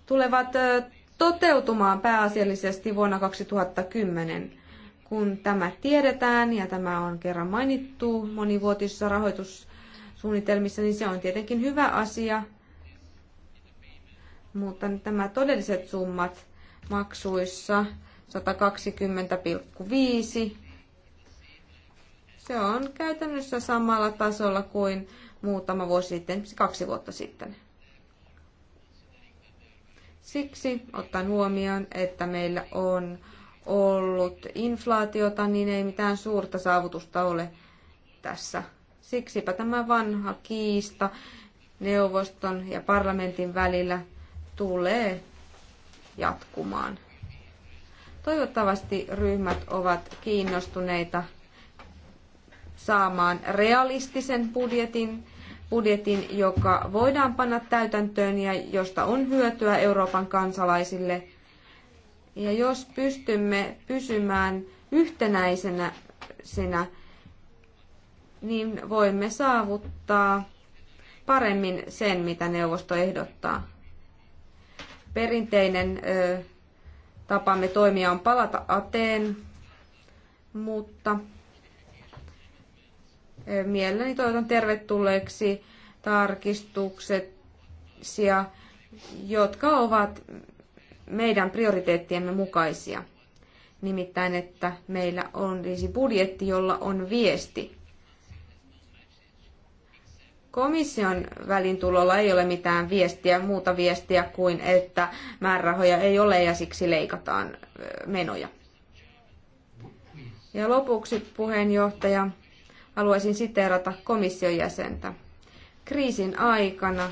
Speaker 3: tulevat toteutumaan pääasiallisesti vuonna 2010. Kun tämä tiedetään ja tämä on kerran mainittu monivuotisissa rahoitussuunnitelmissa, niin se on tietenkin hyvä asia, mutta tämä todelliset summat maksuissa 120,5 se on käytännössä samalla tasolla kuin muutama vuosi sitten, siis kaksi vuotta sitten. Siksi, ottaen huomioon, että meillä on ollut inflaatiota, niin ei mitään suurta saavutusta ole tässä. Siksipä tämä vanha kiista neuvoston ja parlamentin välillä tulee jatkumaan. Toivottavasti ryhmät ovat kiinnostuneita saamaan realistisen budjetin budjetin, joka voidaan panna täytäntöön ja josta on hyötyä Euroopan kansalaisille. Ja jos pystymme pysymään yhtenäisenä sinä, niin voimme saavuttaa paremmin sen, mitä neuvosto ehdottaa. Perinteinen ö, tapamme toimia on palata Ateen, mutta Mielelläni toivotan tervetulleeksi tarkistukset, jotka ovat meidän prioriteettiemme mukaisia. Nimittäin, että meillä on siis budjetti, jolla on viesti. Komission välintulolla ei ole mitään viestiä, muuta viestiä kuin, että määrärahoja ei ole ja siksi leikataan menoja. Ja lopuksi puheenjohtaja haluaisin siteerata komission jäsentä. Kriisin aikana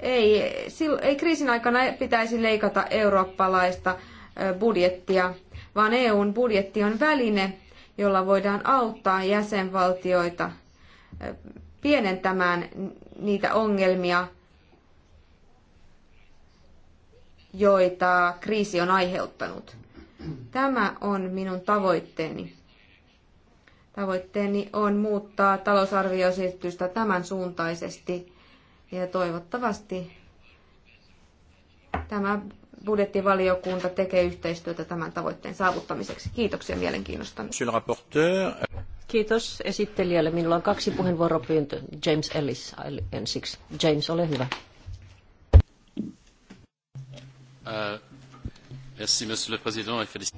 Speaker 3: ei, ei kriisin aikana pitäisi leikata eurooppalaista budjettia, vaan EUn budjetti on väline, jolla voidaan auttaa jäsenvaltioita pienentämään niitä ongelmia, joita kriisi on aiheuttanut. Tämä on minun tavoitteeni. Tavoitteeni on muuttaa talousarvioesitystä tämän suuntaisesti ja toivottavasti tämä budjettivaliokunta tekee yhteistyötä tämän tavoitteen saavuttamiseksi. Kiitoksia mielenkiinnosta.
Speaker 1: Kiitos esittelijälle. Minulla on kaksi puheenvuoropyyntöä. James
Speaker 2: Ellis ensiksi. James, ole hyvä. Uh,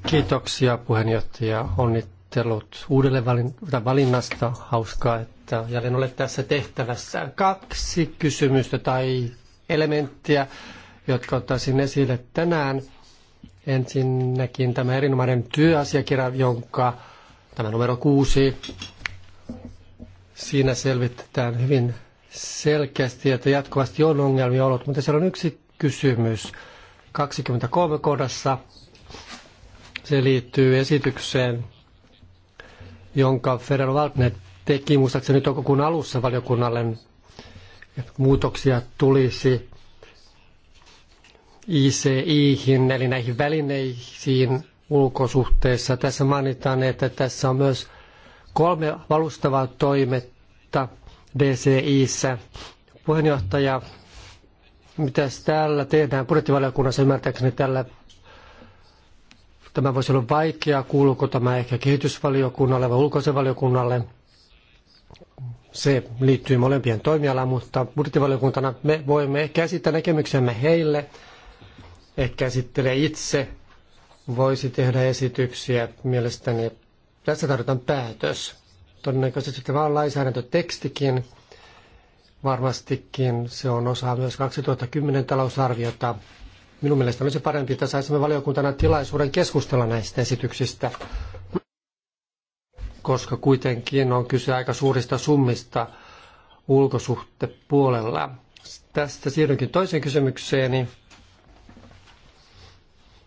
Speaker 2: Kiitoksia puheenjohtaja. Onnittelut uudelle valinnasta. Hauskaa, että jälleen olet tässä tehtävässä. Kaksi kysymystä tai elementtiä, jotka ottaisin esille tänään. Ensinnäkin tämä erinomainen työasiakirja, jonka tämä numero kuusi, siinä selvitetään hyvin selkeästi, että jatkuvasti on ongelmia ollut, mutta siellä on yksi kysymys, 23 kohdassa. Se liittyy esitykseen, jonka Federal Waltner teki muistaakseni toukokuun alussa valiokunnalle, että muutoksia tulisi ICIhin, eli näihin välineisiin ulkosuhteissa. Tässä mainitaan, että tässä on myös kolme valustavaa toimetta DCIssä. Puheenjohtaja mitä täällä tehdään budjettivaliokunnassa, ymmärtääkseni tällä tämä voisi olla vaikea, kuuluuko tämä ehkä kehitysvaliokunnalle vai ulkoisenvaliokunnalle. Se liittyy molempien toimialaan, mutta budjettivaliokuntana me voimme ehkä esittää näkemyksemme heille. Ehkä esittelee itse, voisi tehdä esityksiä. Mielestäni tässä tarvitaan päätös. Todennäköisesti on lainsäädäntötekstikin Varmastikin se on osa myös 2010 talousarviota. Minun mielestäni olisi parempi, että saisimme valiokuntana tilaisuuden keskustella näistä esityksistä, koska kuitenkin on kyse aika suurista summista ulkosuhte-puolella. Tästä siirrynkin toiseen kysymykseeni,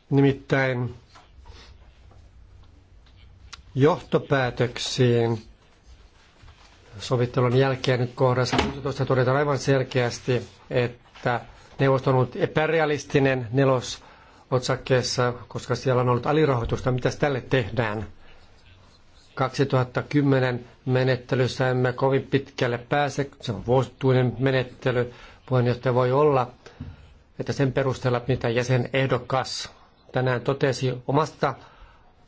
Speaker 2: nimittäin johtopäätöksiin sovittelun jälkeen kohdassa 16 todetaan aivan selkeästi, että neuvosto on ollut epärealistinen nelosotsakkeessa, koska siellä on ollut alirahoitusta. Mitäs tälle tehdään? 2010 menettelyssä emme kovin pitkälle pääse. Se on vuosituinen menettely. Puheenjohtaja voi olla, että sen perusteella, mitä jäsenehdokas tänään totesi omasta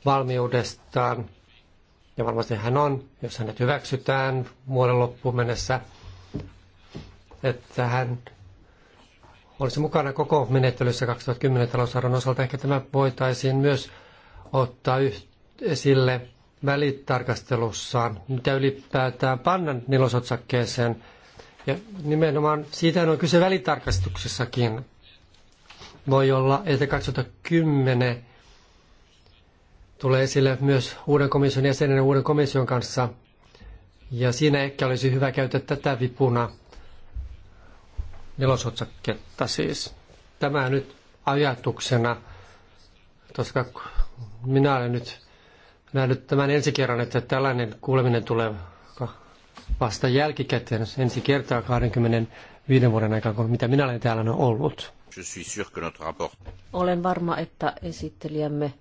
Speaker 2: valmiudestaan ja varmasti hän on, jos hänet hyväksytään vuoden loppuun mennessä, että hän olisi mukana koko menettelyssä 2010 talousarvon osalta. Ehkä tämä voitaisiin myös ottaa esille välitarkastelussaan, mitä ylipäätään pannan nelosotsakkeeseen. Ja nimenomaan siitä on kyse välitarkastuksessakin. Voi olla, että 2010 tulee esille myös uuden komission jäsenen ja uuden komission kanssa. Ja siinä ehkä olisi hyvä käyttää tätä vipuna nelosotsaketta siis. Tämä nyt ajatuksena, koska minä olen nyt nähnyt tämän ensi kerran, että tällainen kuuleminen tulee vasta jälkikäteen ensi kertaa 25 vuoden aikana, kun mitä minä olen täällä ollut.
Speaker 1: Olen varma, että esittelijämme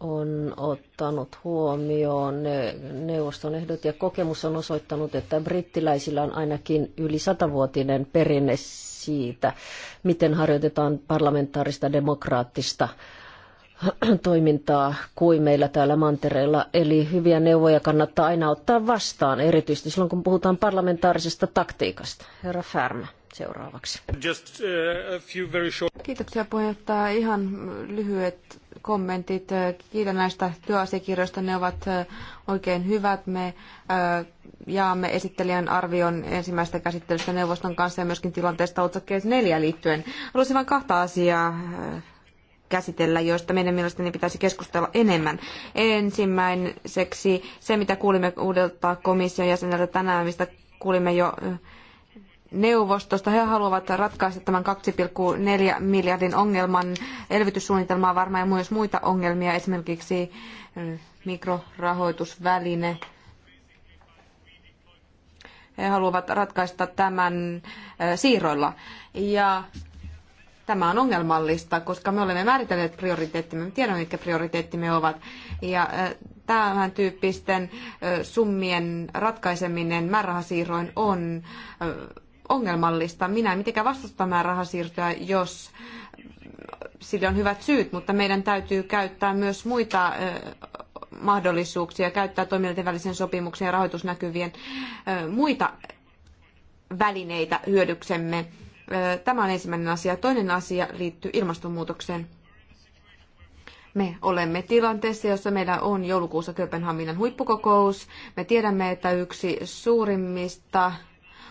Speaker 1: on ottanut huomioon neuvoston ehdot ja kokemus on osoittanut, että brittiläisillä on ainakin yli satavuotinen perinne siitä, miten harjoitetaan parlamentaarista demokraattista toimintaa kuin meillä täällä mantereella. Eli hyviä neuvoja kannattaa aina ottaa vastaan, erityisesti silloin kun puhutaan parlamentaarisesta taktiikasta. Herra Färmä seuraavaksi.
Speaker 2: Uh,
Speaker 3: Kiitoksia puheenjohtaja. Ihan lyhyet kommentit. Kiitän näistä työasiakirjoista. Ne ovat oikein hyvät. Me jaamme esittelijän arvion ensimmäistä käsittelystä neuvoston kanssa ja myöskin tilanteesta otsakkeeseen neljä liittyen. Haluaisin vain kahta asiaa käsitellä, joista meidän mielestäni pitäisi keskustella enemmän. Ensimmäiseksi se, mitä kuulimme uudelta komission jäseneltä tänään, mistä kuulimme jo neuvostosta. He haluavat ratkaista tämän 2,4 miljardin ongelman. Elvytyssuunnitelmaa varmaan ja myös muita ongelmia, esimerkiksi eh, mikrorahoitusväline. He haluavat ratkaista tämän eh, siirroilla. Ja tämä on ongelmallista, koska me olemme määritelleet prioriteettimme, me tiedämme, mitkä prioriteettimme ovat. Ja eh, tämän tyyppisten summien ratkaiseminen määrärahasiirroin on ongelmallista. Minä en mitenkään vastusta rahasiirtoja, jos sille on hyvät syyt, mutta meidän täytyy käyttää myös muita mahdollisuuksia, käyttää toimijoiden välisen sopimuksen ja rahoitusnäkyvien muita välineitä hyödyksemme. Tämä on ensimmäinen asia. Toinen asia liittyy ilmastonmuutokseen. Me olemme tilanteessa, jossa meillä on joulukuussa Kööpenhaminan huippukokous. Me tiedämme, että yksi suurimmista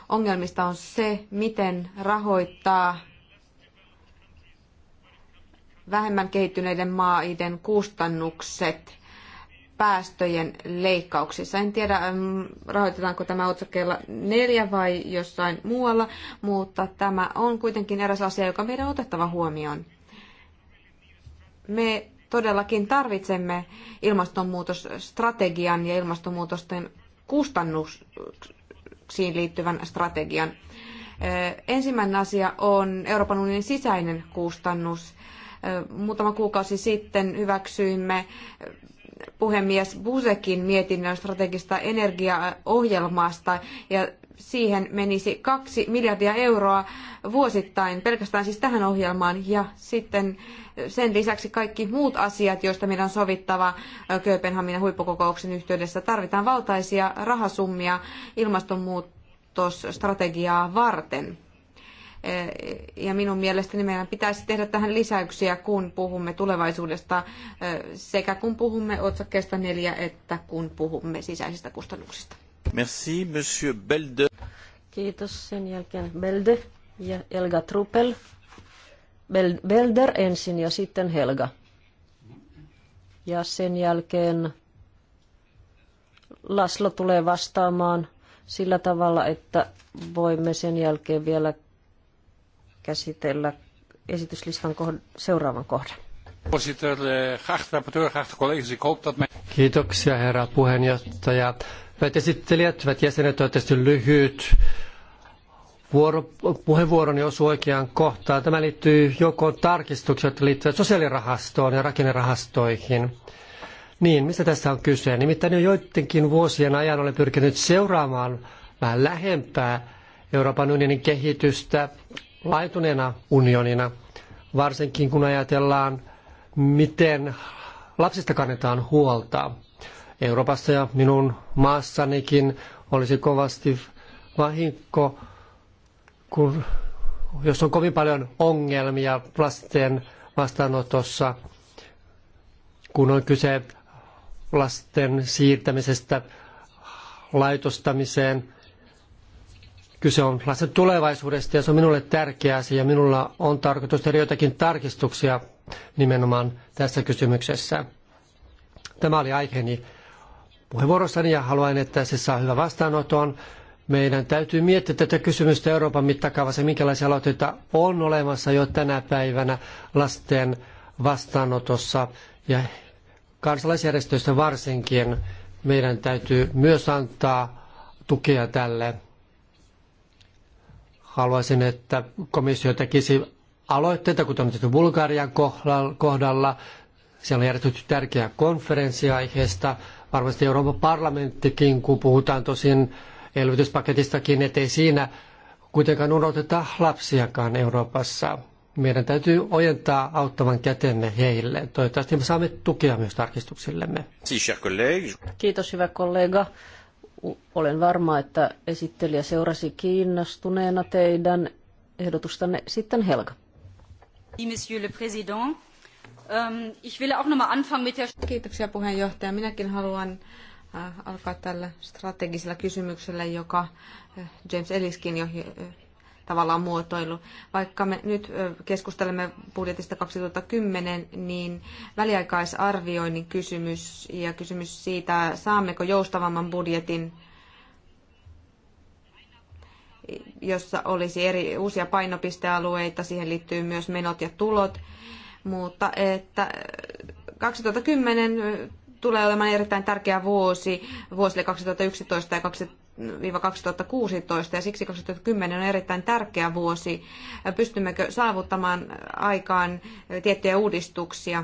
Speaker 3: ongelmista on se, miten rahoittaa vähemmän kehittyneiden maiden kustannukset päästöjen leikkauksissa. En tiedä, rahoitetaanko tämä otsakkeella neljä vai jossain muualla, mutta tämä on kuitenkin eräs asia, joka meidän on otettava huomioon. Me todellakin tarvitsemme ilmastonmuutosstrategian ja ilmastonmuutosten kustannus, ihmisoikeuksiin liittyvän strategian. Ensimmäinen asia on Euroopan unionin sisäinen kustannus. Muutama kuukausi sitten hyväksyimme puhemies Busekin mietinnön strategista energiaohjelmasta ja siihen menisi kaksi miljardia euroa vuosittain pelkästään siis tähän ohjelmaan ja sitten sen lisäksi kaikki muut asiat, joista meidän on sovittava Kööpenhaminan huippukokouksen yhteydessä. Tarvitaan valtaisia rahasummia ilmastonmuutosstrategiaa varten. Ja minun mielestäni meidän pitäisi tehdä tähän lisäyksiä, kun puhumme tulevaisuudesta sekä kun puhumme otsakkeesta
Speaker 1: neljä että kun puhumme sisäisistä kustannuksista.
Speaker 2: Merci, Monsieur Belde.
Speaker 1: Kiitos. Sen jälkeen Belde ja Elga Truppel. Belder ensin ja sitten Helga. Ja sen jälkeen Laslo tulee vastaamaan sillä tavalla, että voimme sen jälkeen vielä käsitellä esityslistan
Speaker 2: seuraavan kohdan. Eh, Kiitoksia herra puheenjohtaja. Hyvät esittelijät, hyvät jäsenet, toivottavasti lyhyt vuoro, puheenvuoroni osuu oikeaan kohtaan. Tämä liittyy joukkoon tarkistuksia, jotka liittyvät sosiaalirahastoon ja rakennerahastoihin. Niin, mistä tässä on kyse? Nimittäin jo joidenkin vuosien ajan olen pyrkinyt seuraamaan vähän lähempää Euroopan unionin kehitystä laituneena unionina, varsinkin kun ajatellaan, miten lapsista kannetaan huolta. Euroopassa ja minun maassanikin olisi kovasti vahinko, kun, jos on kovin paljon ongelmia lasten vastaanotossa, kun on kyse lasten siirtämisestä laitostamiseen. Kyse on lasten tulevaisuudesta ja se on minulle tärkeä asia. Minulla on tarkoitus tehdä jotakin tarkistuksia nimenomaan tässä kysymyksessä. Tämä oli aiheeni puheenvuorossani ja haluan, että se saa hyvän vastaanoton. Meidän täytyy miettiä tätä kysymystä Euroopan mittakaavassa, minkälaisia aloitteita on olemassa jo tänä päivänä lasten vastaanotossa ja kansalaisjärjestöistä varsinkin. Meidän täytyy myös antaa tukea tälle. Haluaisin, että komissio tekisi aloitteita, kuten on tehty Bulgarian kohdalla. Siellä on järjestetty tärkeä konferenssi aiheesta varmasti Euroopan parlamenttikin, kun puhutaan tosin elvytyspaketistakin, ettei siinä kuitenkaan unohdeta lapsiakaan Euroopassa. Meidän täytyy ojentaa auttavan kätemme heille. Toivottavasti me saamme tukea myös tarkistuksillemme.
Speaker 1: Kiitos hyvä kollega. Olen varma, että esittelijä seurasi kiinnostuneena teidän ehdotustanne. Sitten Helga.
Speaker 3: Monsieur le Président. Ähm, ich will auch nochmal anfangen mit der... Kiitoksia puheenjohtaja. Minäkin haluan äh, alkaa tällä strategisella kysymyksellä, joka äh, James Elliskin jo äh, tavallaan muotoilu. Vaikka me nyt keskustelemme budjetista 2010, niin väliaikaisarvioinnin kysymys ja kysymys siitä, saammeko joustavamman budjetin, jossa olisi eri uusia painopistealueita, siihen liittyy myös menot ja tulot mutta että 2010 äh, äh, tulee olemaan erittäin tärkeä vuosi vuosille 2011 ja 2016 ja siksi 2010 on erittäin tärkeä vuosi. Äh, pystymmekö saavuttamaan aikaan tiettyjä uudistuksia?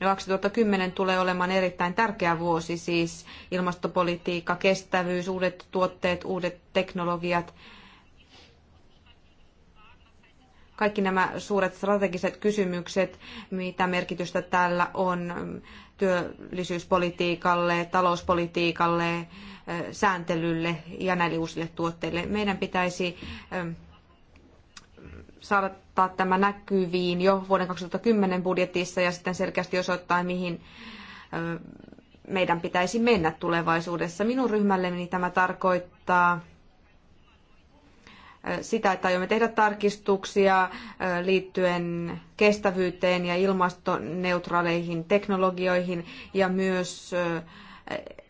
Speaker 3: 2010 no, tulee olemaan erittäin tärkeä vuosi, siis ilmastopolitiikka, kestävyys, uudet tuotteet, uudet teknologiat kaikki nämä suuret strategiset kysymykset, mitä merkitystä tällä on työllisyyspolitiikalle, talouspolitiikalle, sääntelylle ja näille uusille tuotteille. Meidän pitäisi saada tämä näkyviin jo vuoden 2010 budjetissa ja sitten selkeästi osoittaa, mihin meidän pitäisi mennä tulevaisuudessa. Minun ryhmälleni tämä tarkoittaa sitä, että aiomme tehdä tarkistuksia äh, liittyen kestävyyteen ja ilmastoneutraaleihin teknologioihin ja myös äh,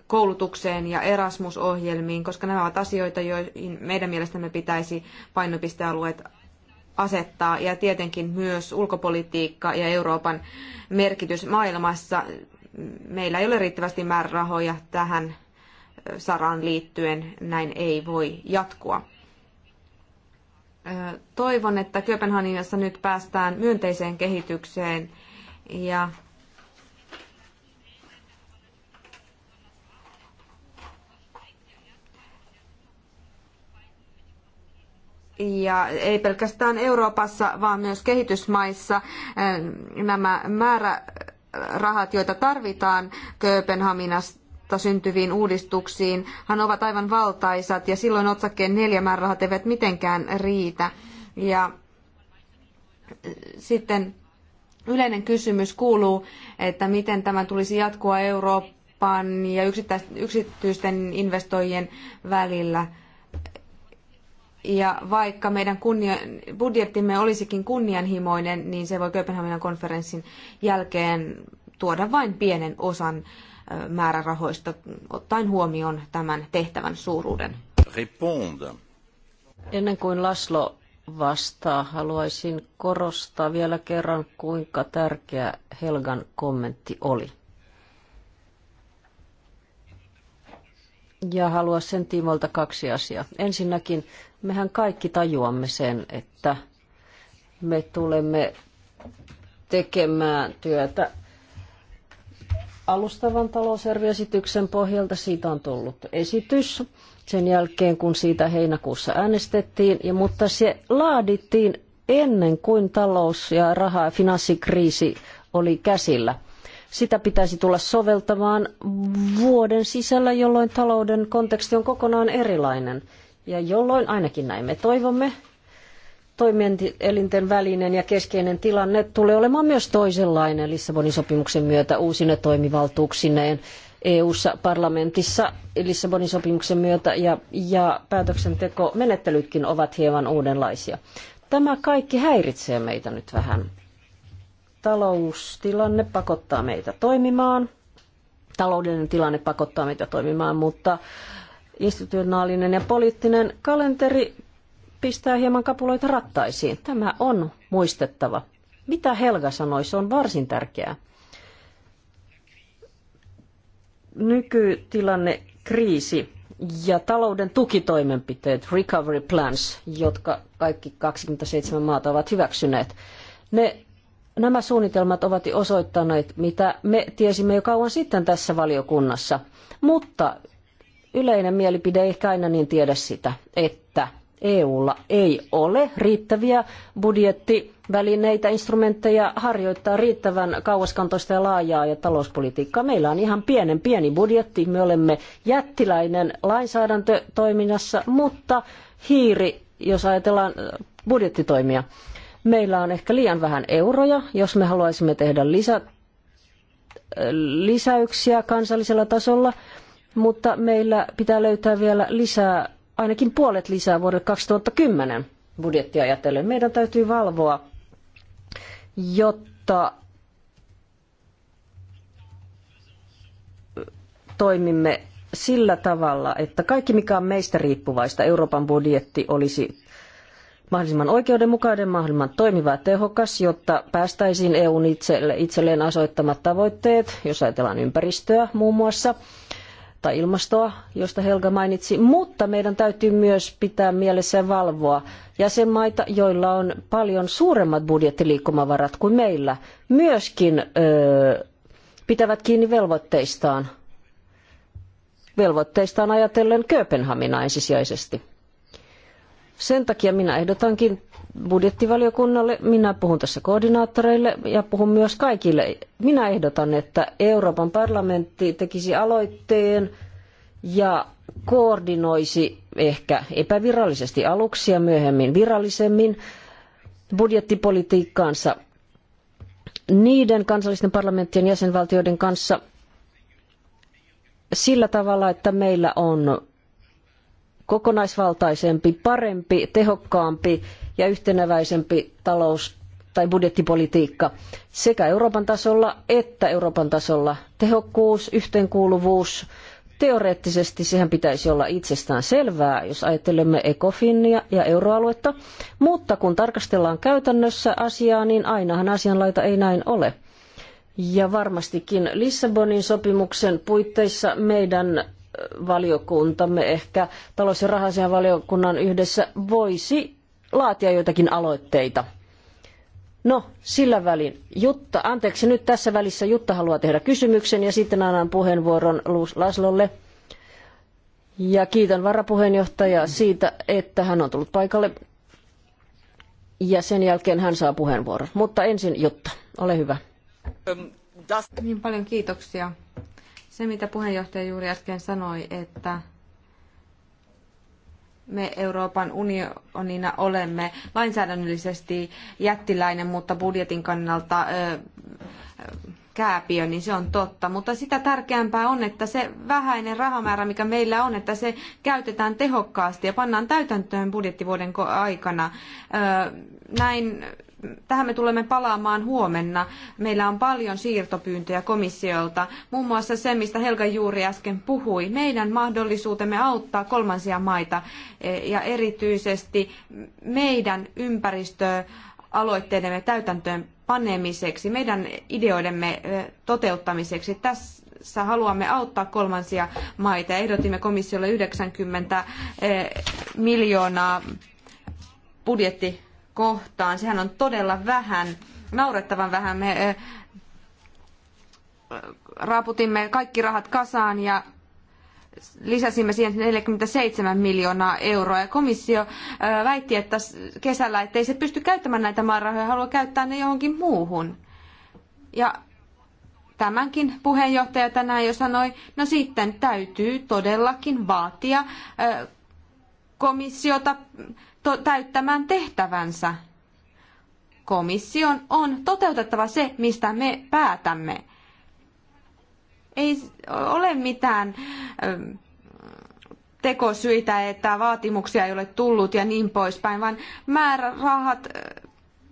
Speaker 3: koulutukseen ja Erasmus-ohjelmiin, koska nämä ovat asioita, joihin meidän mielestämme pitäisi painopistealueet asettaa ja tietenkin myös ulkopolitiikka ja Euroopan merkitys maailmassa. Meillä ei ole riittävästi määrärahoja tähän äh, saraan liittyen, näin ei voi jatkua. Toivon, että Kööpenhaminassa nyt päästään myönteiseen kehitykseen ja ja ei pelkästään Euroopassa, vaan myös kehitysmaissa nämä määrärahat, joita tarvitaan Kööpenhaminasta kautta syntyviin uudistuksiin hän ovat aivan valtaisat ja silloin otsakkeen neljä määrärahat eivät mitenkään riitä. Ja eh, sitten yleinen kysymys kuuluu, että miten tämän tulisi jatkua Euroopan ja yksityisten investoijien välillä. Ja vaikka meidän kunnia, budjettimme olisikin kunnianhimoinen, niin se voi Kööpenhaminan konferenssin jälkeen tuoda vain pienen osan määrärahoista, ottaen huomioon tämän tehtävän suuruuden.
Speaker 1: Ennen kuin Laslo vastaa, haluaisin korostaa vielä kerran, kuinka tärkeä Helgan kommentti oli. Ja haluaisin sen tiimoilta kaksi asiaa. Ensinnäkin, mehän kaikki tajuamme sen, että me tulemme tekemään työtä alustavan talousarvioesityksen pohjalta. Siitä on tullut esitys sen jälkeen, kun siitä heinäkuussa äänestettiin, ja, mutta se laadittiin ennen kuin talous- ja raha- ja finanssikriisi oli käsillä. Sitä pitäisi tulla soveltamaan vuoden sisällä, jolloin talouden konteksti on kokonaan erilainen. Ja jolloin ainakin näin me toivomme, toimielinten välinen ja keskeinen tilanne tulee olemaan myös toisenlainen Lissabonin sopimuksen myötä uusine toimivaltuuksineen. EU-ssa parlamentissa Lissabonin sopimuksen myötä ja, ja päätöksentekomenettelytkin ovat hieman uudenlaisia. Tämä kaikki häiritsee meitä nyt vähän. Taloustilanne pakottaa meitä toimimaan. Taloudellinen tilanne pakottaa meitä toimimaan, mutta institutionaalinen ja poliittinen kalenteri pistää hieman kapuloita rattaisiin. Tämä on muistettava. Mitä Helga sanoi, se on varsin tärkeää. Nykytilanne, kriisi ja talouden tukitoimenpiteet, recovery plans, jotka kaikki 27 maata ovat hyväksyneet, ne Nämä suunnitelmat ovat osoittaneet, mitä me tiesimme jo kauan sitten tässä valiokunnassa, mutta yleinen mielipide ei ehkä aina niin tiedä sitä, että EUlla ei ole riittäviä budjettivälineitä, instrumentteja harjoittaa riittävän kauaskantoista ja laajaa ja talouspolitiikkaa. Meillä on ihan pienen pieni budjetti, me olemme jättiläinen lainsäädäntötoiminnassa, mutta hiiri, jos ajatellaan budjettitoimia. Meillä on ehkä liian vähän euroja, jos me haluaisimme tehdä lisä, lisäyksiä kansallisella tasolla, mutta meillä pitää löytää vielä lisää ainakin puolet lisää vuodelle 2010 budjettia ajatellen. Meidän täytyy valvoa, jotta toimimme sillä tavalla, että kaikki mikä on meistä riippuvaista, Euroopan budjetti olisi mahdollisimman oikeudenmukainen, mahdollisimman toimiva ja tehokas, jotta päästäisiin EUn itselle, itselleen asoittamat tavoitteet, jos ajatellaan ympäristöä muun muassa – tai ilmastoa, josta Helga mainitsi, mutta meidän täytyy myös pitää mielessä ja valvoa jäsenmaita, joilla on paljon suuremmat budjettiliikkumavarat kuin meillä, myöskin öö, pitävät kiinni velvoitteistaan. Velvoitteistaan ajatellen Kööpenhaminaa ensisijaisesti. Sen takia minä ehdotankin budjettivaliokunnalle, minä puhun tässä koordinaattoreille ja puhun myös kaikille. Minä ehdotan, että Euroopan parlamentti tekisi aloitteen ja koordinoisi ehkä epävirallisesti aluksi ja myöhemmin virallisemmin budjettipolitiikkaansa niiden kansallisten parlamenttien jäsenvaltioiden kanssa sillä tavalla, että meillä on kokonaisvaltaisempi, parempi, tehokkaampi ja yhtenäväisempi talous tai budjettipolitiikka sekä Euroopan tasolla että Euroopan tasolla. Tehokkuus, yhteenkuuluvuus, teoreettisesti sehän pitäisi olla itsestään selvää, jos ajattelemme ECOFINia ja euroaluetta, mutta kun tarkastellaan käytännössä asiaa, niin ainahan asianlaita ei näin ole. Ja varmastikin Lissabonin sopimuksen puitteissa meidän valiokuntamme, ehkä talous- ja rahasian valiokunnan yhdessä, voisi laatia joitakin aloitteita. No, sillä välin. Jutta, anteeksi, nyt tässä välissä Jutta haluaa tehdä kysymyksen ja sitten annan puheenvuoron Laslolle. Ja kiitän varapuheenjohtajaa siitä, että hän on tullut paikalle. Ja sen jälkeen hän saa puheenvuoron. Mutta ensin Jutta, ole hyvä.
Speaker 3: Niin paljon kiitoksia. Se, mitä puheenjohtaja juuri äsken sanoi, että me Euroopan unionina olemme lainsäädännöllisesti jättiläinen, mutta budjetin kannalta kääpiö, niin se on totta. Mutta sitä tärkeämpää on, että se vähäinen rahamäärä, mikä meillä on, että se käytetään tehokkaasti ja pannaan täytäntöön budjettivuoden aikana. Näin Tähän me tulemme palaamaan huomenna. Meillä on paljon siirtopyyntöjä komissiolta, muun muassa se, mistä Helga juuri äsken puhui. Meidän mahdollisuutemme auttaa kolmansia maita e, ja erityisesti meidän ympäristöaloitteidemme täytäntöönpanemiseksi, täytäntöön panemiseksi, meidän ideoidemme e, toteuttamiseksi. Tässä haluamme auttaa kolmansia maita. Ehdotimme komissiolle 90 e, miljoonaa budjetti kohtaan. Sehän on todella vähän, naurettavan vähän. Me raaputimme kaikki rahat kasaan ja lisäsimme siihen 47 miljoonaa euroa. Ja komissio väitti, että kesällä ettei se pysty käyttämään näitä maarahoja, haluaa käyttää ne johonkin muuhun. Ja tämänkin puheenjohtaja tänään jo sanoi, no sitten täytyy todellakin vaatia komissiota täyttämään tehtävänsä. Komission on toteutettava se, mistä me päätämme. Ei ole mitään ähm, tekosyitä, että vaatimuksia ei ole tullut ja niin poispäin, vaan määrärahat äh,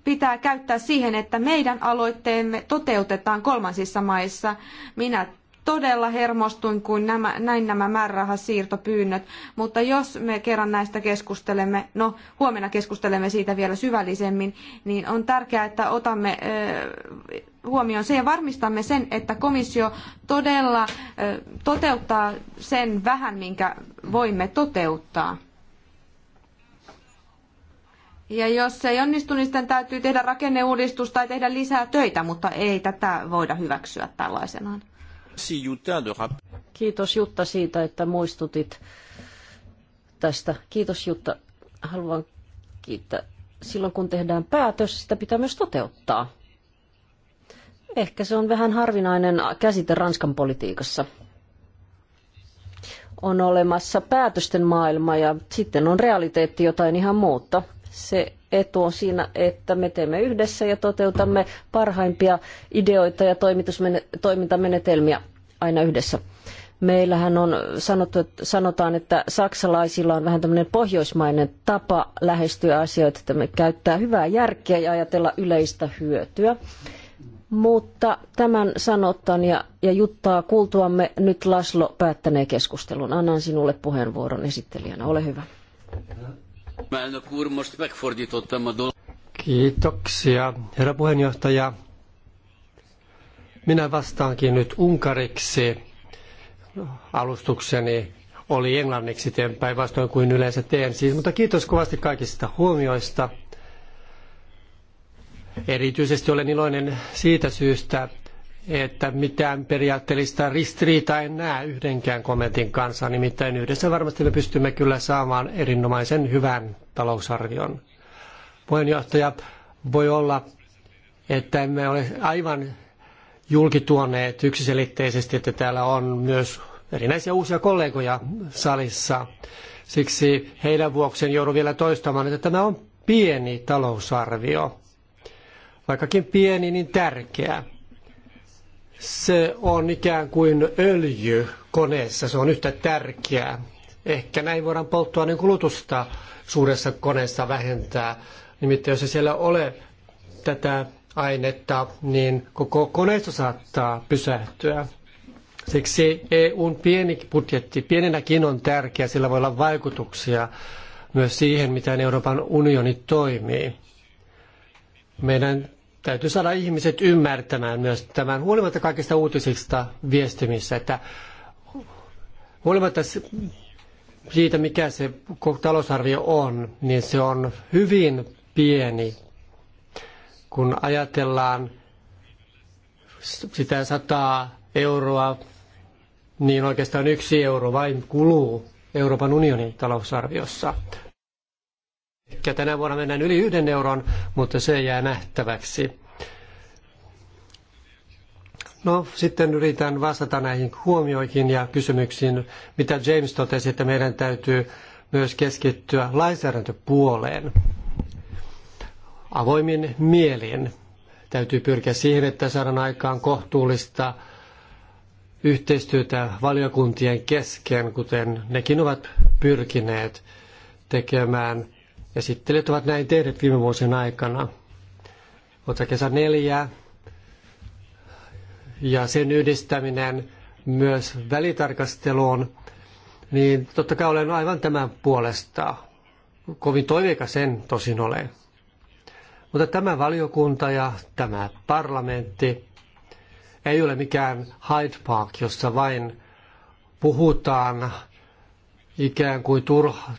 Speaker 3: pitää käyttää siihen, että meidän aloitteemme toteutetaan kolmansissa maissa. Minä todella hermostuin, kun nämä, näin nämä määrärahasiirtopyynnöt. Mutta jos me kerran näistä keskustelemme, no huomenna keskustelemme siitä vielä syvällisemmin, niin on tärkeää, että otamme huomioon se ja varmistamme sen, että komissio todella toteuttaa sen vähän, minkä voimme toteuttaa. Ja jos se ei onnistu, niin sitten täytyy tehdä rakenneuudistus tai tehdä lisää töitä, mutta ei tätä voida hyväksyä tällaisenaan.
Speaker 1: Kiitos Jutta siitä, että muistutit tästä. Kiitos Jutta. Haluan kiittää. Silloin kun tehdään päätös, sitä pitää myös toteuttaa. Ehkä se on vähän harvinainen käsite Ranskan politiikassa. On olemassa päätösten maailma ja sitten on realiteetti jotain ihan muuta. Se etu on siinä, että me teemme yhdessä ja toteutamme parhaimpia ideoita ja toimintamenetelmiä aina yhdessä. Meillähän on sanottu, että sanotaan, että saksalaisilla on vähän tämmöinen pohjoismainen tapa lähestyä asioita, että me käyttää hyvää järkeä ja ajatella yleistä hyötyä. Mutta tämän sanottan ja, ja juttaa kuultuamme nyt Laslo päättänee keskustelun. Annan sinulle puheenvuoron esittelijänä. Ole
Speaker 2: hyvä. Mä en most megfordítottam a dolog. Kiitoksia, herra puheenjohtaja. Minä vastaankin nyt unkariksi. Alustukseni oli englanniksi teen päinvastoin kuin yleensä teen siis, mutta kiitos kovasti kaikista huomioista. Erityisesti olen iloinen siitä syystä, että mitään periaatteellista ristiriitaa en näe yhdenkään kommentin kanssa. Nimittäin yhdessä varmasti me pystymme kyllä saamaan erinomaisen hyvän talousarvion. Puheenjohtaja, voi olla, että emme ole aivan julkituoneet yksiselitteisesti, että täällä on myös erinäisiä uusia kollegoja salissa. Siksi heidän vuokseen joudun vielä toistamaan, että tämä on pieni talousarvio. Vaikkakin pieni, niin tärkeä se on ikään kuin öljy koneessa, se on yhtä tärkeää. Ehkä näin voidaan polttoaineen niin kulutusta suuressa koneessa vähentää. Nimittäin jos ei siellä ole tätä ainetta, niin koko koneisto saattaa pysähtyä. Siksi EUn pieni budjetti pienenäkin on tärkeä, sillä voi olla vaikutuksia myös siihen, miten Euroopan unioni toimii. Meidän Täytyy saada ihmiset ymmärtämään myös tämän, huolimatta kaikista uutisista viestimissä, että huolimatta siitä, mikä se talousarvio on, niin se on hyvin pieni, kun ajatellaan sitä sataa euroa, niin oikeastaan yksi euro vain kuluu Euroopan unionin talousarviossa. Ehkä tänä vuonna mennään yli yhden euron, mutta se jää nähtäväksi. No sitten yritän vastata näihin huomioihin ja kysymyksiin, mitä James totesi, että meidän täytyy myös keskittyä lainsäädäntöpuoleen. Avoimin mielin täytyy pyrkiä siihen, että saadaan aikaan kohtuullista yhteistyötä valiokuntien kesken, kuten nekin ovat pyrkineet tekemään – Esittelijät ovat näin tehneet viime vuosien aikana. kesä neljä ja sen yhdistäminen myös välitarkasteluun, niin totta kai olen aivan tämän puolesta. Kovin toiveikas sen tosin ole. Mutta tämä valiokunta ja tämä parlamentti ei ole mikään Hyde Park, jossa vain puhutaan ikään kuin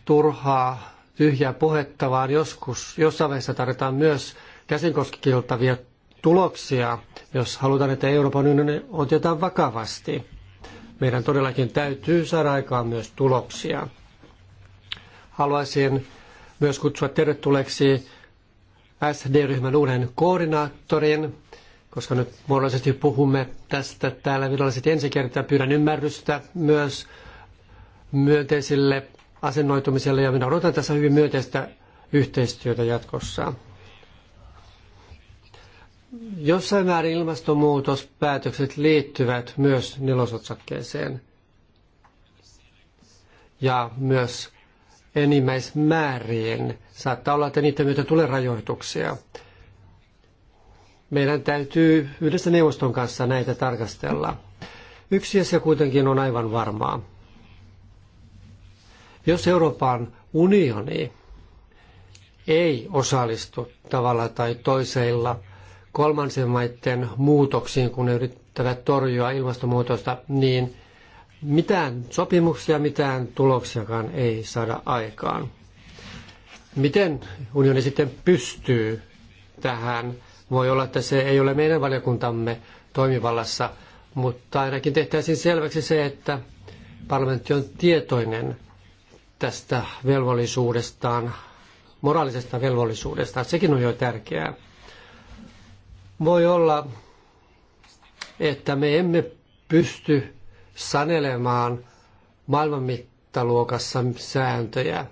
Speaker 2: turhaa tyhjää puhetta, vaan joskus, jossain vaiheessa tarvitaan myös käsinkoskiltavia tuloksia, jos halutaan, että Euroopan unioni otetaan vakavasti. Meidän todellakin täytyy saada aikaan myös tuloksia. Haluaisin myös kutsua tervetulleeksi SD-ryhmän uuden koordinaattorin, koska nyt muodollisesti puhumme tästä täällä virallisesti ensi kertaa. Pyydän ymmärrystä myös myönteisille asennoitumiselle ja minä odotan tässä hyvin myönteistä yhteistyötä jatkossa. Jossain määrin ilmastonmuutospäätökset liittyvät myös nelosotsakkeeseen ja myös enimmäismäärien Saattaa olla, että niiden myötä tulee rajoituksia. Meidän täytyy yhdessä neuvoston kanssa näitä tarkastella. Yksi asia kuitenkin on aivan varmaa. Jos Euroopan unioni ei osallistu tavalla tai toisella kolmansien maiden muutoksiin, kun ne yrittävät torjua ilmastonmuutosta, niin mitään sopimuksia, mitään tuloksiakaan ei saada aikaan. Miten unioni sitten pystyy tähän? Voi olla, että se ei ole meidän valiokuntamme toimivallassa, mutta ainakin tehtäisiin selväksi se, että parlamentti on tietoinen – tästä velvollisuudestaan, moraalisesta velvollisuudestaan. Sekin on jo tärkeää. Voi olla, että me emme pysty sanelemaan maailman mittaluokassa sääntöjä,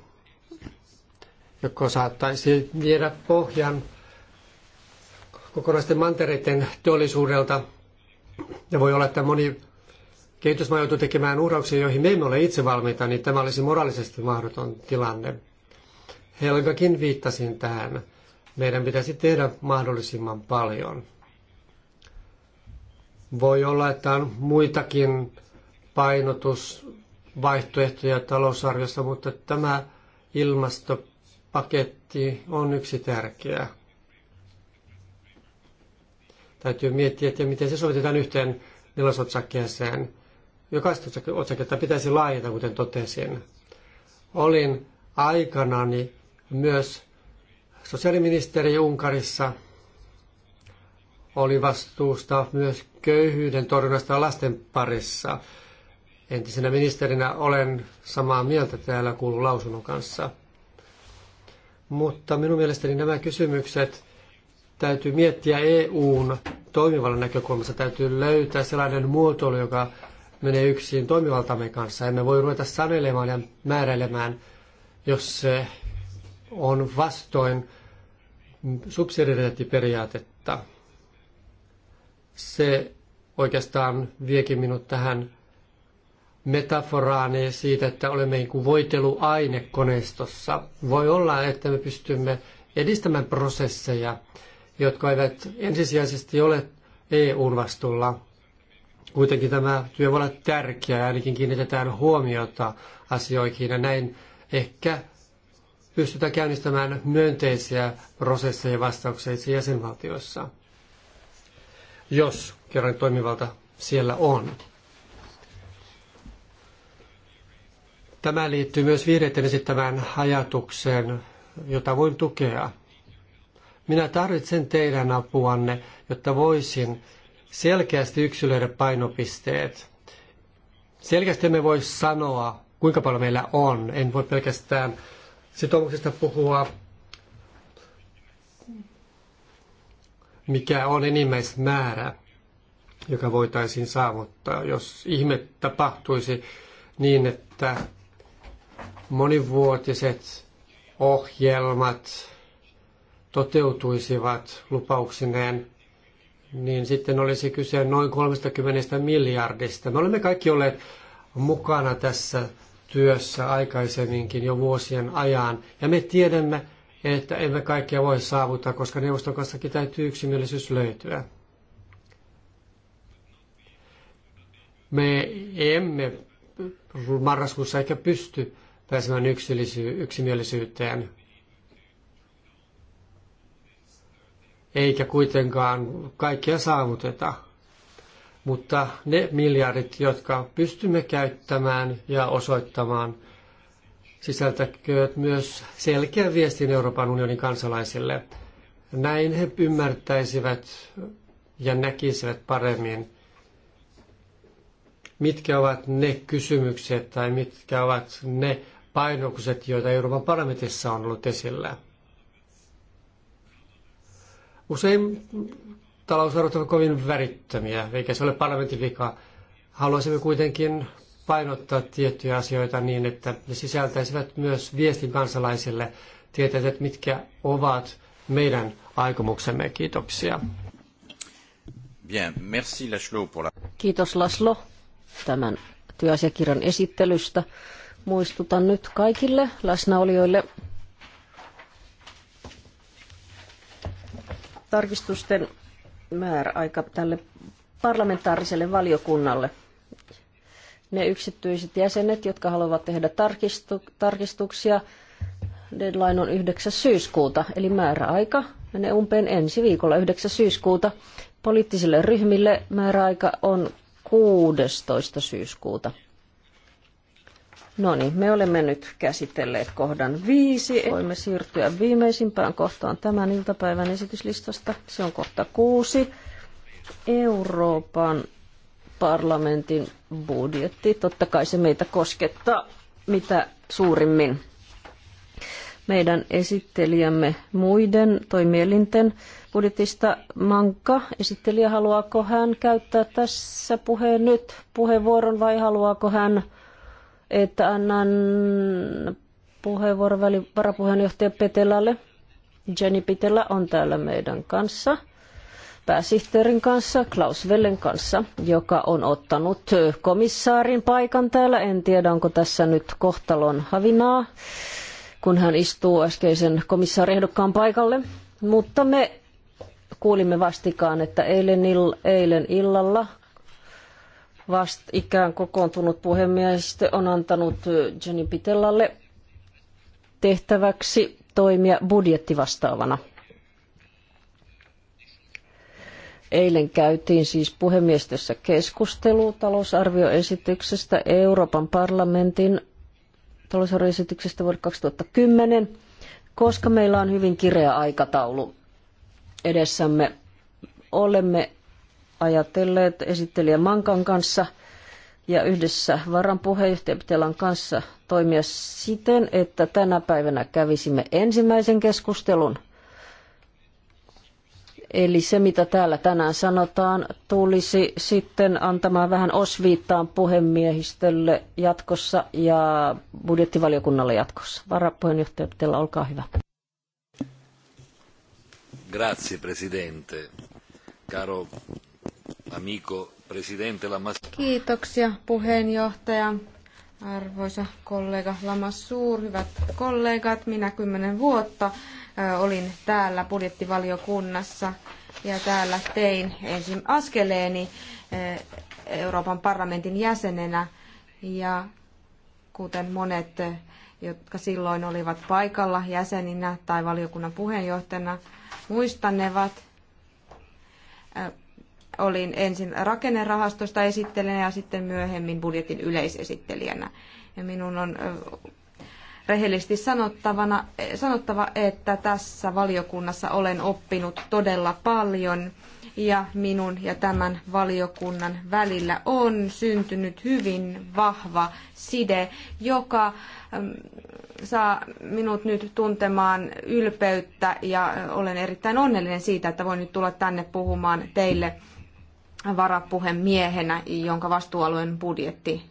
Speaker 2: joko saattaisi viedä pohjan kokonaisten mantereiden teollisuudelta. Ja voi olla, että moni kehitysmaa joutuu tekemään uhrauksia, joihin me emme ole itse valmiita, niin tämä olisi moraalisesti mahdoton tilanne. Helgakin viittasin tähän. Meidän pitäisi tehdä mahdollisimman paljon. Voi olla, että on muitakin painotusvaihtoehtoja talousarviossa, mutta tämä ilmastopaketti on yksi tärkeä. Täytyy miettiä, että miten se sovitetaan yhteen nelosotsakkeeseen jokaista otsaketta pitäisi laajentaa, kuten totesin. Olin aikanani myös sosiaaliministeri Unkarissa. Oli vastuusta myös köyhyyden torjunnasta lasten parissa. Entisenä ministerinä olen samaa mieltä täällä kuulun lausunnon kanssa. Mutta minun mielestäni nämä kysymykset täytyy miettiä EUn toimivalla näkökulmasta. Täytyy löytää sellainen muotoilu, joka menee yksin toimivaltamme kanssa. Emme voi ruveta sanelemaan ja määräilemään, jos se on vastoin subsidiariteettiperiaatetta. Se oikeastaan viekin minut tähän metaforaani siitä, että olemme niin kuin voiteluaine koneistossa. Voi olla, että me pystymme edistämään prosesseja, jotka eivät ensisijaisesti ole EUn vastuulla, Kuitenkin tämä työ voi olla tärkeää, ainakin kiinnitetään huomiota asioihin ja näin ehkä pystytään käynnistämään myönteisiä prosesseja vastaukseiksi jäsenvaltioissa, jos kerran toimivalta siellä on. Tämä liittyy myös vihreiden esittämään ajatukseen, jota voin tukea. Minä tarvitsen teidän apuanne, jotta voisin selkeästi yksilöiden painopisteet. Selkeästi me voi sanoa, kuinka paljon meillä on. En voi pelkästään sitoumuksista puhua, mikä on enimmäismäärä, joka voitaisiin saavuttaa. Jos ihme tapahtuisi niin, että monivuotiset ohjelmat toteutuisivat lupauksineen, niin sitten olisi kyse noin 30 miljardista. Me olemme kaikki olleet mukana tässä työssä aikaisemminkin jo vuosien ajan, ja me tiedämme, että emme kaikkia voi saavuttaa, koska neuvoston kanssa täytyy yksimielisyys löytyä. Me emme marraskuussa ehkä pysty pääsemään yksimielisyyteen. eikä kuitenkaan kaikkea saavuteta. Mutta ne miljardit, jotka pystymme käyttämään ja osoittamaan, sisältäkööt myös selkeän viestin Euroopan unionin kansalaisille. Näin he ymmärtäisivät ja näkisivät paremmin, mitkä ovat ne kysymykset tai mitkä ovat ne painokset, joita Euroopan parlamentissa on ollut esillä. Usein talousarvot ovat kovin värittömiä, eikä se ole parlamentin vika. Haluaisimme kuitenkin painottaa tiettyjä asioita niin, että ne sisältäisivät myös viestin kansalaisille tietäisivät, mitkä ovat meidän aikomuksemme. Kiitoksia. Bien, merci Laszlo pour la... Kiitos Laslo
Speaker 1: tämän työasiakirjan esittelystä. Muistutan nyt kaikille läsnäolijoille tarkistusten määräaika tälle parlamentaariselle valiokunnalle. Ne yksityiset jäsenet, jotka haluavat tehdä tarkistu, tarkistuksia, deadline on 9. syyskuuta, eli määräaika menee umpeen ensi viikolla 9. syyskuuta. Poliittisille ryhmille määräaika on 16. syyskuuta. No niin, me olemme nyt käsitelleet kohdan viisi. Voimme siirtyä viimeisimpään kohtaan tämän iltapäivän esityslistasta. Se on kohta kuusi. Euroopan parlamentin budjetti. Totta kai se meitä koskettaa mitä suurimmin. Meidän esittelijämme muiden toimielinten budjetista Manka. Esittelijä, haluaako hän käyttää tässä puheen nyt puheenvuoron vai haluaako hän että annan puheenvuoron varapuheenjohtaja Petelalle. Jenny Pitela on täällä meidän kanssa, pääsihteerin kanssa, Klaus Vellen kanssa, joka on ottanut komissaarin paikan täällä. En tiedä, onko tässä nyt kohtalon havinaa, kun hän istuu äskeisen komissaariehdokkaan paikalle. Mutta me kuulimme vastikaan, että eilen, ill- eilen illalla vast ikään kokoontunut puhemiehistö on antanut Jenny Pitellalle tehtäväksi toimia budjettivastaavana. Eilen käytiin siis puhemiestössä keskustelu talousarvioesityksestä Euroopan parlamentin talousarvioesityksestä vuodelle 2010, koska meillä on hyvin kireä aikataulu edessämme. Olemme ajatelleet esittelijä Mankan kanssa ja yhdessä varanpuheenjohtaja Pitelan kanssa toimia siten, että tänä päivänä kävisimme ensimmäisen keskustelun. Eli se, mitä täällä tänään sanotaan, tulisi sitten antamaan vähän osviittaan puhemiehistölle jatkossa ja budjettivaliokunnalle jatkossa. Varapuheenjohtaja Pitellä, olkaa hyvä.
Speaker 2: Grazie, Presidente. Caro Amico, presidente
Speaker 1: Kiitoksia
Speaker 3: puheenjohtaja. Arvoisa kollega Lamassur, hyvät kollegat, minä kymmenen vuotta olin täällä budjettivaliokunnassa ja täällä tein ensin askeleeni Euroopan parlamentin jäsenenä ja kuten monet, jotka silloin olivat paikalla jäseninä tai valiokunnan puheenjohtajana, muistanevat, olin ensin rakennerahastosta esittelijänä ja sitten myöhemmin budjetin yleisesittelijänä. Ja minun on rehellisesti sanottavana, sanottava, että tässä valiokunnassa olen oppinut todella paljon ja minun ja tämän valiokunnan välillä on syntynyt hyvin vahva side, joka saa minut nyt tuntemaan ylpeyttä ja olen erittäin onnellinen siitä, että voin nyt tulla tänne puhumaan teille varapuhemiehenä, jonka vastuualueen budjetti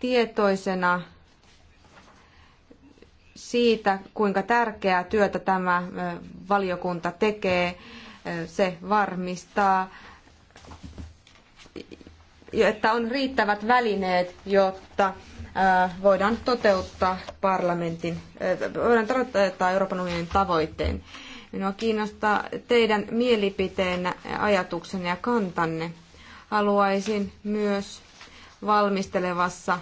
Speaker 3: tietoisena siitä, kuinka tärkeää työtä tämä valiokunta tekee. Se varmistaa, että on riittävät välineet, jotta voidaan toteuttaa parlamentin, voidaan toteuttaa Euroopan unionin tavoitteen. Minua kiinnostaa teidän mielipiteenä, ajatuksenne ja kantanne. Haluaisin myös valmistelevassa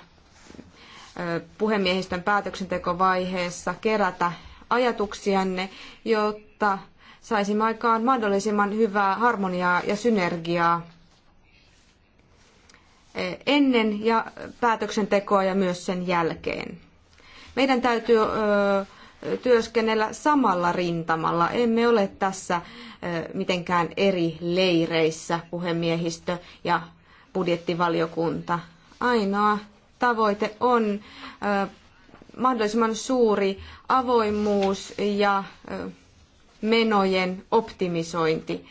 Speaker 3: puhemiehistön päätöksentekovaiheessa kerätä ajatuksianne, jotta saisimme aikaan mahdollisimman hyvää harmoniaa ja synergiaa e, ennen ja päätöksentekoa ja myös sen jälkeen. Meidän täytyy työskennellä samalla rintamalla. Emme ole tässä mitenkään eri leireissä, puhemiehistö ja budjettivaliokunta. Ainoa tavoite on mahdollisimman suuri avoimuus ja menojen optimisointi.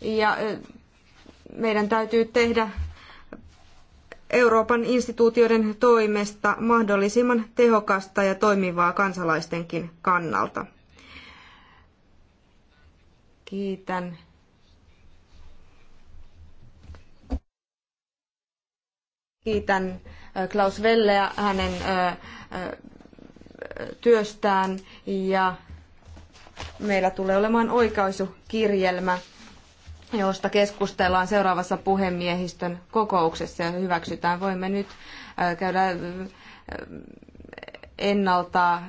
Speaker 3: Ja meidän täytyy tehdä Euroopan instituutioiden toimesta mahdollisimman tehokasta ja toimivaa kansalaistenkin kannalta. Kiitän. Kiitän äh, Klaus Velleä hänen äh, äh, työstään ja meillä tulee olemaan oikaisukirjelmä josta keskustellaan seuraavassa puhemiehistön kokouksessa ja hyväksytään. Voimme nyt äh, käydä äh, ennalta äh,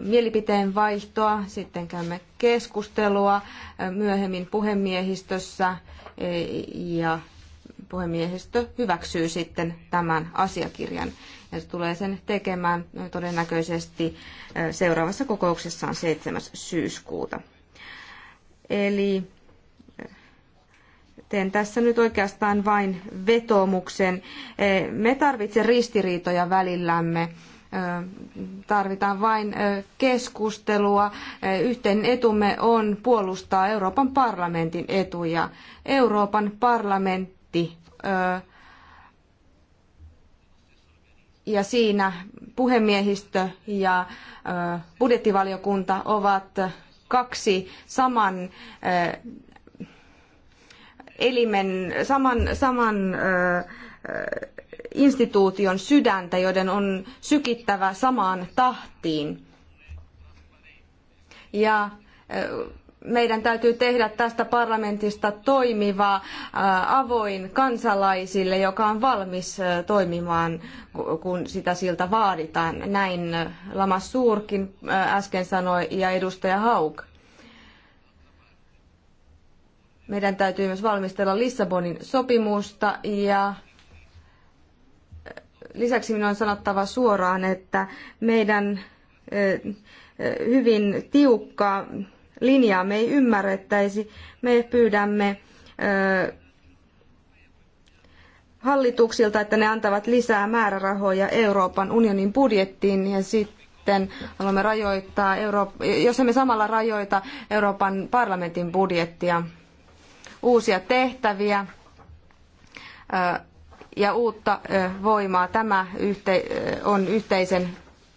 Speaker 3: mielipiteen vaihtoa, sitten käymme keskustelua myöhemmin puhemiehistössä ja puhemiehistö hyväksyy sitten tämän asiakirjan ja se tulee sen tekemään todennäköisesti seuraavassa kokouksessaan 7. syyskuuta. Eli teen tässä nyt oikeastaan vain vetomuksen. Eh, me tarvitsemme ristiriitoja välillämme. Eh, tarvitaan vain eh, keskustelua. Yhteinen etumme on puolustaa Euroopan parlamentin etuja. Euroopan parlamentti ja siinä puhemiehistö ja budjettivaliokunta ovat kaksi saman elimen, saman, saman instituution sydäntä, joiden on sykittävä samaan tahtiin. Ja meidän täytyy tehdä tästä parlamentista toimiva, avoin kansalaisille, joka on valmis toimimaan, kun sitä siltä vaaditaan. Näin Lama Suurkin äsken sanoi ja edustaja hauk meidän täytyy myös valmistella Lissabonin sopimusta ja eh, lisäksi minun on sanottava suoraan, että meidän eh, eh, hyvin tiukka linjaa me ei ymmärrettäisi. Me pyydämme hallituksilta, että ne antavat lisää määrärahoja Euroopan unionin budjettiin ja sitten haluamme rajoittaa, Euro- jos emme samalla rajoita Euroopan parlamentin budjettia uusia tehtäviä ja uutta voimaa. Tämä on yhteisen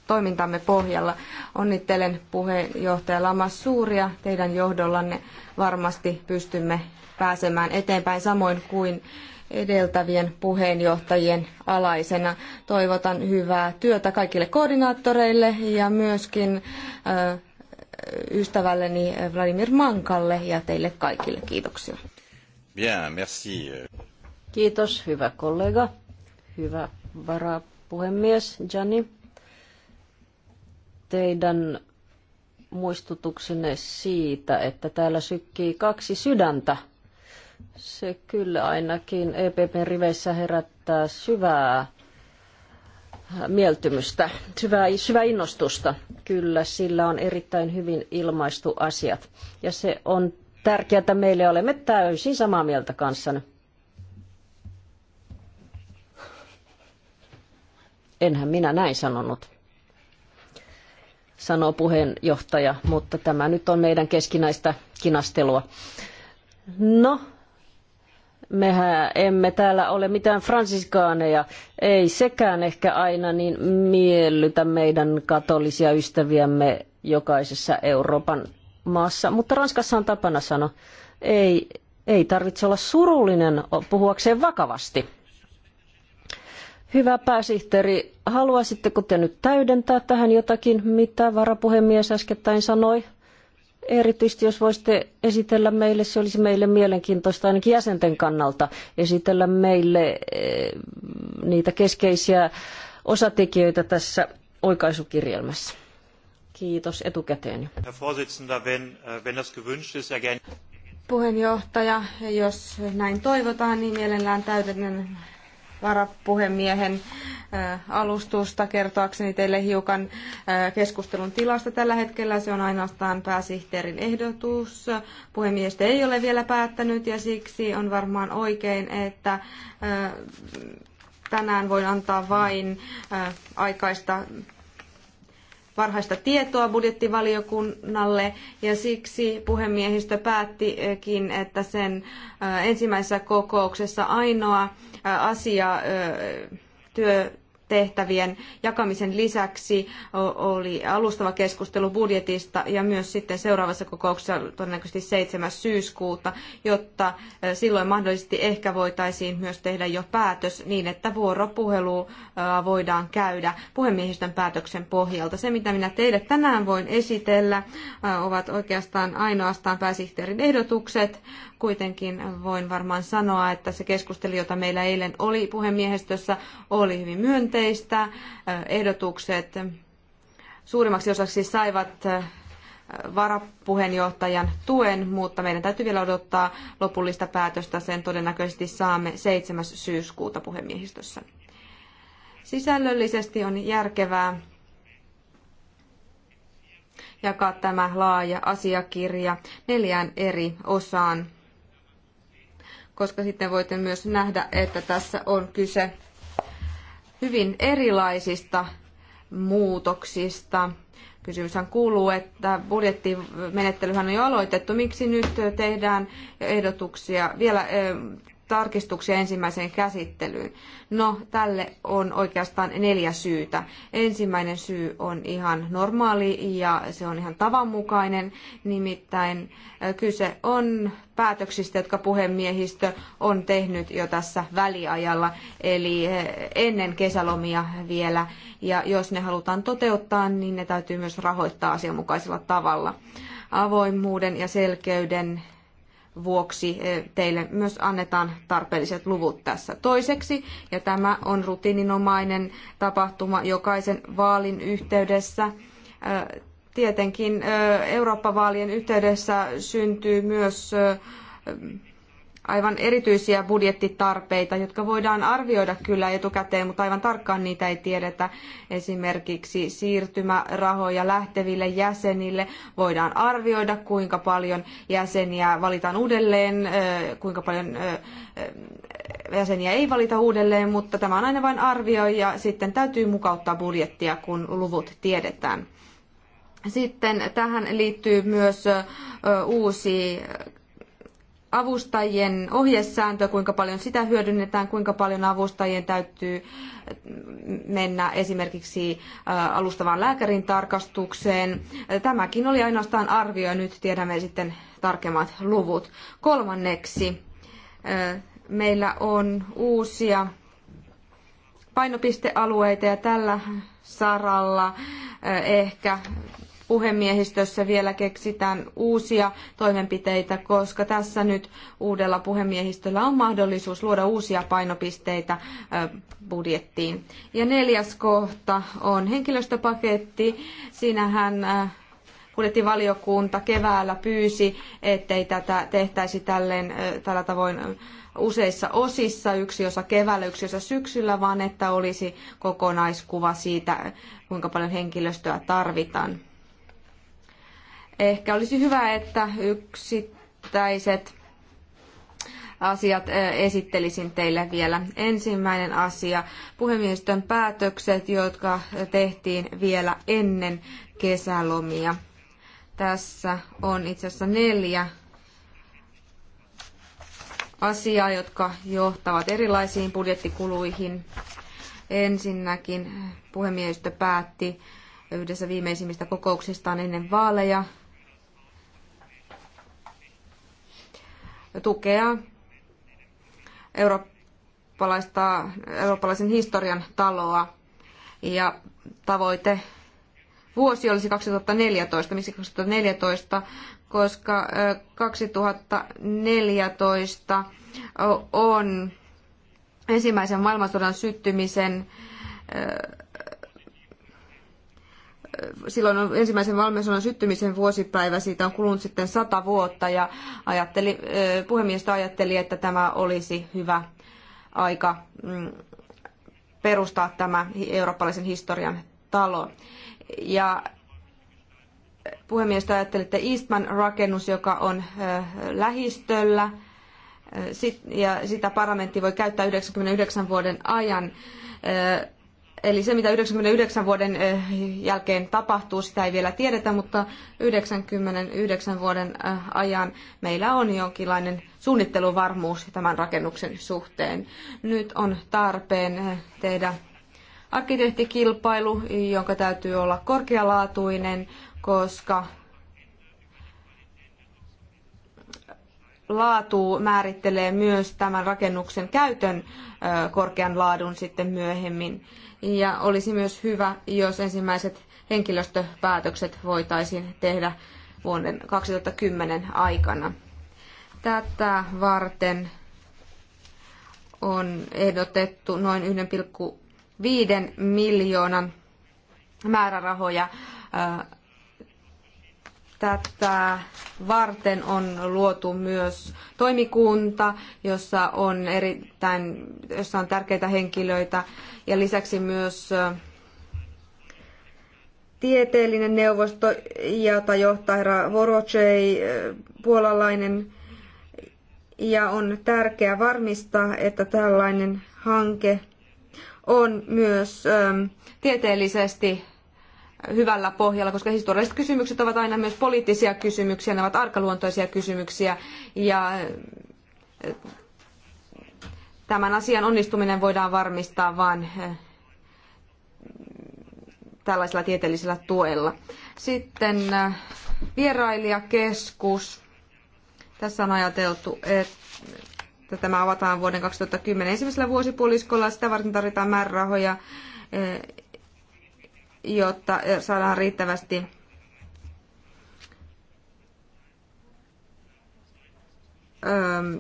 Speaker 3: toimintamme pohjalla. Onnittelen puheenjohtaja Lamas Suuria teidän johdollanne. Varmasti pystymme pääsemään eteenpäin samoin kuin edeltävien puheenjohtajien alaisena. Toivotan hyvää työtä kaikille koordinaattoreille ja myöskin ystävälleni Vladimir Mankalle
Speaker 1: ja teille kaikille. Kiitoksia.
Speaker 2: Bien, merci.
Speaker 1: Kiitos, hyvä kollega, hyvä varapuhemies Jani. Teidän muistutuksenne siitä, että täällä sykkii kaksi sydäntä. Se kyllä ainakin EPPn riveissä herättää syvää mieltymystä, syvää, syvää innostusta. Kyllä, sillä on erittäin hyvin ilmaistu asiat. Ja se on tärkeää meille. Olemme täysin samaa mieltä kanssanne. Enhän minä näin sanonut, sanoo puheenjohtaja, mutta tämä nyt on meidän keskinäistä kinastelua. No, mehän emme täällä ole mitään fransiskaaneja. Ei sekään ehkä aina niin miellytä meidän katolisia ystäviämme jokaisessa Euroopan maassa, mutta Ranskassa on tapana sanoa, ei, ei tarvitse olla surullinen puhuakseen vakavasti. Hyvä pääsihteeri, haluaisitteko te nyt täydentää tähän jotakin, mitä varapuhemies äskettäin sanoi? Erityisesti jos voisitte esitellä meille, se olisi meille mielenkiintoista ainakin jäsenten kannalta, esitellä meille eh, niitä keskeisiä osatekijöitä tässä oikaisukirjelmässä. Kiitos etukäteen.
Speaker 2: Äh,
Speaker 3: Puheenjohtaja, jos näin toivotaan, niin mielellään täytetään varapuhemiehen äh, alustusta kertoakseni teille hiukan äh, keskustelun tilasta tällä hetkellä. Se on ainoastaan pääsihteerin ehdotus. Puhemies ei ole vielä päättänyt ja siksi on varmaan oikein, että tänään voin antaa vain aikaista varhaista tietoa budjettivaliokunnalle ja siksi puhemiehistö päättikin, että sen äh, ensimmäisessä kokouksessa ainoa äh, asia äh, työ tehtävien jakamisen lisäksi oli alustava keskustelu budjetista ja myös sitten seuraavassa kokouksessa todennäköisesti 7. syyskuuta, jotta silloin mahdollisesti ehkä voitaisiin myös tehdä jo päätös niin, että vuoropuhelu voidaan käydä puhemiehistön päätöksen pohjalta. Se, mitä minä teille tänään voin esitellä, ovat oikeastaan ainoastaan pääsihteerin ehdotukset, Kuitenkin voin varmaan sanoa, että se keskustelu, jota meillä eilen oli puhemiehistössä, oli hyvin myönteistä. Ehdotukset suurimmaksi osaksi saivat varapuheenjohtajan tuen, mutta meidän täytyy vielä odottaa lopullista päätöstä. Sen todennäköisesti saamme 7. syyskuuta puhemiehistössä. Sisällöllisesti on järkevää jakaa tämä laaja asiakirja neljään eri osaan koska sitten voitte myös nähdä, että tässä on kyse hyvin erilaisista muutoksista. Kysymyshän kuuluu, että budjettimenettelyhän on jo aloitettu. Miksi nyt tehdään ehdotuksia vielä eh, tarkistuksia ensimmäiseen käsittelyyn? No, tälle on oikeastaan neljä syytä. Ensimmäinen syy on ihan normaali ja se on ihan tavanmukainen, nimittäin kyse on päätöksistä, jotka puhemiehistö on tehnyt jo tässä väliajalla, eli ennen kesälomia vielä. Ja jos ne halutaan toteuttaa, niin ne täytyy myös rahoittaa asianmukaisella tavalla. Avoimuuden ja selkeyden vuoksi eh, teille myös annetaan tarpeelliset luvut tässä. Toiseksi, ja tämä on rutiininomainen tapahtuma jokaisen vaalin yhteydessä, eh, tietenkin eh, Eurooppa-vaalien yhteydessä syntyy myös aivan erityisiä budjettitarpeita, jotka voidaan arvioida kyllä etukäteen, mutta aivan tarkkaan niitä ei tiedetä. Esimerkiksi siirtymärahoja lähteville jäsenille voidaan arvioida, kuinka paljon jäseniä valitaan uudelleen, kuinka paljon jäseniä ei valita uudelleen, mutta tämä on aina vain arvio ja sitten täytyy mukauttaa budjettia, kun luvut tiedetään. Sitten tähän liittyy myös uusi avustajien ohjesääntö, kuinka paljon sitä hyödynnetään, kuinka paljon avustajien täytyy mm, mennä esimerkiksi äh, alustavaan lääkärin tarkastukseen. Tämäkin oli ainoastaan arvio ja nyt tiedämme sitten tarkemmat luvut. Kolmanneksi äh, meillä on uusia painopistealueita ja tällä saralla äh, ehkä puhemiehistössä vielä keksitään uusia toimenpiteitä, koska tässä nyt uudella puhemiehistöllä on mahdollisuus luoda uusia painopisteitä budjettiin. Ja neljäs kohta on henkilöstöpaketti. Siinähän budjettivaliokunta keväällä pyysi, ettei tätä tehtäisi tälleen, tällä tavoin useissa osissa, yksi osa keväällä, yksi osa syksyllä, vaan että olisi kokonaiskuva siitä, kuinka paljon henkilöstöä tarvitaan. Ehkä olisi hyvä, että yksittäiset asiat esittelisin teille vielä. Ensimmäinen asia, puhemiehistön päätökset, jotka tehtiin vielä ennen kesälomia. Tässä on itse asiassa neljä asiaa, jotka johtavat erilaisiin budjettikuluihin. Ensinnäkin puhemiehistö päätti yhdessä viimeisimmistä kokouksistaan ennen vaaleja tukea eurooppalaista, eurooppalaisen historian taloa. Ja tavoite vuosi olisi 2014. Miksi 2014? Koska 2014 on ensimmäisen maailmansodan syttymisen silloin on ensimmäisen valmiusodan syttymisen vuosipäivä, siitä on kulunut sitten sata vuotta ja ajatteli, puhemiestä ajatteli, että tämä olisi hyvä aika mm, perustaa tämä eurooppalaisen historian talo. Ja puhemiestä ajatteli, että Eastman-rakennus, joka on lähistöllä, ja sitä parlamentti voi käyttää 99 vuoden ajan Eli se, mitä 99 vuoden eh, jälkeen tapahtuu, sitä ei vielä tiedetä, mutta 99 vuoden eh, ajan meillä on jonkinlainen suunnitteluvarmuus tämän rakennuksen suhteen. Nyt on tarpeen eh, tehdä arkkitehtikilpailu, jonka täytyy olla korkealaatuinen, koska laatu määrittelee myös tämän rakennuksen käytön korkean laadun sitten myöhemmin. Ja olisi myös hyvä, jos ensimmäiset henkilöstöpäätökset voitaisiin tehdä vuoden 2010 aikana. Tätä varten on ehdotettu noin 1,5 miljoonan määrärahoja Tätä varten on luotu myös toimikunta, jossa on, erittäin, jossa on tärkeitä henkilöitä ja lisäksi myös tieteellinen neuvosto, jota johtaa herra Vorocei, puolalainen, ja on tärkeää varmistaa, että tällainen hanke on myös tieteellisesti hyvällä pohjalla, koska historialliset kysymykset ovat aina myös poliittisia kysymyksiä, ne ovat arkaluontoisia kysymyksiä ja eh, tämän asian onnistuminen voidaan varmistaa vain eh, tällaisella tieteellisellä tuella. Sitten eh, vierailijakeskus. Tässä on ajateltu, että tämä avataan vuoden 2010 ensimmäisellä vuosipuoliskolla. Sitä varten tarvitaan määrärahoja jotta saadaan riittävästi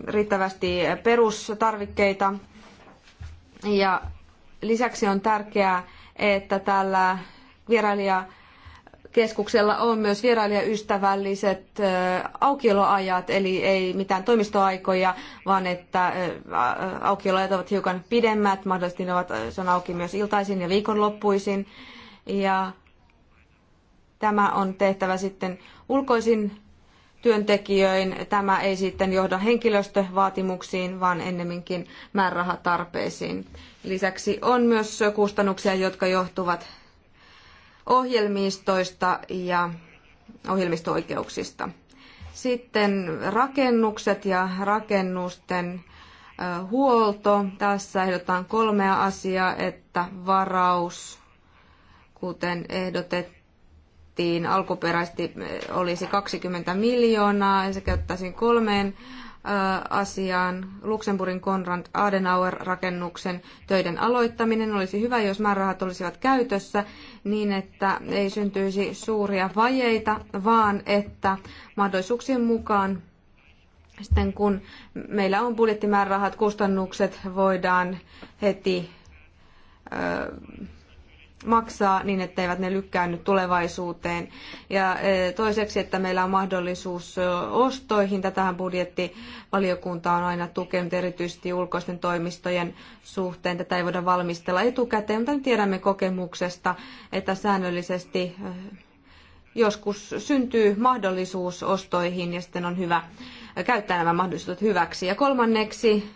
Speaker 3: riittävästi perustarvikkeita. Ja lisäksi on tärkeää, että tällä vierailijakeskuksella on myös vierailijaystävälliset aukioloajat, eli ei mitään toimistoaikoja, vaan että aukioloajat ovat hiukan pidemmät, mahdollisesti ne ovat, se on auki myös iltaisin ja viikonloppuisin ja tämä on tehtävä sitten ulkoisin työntekijöin. Tämä ei sitten johda henkilöstövaatimuksiin, vaan ennemminkin määrärahatarpeisiin. Lisäksi on myös kustannuksia, jotka johtuvat ohjelmistoista ja ohjelmistooikeuksista. Sitten rakennukset ja rakennusten huolto. Tässä ehdotetaan kolmea asiaa, että varaus, kuten ehdotettiin alkuperäisesti, eh, olisi 20 miljoonaa ja se käyttäisiin kolmeen eh, asiaan. Luxemburgin Konrad Adenauer-rakennuksen töiden aloittaminen olisi hyvä, jos määrärahat olisivat käytössä niin, että ei syntyisi suuria vajeita, vaan että mahdollisuuksien mukaan sitten kun meillä on budjettimäärärahat, kustannukset voidaan heti eh, maksaa niin, etteivät ne lykkäänny tulevaisuuteen. Ja e, toiseksi, että meillä on mahdollisuus ostoihin. Tätähän budjettivaliokunta on aina tukenut erityisesti ulkoisten toimistojen suhteen. Tätä ei voida valmistella etukäteen, mutta tiedämme kokemuksesta, että säännöllisesti joskus syntyy mahdollisuus ostoihin ja sitten on hyvä käyttää nämä mahdollisuudet hyväksi. Ja kolmanneksi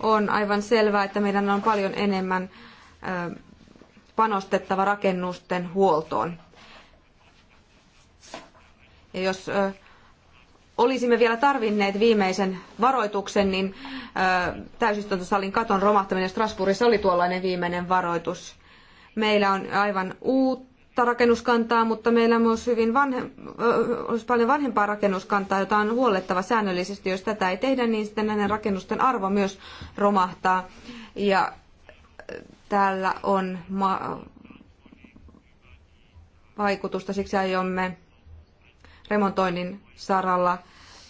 Speaker 3: on aivan selvää, että meidän on paljon enemmän panostettava rakennusten huoltoon. Ja jos olisimme vielä tarvinneet viimeisen varoituksen, niin täysistuntosalin katon romahtaminen Strasbourgissa oli tuollainen viimeinen varoitus. Meillä on aivan uutta rakennuskantaa, mutta meillä on myös hyvin vanhem, olisi paljon vanhempaa rakennuskantaa, jota on huollettava säännöllisesti. Jos tätä ei tehdä, niin sitten näiden rakennusten arvo myös romahtaa. Ja tällä on vaikutusta, siksi aiomme remontoinnin saralla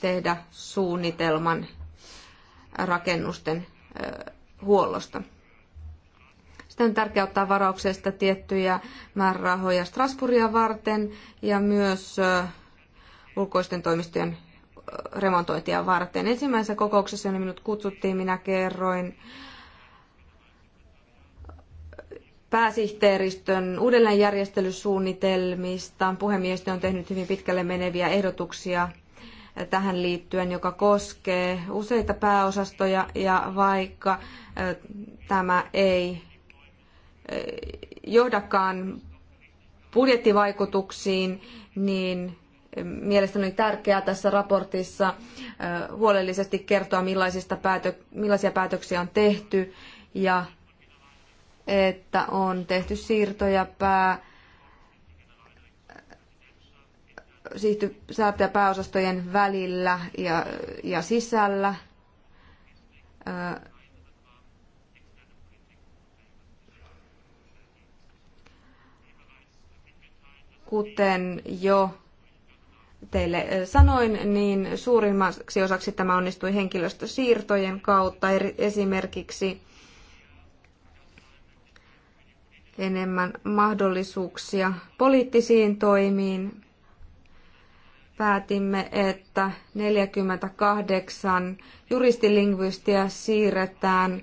Speaker 3: tehdä suunnitelman rakennusten huollosta. Sitten on tärkeää ottaa varauksesta tiettyjä määrärahoja Strasburgia varten ja myös ulkoisten toimistojen remontointia varten. Ensimmäisessä kokouksessa, jonne minut kutsuttiin, minä kerroin pääsihteeristön uudelleenjärjestelysuunnitelmista. Puhemiestö on tehnyt hyvin pitkälle meneviä ehdotuksia tähän liittyen, joka koskee useita pääosastoja ja vaikka tämä ei johdakaan budjettivaikutuksiin, niin mielestäni oli tärkeää tässä raportissa huolellisesti kertoa, millaisista päätö- millaisia päätöksiä on tehty ja että on tehty siirtoja pää siirty, säätäjä pääosastojen välillä ja, ja sisällä. Kuten jo teille sanoin, niin suurimmaksi osaksi tämä onnistui henkilöstösiirtojen kautta esimerkiksi enemmän mahdollisuuksia poliittisiin toimiin. Päätimme, että 48 juristilingvistia siirretään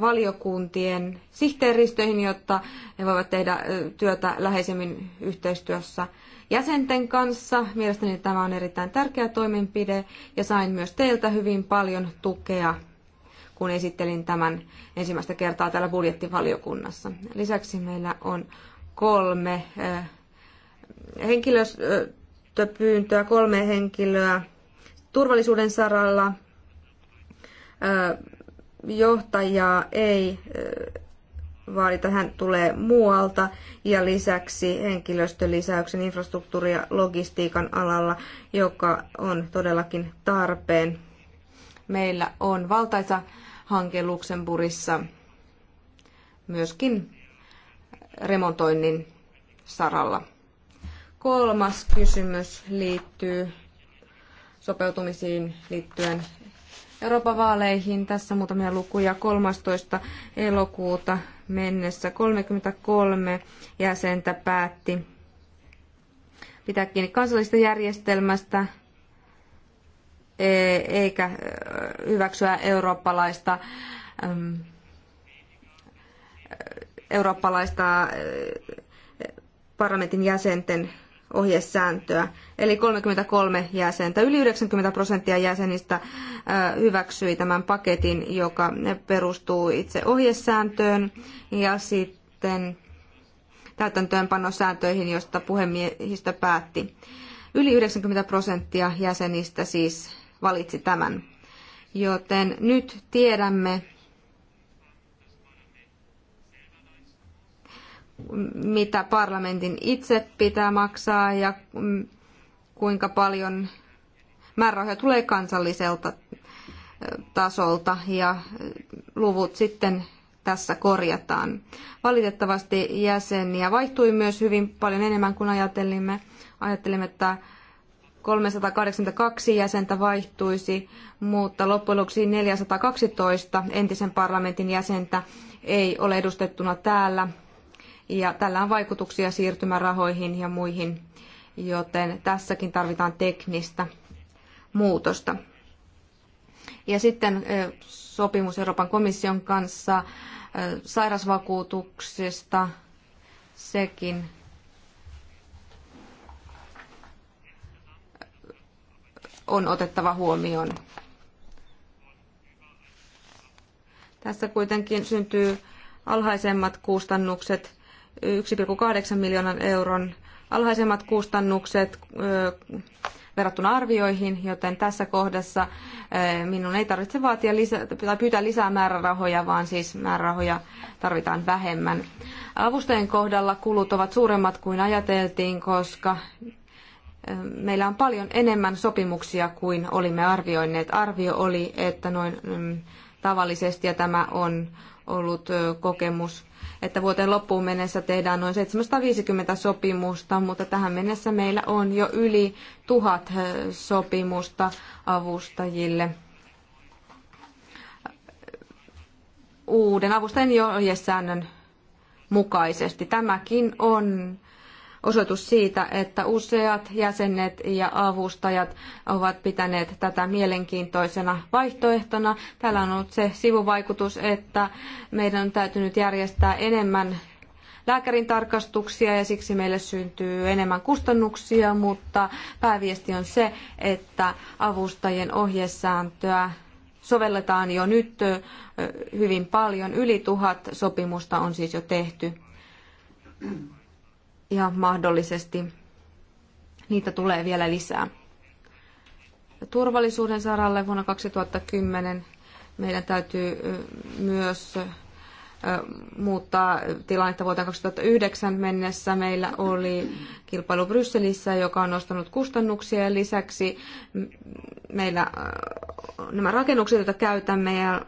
Speaker 3: valiokuntien sihteeristöihin, jotta he voivat tehdä työtä läheisemmin yhteistyössä jäsenten kanssa. Mielestäni tämä on erittäin tärkeä toimenpide ja sain myös teiltä hyvin paljon tukea kun esittelin tämän ensimmäistä kertaa täällä budjettivaliokunnassa. Lisäksi meillä on kolme eh, henkilöstöpyyntöä, kolme henkilöä turvallisuuden saralla. Eh, Johtajaa ei eh, vaadita, hän tulee muualta ja lisäksi henkilöstölisäyksen infrastruktuuri- ja logistiikan alalla, joka on todellakin tarpeen. Meillä on valtaisa hanke Luxemburgissa myöskin remontoinnin saralla. Kolmas kysymys liittyy sopeutumisiin liittyen Euroopan vaaleihin. Tässä muutamia lukuja. 13. elokuuta mennessä 33 jäsentä päätti pitää kiinni kansallisesta järjestelmästä E, eikä hyväksyä eurooppalaista eurooppalaista e, parlamentin jäsenten ohjesääntöä. Eli 33 jäsentä, yli 90 prosenttia jäsenistä hyväksyi tämän paketin, joka perustuu itse ohjesääntöön ja sitten täytäntöönpanosääntöihin, josta puhemiehistö päätti. Yli 90 prosenttia jäsenistä siis valitsi tämän. Joten nyt tiedämme, mitä parlamentin itse pitää maksaa ja kuinka paljon määrärahoja tulee kansalliselta tasolta ja luvut sitten tässä korjataan. Valitettavasti jäseniä vaihtui myös hyvin paljon enemmän kuin ajattelimme. Ajattelimme, että 382 jäsentä vaihtuisi, mutta loppujen lopuksi 412 entisen parlamentin jäsentä ei ole edustettuna täällä. Ja tällä on vaikutuksia siirtymärahoihin ja muihin, joten tässäkin tarvitaan teknistä muutosta. Ja sitten sopimus Euroopan komission kanssa sairasvakuutuksesta, sekin on otettava huomioon. Tässä kuitenkin syntyy alhaisemmat kustannukset, 1,8 miljoonan euron alhaisemmat kustannukset verrattuna arvioihin, joten tässä kohdassa minun ei tarvitse vaatia lisä, tai pyytää lisää määrärahoja, vaan siis määrärahoja tarvitaan vähemmän. Avustajien kohdalla kulut ovat suuremmat kuin ajateltiin, koska meillä on paljon enemmän sopimuksia kuin olimme arvioineet. Arvio oli, että noin mm, tavallisesti, ja tämä on ollut kokemus, että vuoteen loppuun mennessä tehdään noin 750 sopimusta, mutta tähän mennessä meillä on jo yli tuhat sopimusta avustajille. Uuden avustajan ohjesäännön mukaisesti. Tämäkin on osoitus siitä, että useat jäsenet ja avustajat ovat pitäneet tätä mielenkiintoisena vaihtoehtona. Täällä on ollut se sivuvaikutus, että meidän on täytynyt järjestää enemmän lääkärin tarkastuksia ja siksi meille syntyy enemmän kustannuksia, mutta pääviesti on se, että avustajien ohjesääntöä sovelletaan jo nyt hyvin paljon. Yli tuhat sopimusta on siis jo tehty ja mahdollisesti niitä tulee vielä lisää. Turvallisuuden saralle vuonna 2010 meidän täytyy myös muuttaa tilannetta vuoteen 2009 mennessä. Meillä oli kilpailu Brysselissä, joka on nostanut kustannuksia ja lisäksi meillä nämä rakennukset, joita käytämme ja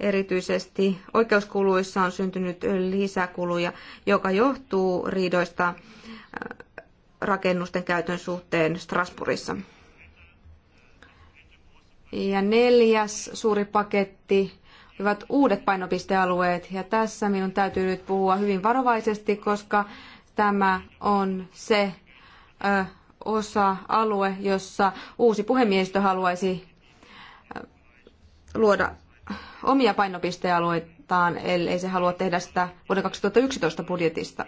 Speaker 3: Erityisesti oikeuskuluissa on syntynyt lisäkuluja, joka johtuu riidoista äh, rakennusten käytön suhteen Strasbourgissa. Ja neljäs suuri paketti ovat uudet painopistealueet. Ja tässä minun täytyy nyt puhua hyvin varovaisesti, koska tämä on se ö, osa-alue, jossa uusi puhemiehistö haluaisi luoda omia painopistealueitaan, ellei se halua tehdä sitä vuoden 2011 budjetista.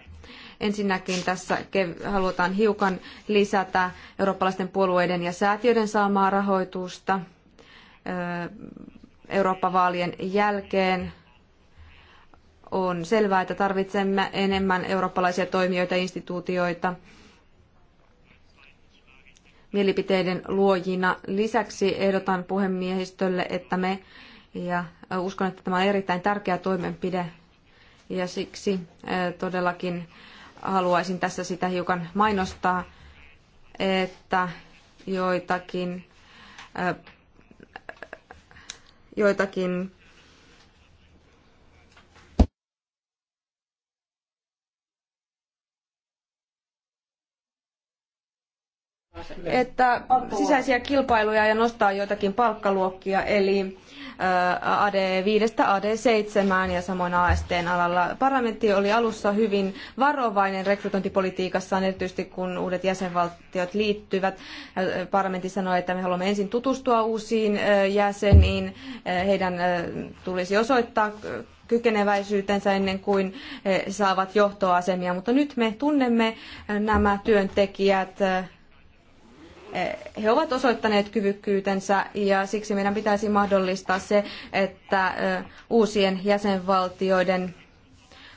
Speaker 3: Ensinnäkin tässä halutaan hiukan lisätä eurooppalaisten puolueiden ja säätiöiden saamaa rahoitusta Eurooppa-vaalien jälkeen. On selvää, että tarvitsemme enemmän eurooppalaisia toimijoita ja instituutioita mielipiteiden luojina. Lisäksi ehdotan puhemiehistölle, että me ja uskon, että tämä on erittäin tärkeä toimenpide ja siksi todellakin haluaisin tässä sitä hiukan mainostaa, että joitakin, joitakin että sisäisiä kilpailuja ja nostaa joitakin palkkaluokkia, eli AD5 AD7 ja samoin ASTn alalla. Parlamentti oli alussa hyvin varovainen rekrytointipolitiikassaan, erityisesti kun uudet jäsenvaltiot liittyvät. Parlamentti sanoi, että me haluamme ensin tutustua uusiin jäseniin. Heidän tulisi osoittaa kykeneväisyytensä ennen kuin he saavat johtoasemia, mutta nyt me tunnemme nämä työntekijät Eh, he ovat osoittaneet kyvykkyytensä ja siksi meidän pitäisi mahdollistaa se, että eh, uusien jäsenvaltioiden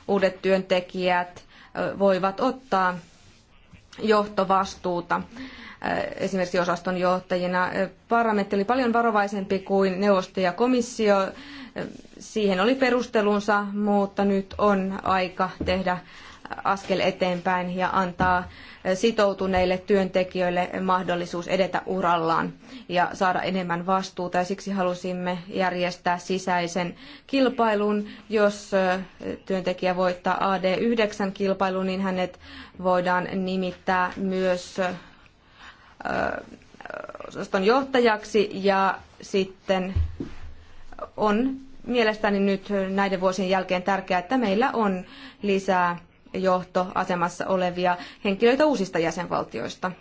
Speaker 3: uudet työntekijät eh, voivat ottaa johtovastuuta esimerkiksi osaston johtajina. Parlamentti oli paljon varovaisempi kuin neuvosto ja komissio. Siihen oli perustelunsa, mutta nyt on aika tehdä askel eteenpäin ja antaa sitoutuneille työntekijöille mahdollisuus edetä urallaan ja saada enemmän vastuuta. Ja siksi halusimme järjestää sisäisen kilpailun. Jos työntekijä voittaa AD9-kilpailun, niin hänet voidaan nimittää myös osaston johtajaksi ja sitten on mielestäni nyt näiden vuosien jälkeen tärkeää, että meillä on lisää johtoasemassa olevia henkilöitä uusista jäsenvaltioista.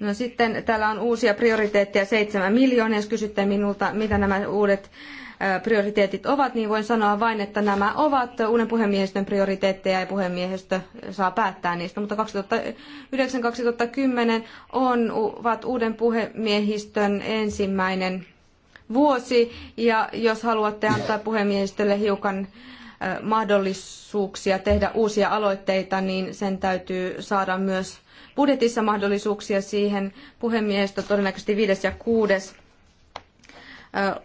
Speaker 3: No sitten täällä on uusia prioriteetteja seitsemän miljoonaa. Jos kysytte minulta, mitä nämä uudet prioriteetit ovat, niin voin sanoa vain, että nämä ovat uuden puhemiehistön prioriteetteja ja puhemiehistö saa päättää niistä. Mutta 2009-2010 on, ovat uuden puhemiehistön ensimmäinen vuosi ja jos haluatte antaa puhemiehistölle hiukan mahdollisuuksia tehdä uusia aloitteita, niin sen täytyy saada myös budjetissa mahdollisuuksia siihen. Puhemiehistö todennäköisesti 5. ja 6.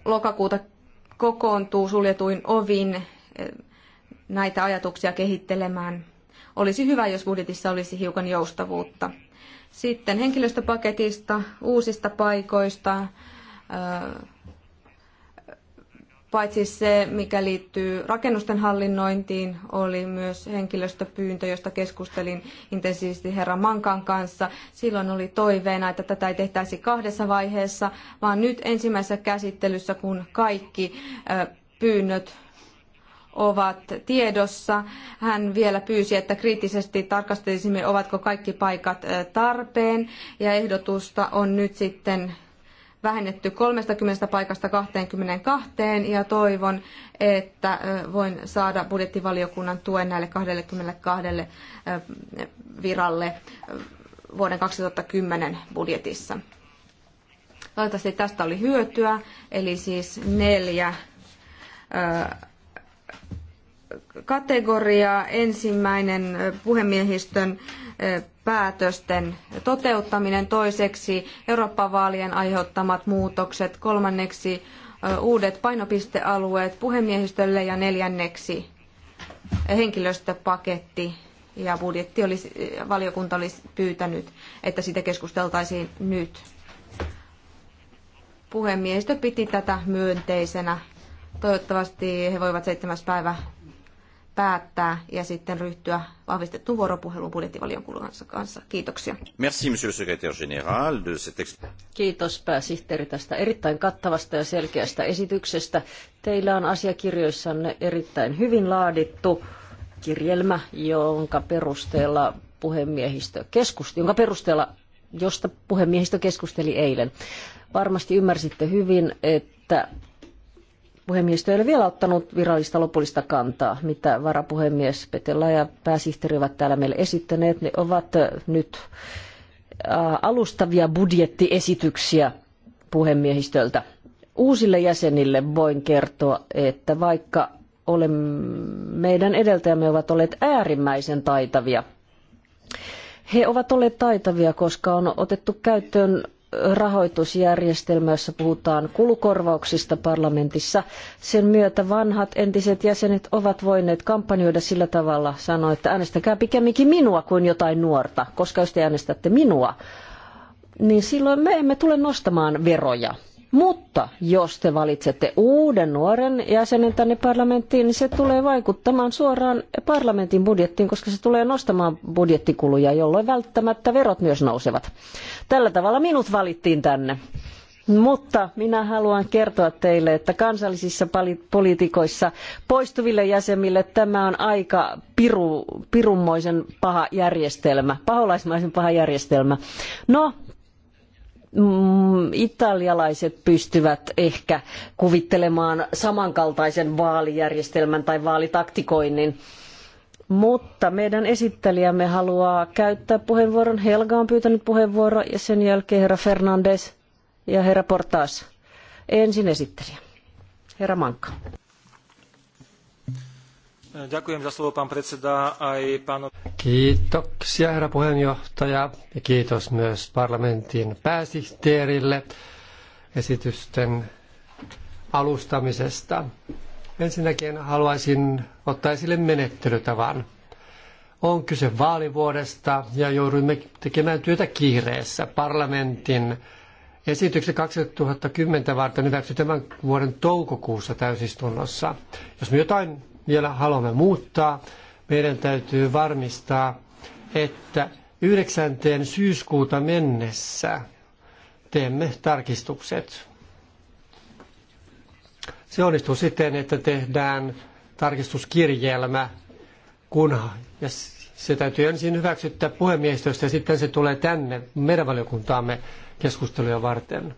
Speaker 3: lokakuuta kokoontuu suljetuin ovin näitä ajatuksia kehittelemään. Olisi hyvä, jos budjetissa olisi hiukan joustavuutta. Sitten henkilöstöpaketista, uusista paikoista, Paitsi se, mikä liittyy rakennusten hallinnointiin, oli myös henkilöstöpyyntö, josta keskustelin intensiivisesti herra Mankan kanssa. Silloin oli toiveena, että tätä ei tehtäisi kahdessa vaiheessa, vaan nyt ensimmäisessä käsittelyssä, kun kaikki pyynnöt ovat tiedossa. Hän vielä pyysi, että kriittisesti tarkastelisimme, ovatko kaikki paikat tarpeen, ja ehdotusta on nyt sitten vähennetty 30 paikasta 22 ja toivon, että voin saada budjettivaliokunnan tuen näille 22 viralle vuoden 2010 budjetissa. Toivottavasti tästä oli hyötyä, eli siis neljä kategoriaa. Ensimmäinen puhemiehistön päätösten toteuttaminen, toiseksi Eurooppa-vaalien aiheuttamat muutokset, kolmanneksi uudet painopistealueet puhemiehistölle ja neljänneksi henkilöstöpaketti ja budjetti olisi, valiokunta olisi pyytänyt, että siitä keskusteltaisiin nyt. Puhemiehistö piti tätä myönteisenä. Toivottavasti he voivat 7. päivä päättää ja sitten ryhtyä
Speaker 1: vahvistettuun vuoropuheluun budjettivaliokunnan kanssa. Kiitoksia.
Speaker 2: Merci, monsieur secrétaire général, de cette...
Speaker 1: Kiitos pääsihteeri tästä erittäin kattavasta ja selkeästä esityksestä. Teillä on asiakirjoissanne erittäin hyvin laadittu kirjelmä, jonka perusteella puhemiehistö keskusti jonka perusteella, josta puhemiehistö keskusteli eilen. Varmasti ymmärsitte hyvin, että Puhemiesto ei ole vielä ottanut virallista lopullista kantaa, mitä varapuhemies Petela ja pääsihteeri ovat täällä meille esittäneet. Ne ovat nyt alustavia budjettiesityksiä puhemiehistöltä. Uusille jäsenille voin kertoa, että vaikka olen, meidän edeltäjämme ovat olleet äärimmäisen taitavia, he ovat olleet taitavia, koska on otettu käyttöön rahoitusjärjestelmä, jossa puhutaan kulukorvauksista parlamentissa. Sen myötä vanhat entiset jäsenet ovat voineet kampanjoida sillä tavalla, sanoa, että äänestäkää pikemminkin minua kuin jotain nuorta, koska jos te äänestätte minua, niin silloin me emme tule nostamaan veroja. Mutta jos te valitsette uuden nuoren jäsenen tänne parlamenttiin, niin se tulee vaikuttamaan suoraan parlamentin budjettiin, koska se tulee nostamaan budjettikuluja, jolloin välttämättä verot myös nousevat. Tällä tavalla minut valittiin tänne. Mutta minä haluan kertoa teille, että kansallisissa poliitikoissa poistuville jäsenille tämä on aika piru, pirummoisen paha järjestelmä, paholaismaisen paha järjestelmä. No, mm, italialaiset pystyvät ehkä kuvittelemaan samankaltaisen vaalijärjestelmän tai vaalitaktikoinnin. Mutta meidän esittelijämme haluaa käyttää puheenvuoron. Helga on pyytänyt puheenvuoroa ja sen jälkeen herra Fernandes ja herra Portas. Ensin esittelijä. Herra
Speaker 2: Manka. Ďakujem za slovo, pán predseda, aj Kiitoksia, herra puheenjohtaja, ja kiitos myös parlamentin pääsihteerille esitysten alustamisesta. Ensinnäkin haluaisin ottaa esille menettelytavan. On kyse vaalivuodesta ja jouduimme tekemään työtä kiireessä. Parlamentin esityksen 2010 varten hyväksyi tämän vuoden toukokuussa täysistunnossa. Jos me jotain vielä haluamme muuttaa, meidän täytyy varmistaa, että 9. syyskuuta mennessä teemme tarkistukset. Se onnistuu siten, että tehdään tarkistuskirjelmä, kun ja se täytyy ensin hyväksyttää puhemiehistöstä ja sitten se tulee tänne meidän valiokuntaamme keskusteluja varten.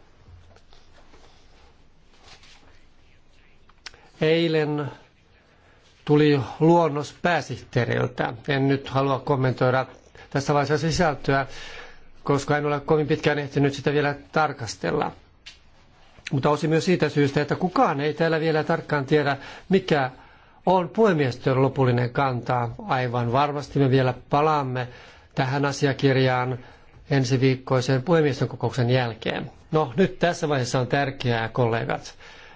Speaker 2: Eilen tuli luonnos pääsihteeriltä. En nyt halua kommentoida tässä vaiheessa sisältöä, koska en ole kovin pitkään ehtinyt sitä vielä tarkastella. Mutta osin myös siitä syystä, että kukaan ei täällä vielä tarkkaan tiedä, mikä on puhemiestön lopullinen kanta. Aivan varmasti me vielä palaamme tähän asiakirjaan ensi viikkoisen puhemiestön kokouksen jälkeen. No nyt tässä vaiheessa on tärkeää, kollegat,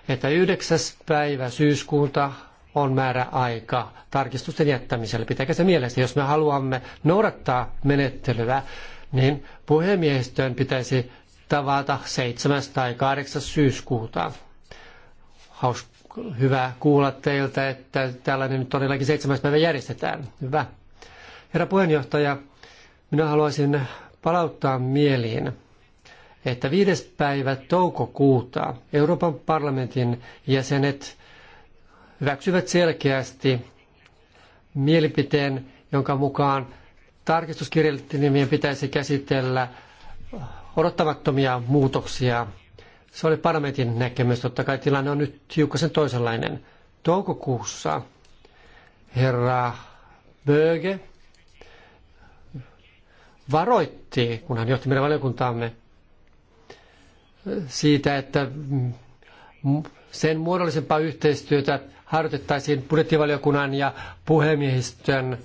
Speaker 2: että 9. päivä syyskuuta on määrä aika tarkistusten jättämiselle. Pitäkää se mielessä, jos me haluamme noudattaa menettelyä, niin puhemiehistön pitäisi tavata 7. tai 8. syyskuuta. Haus, hyvä kuulla teiltä, että tällainen todellakin 7. päivä järjestetään. Hyvä. Herra puheenjohtaja, minä haluaisin palauttaa mieliin, että viides päivä toukokuuta Euroopan parlamentin jäsenet hyväksyvät selkeästi mielipiteen, jonka mukaan tarkistuskirjoittimien pitäisi käsitellä odottamattomia muutoksia. Se oli parlamentin näkemys. Totta kai tilanne on nyt hiukkasen toisenlainen. Toukokuussa herra Böge varoitti, kun hän johti meidän valiokuntaamme, siitä, että sen muodollisempaa yhteistyötä harjoitettaisiin budjettivaliokunnan ja puhemiehistön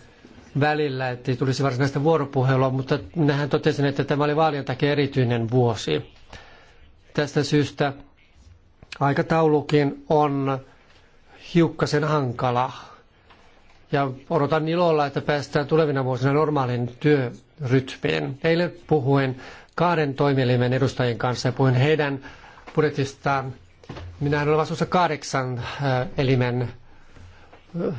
Speaker 2: välillä, ettei tulisi varsinaista vuoropuhelua, mutta nähän totesin, että tämä oli vaalien takia erityinen vuosi. Tästä syystä aikataulukin on hiukkasen hankala. Ja odotan ilolla, että päästään tulevina vuosina normaaliin työrytmiin. Eilen puhuin kahden toimielimen edustajien kanssa ja puhuin heidän budjetistaan minä olen vastuussa kahdeksan äh, elimen äh,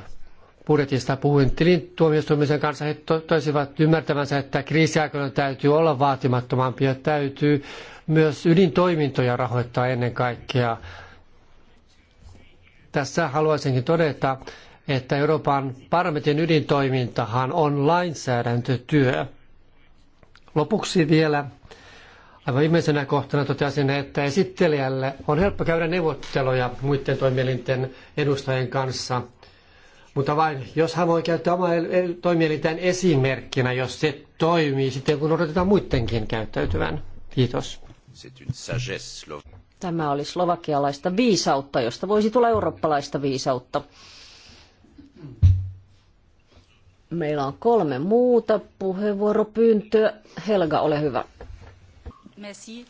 Speaker 2: budjetista puhuin tilintuomioistuimisen kanssa, he toisivat ymmärtävänsä, että kriisiaikoina täytyy olla vaatimattomampi ja täytyy myös ydintoimintoja rahoittaa ennen kaikkea. Tässä haluaisinkin todeta, että Euroopan parlamentin ydintoimintahan on lainsäädäntötyö. Lopuksi vielä Aivan viimeisenä kohtana totesin, että esittelijälle on helppo käydä neuvotteluja muiden toimielinten edustajien kanssa, mutta vain jos hän voi käyttää omaa toimielintään esimerkkinä, jos se toimii sitten, kun odotetaan muidenkin käyttäytyvän. Kiitos.
Speaker 1: Tämä oli slovakialaista viisautta, josta voisi tulla eurooppalaista viisautta. Meillä on kolme muuta puheenvuoropyyntöä. Helga, ole hyvä.
Speaker 2: Merci.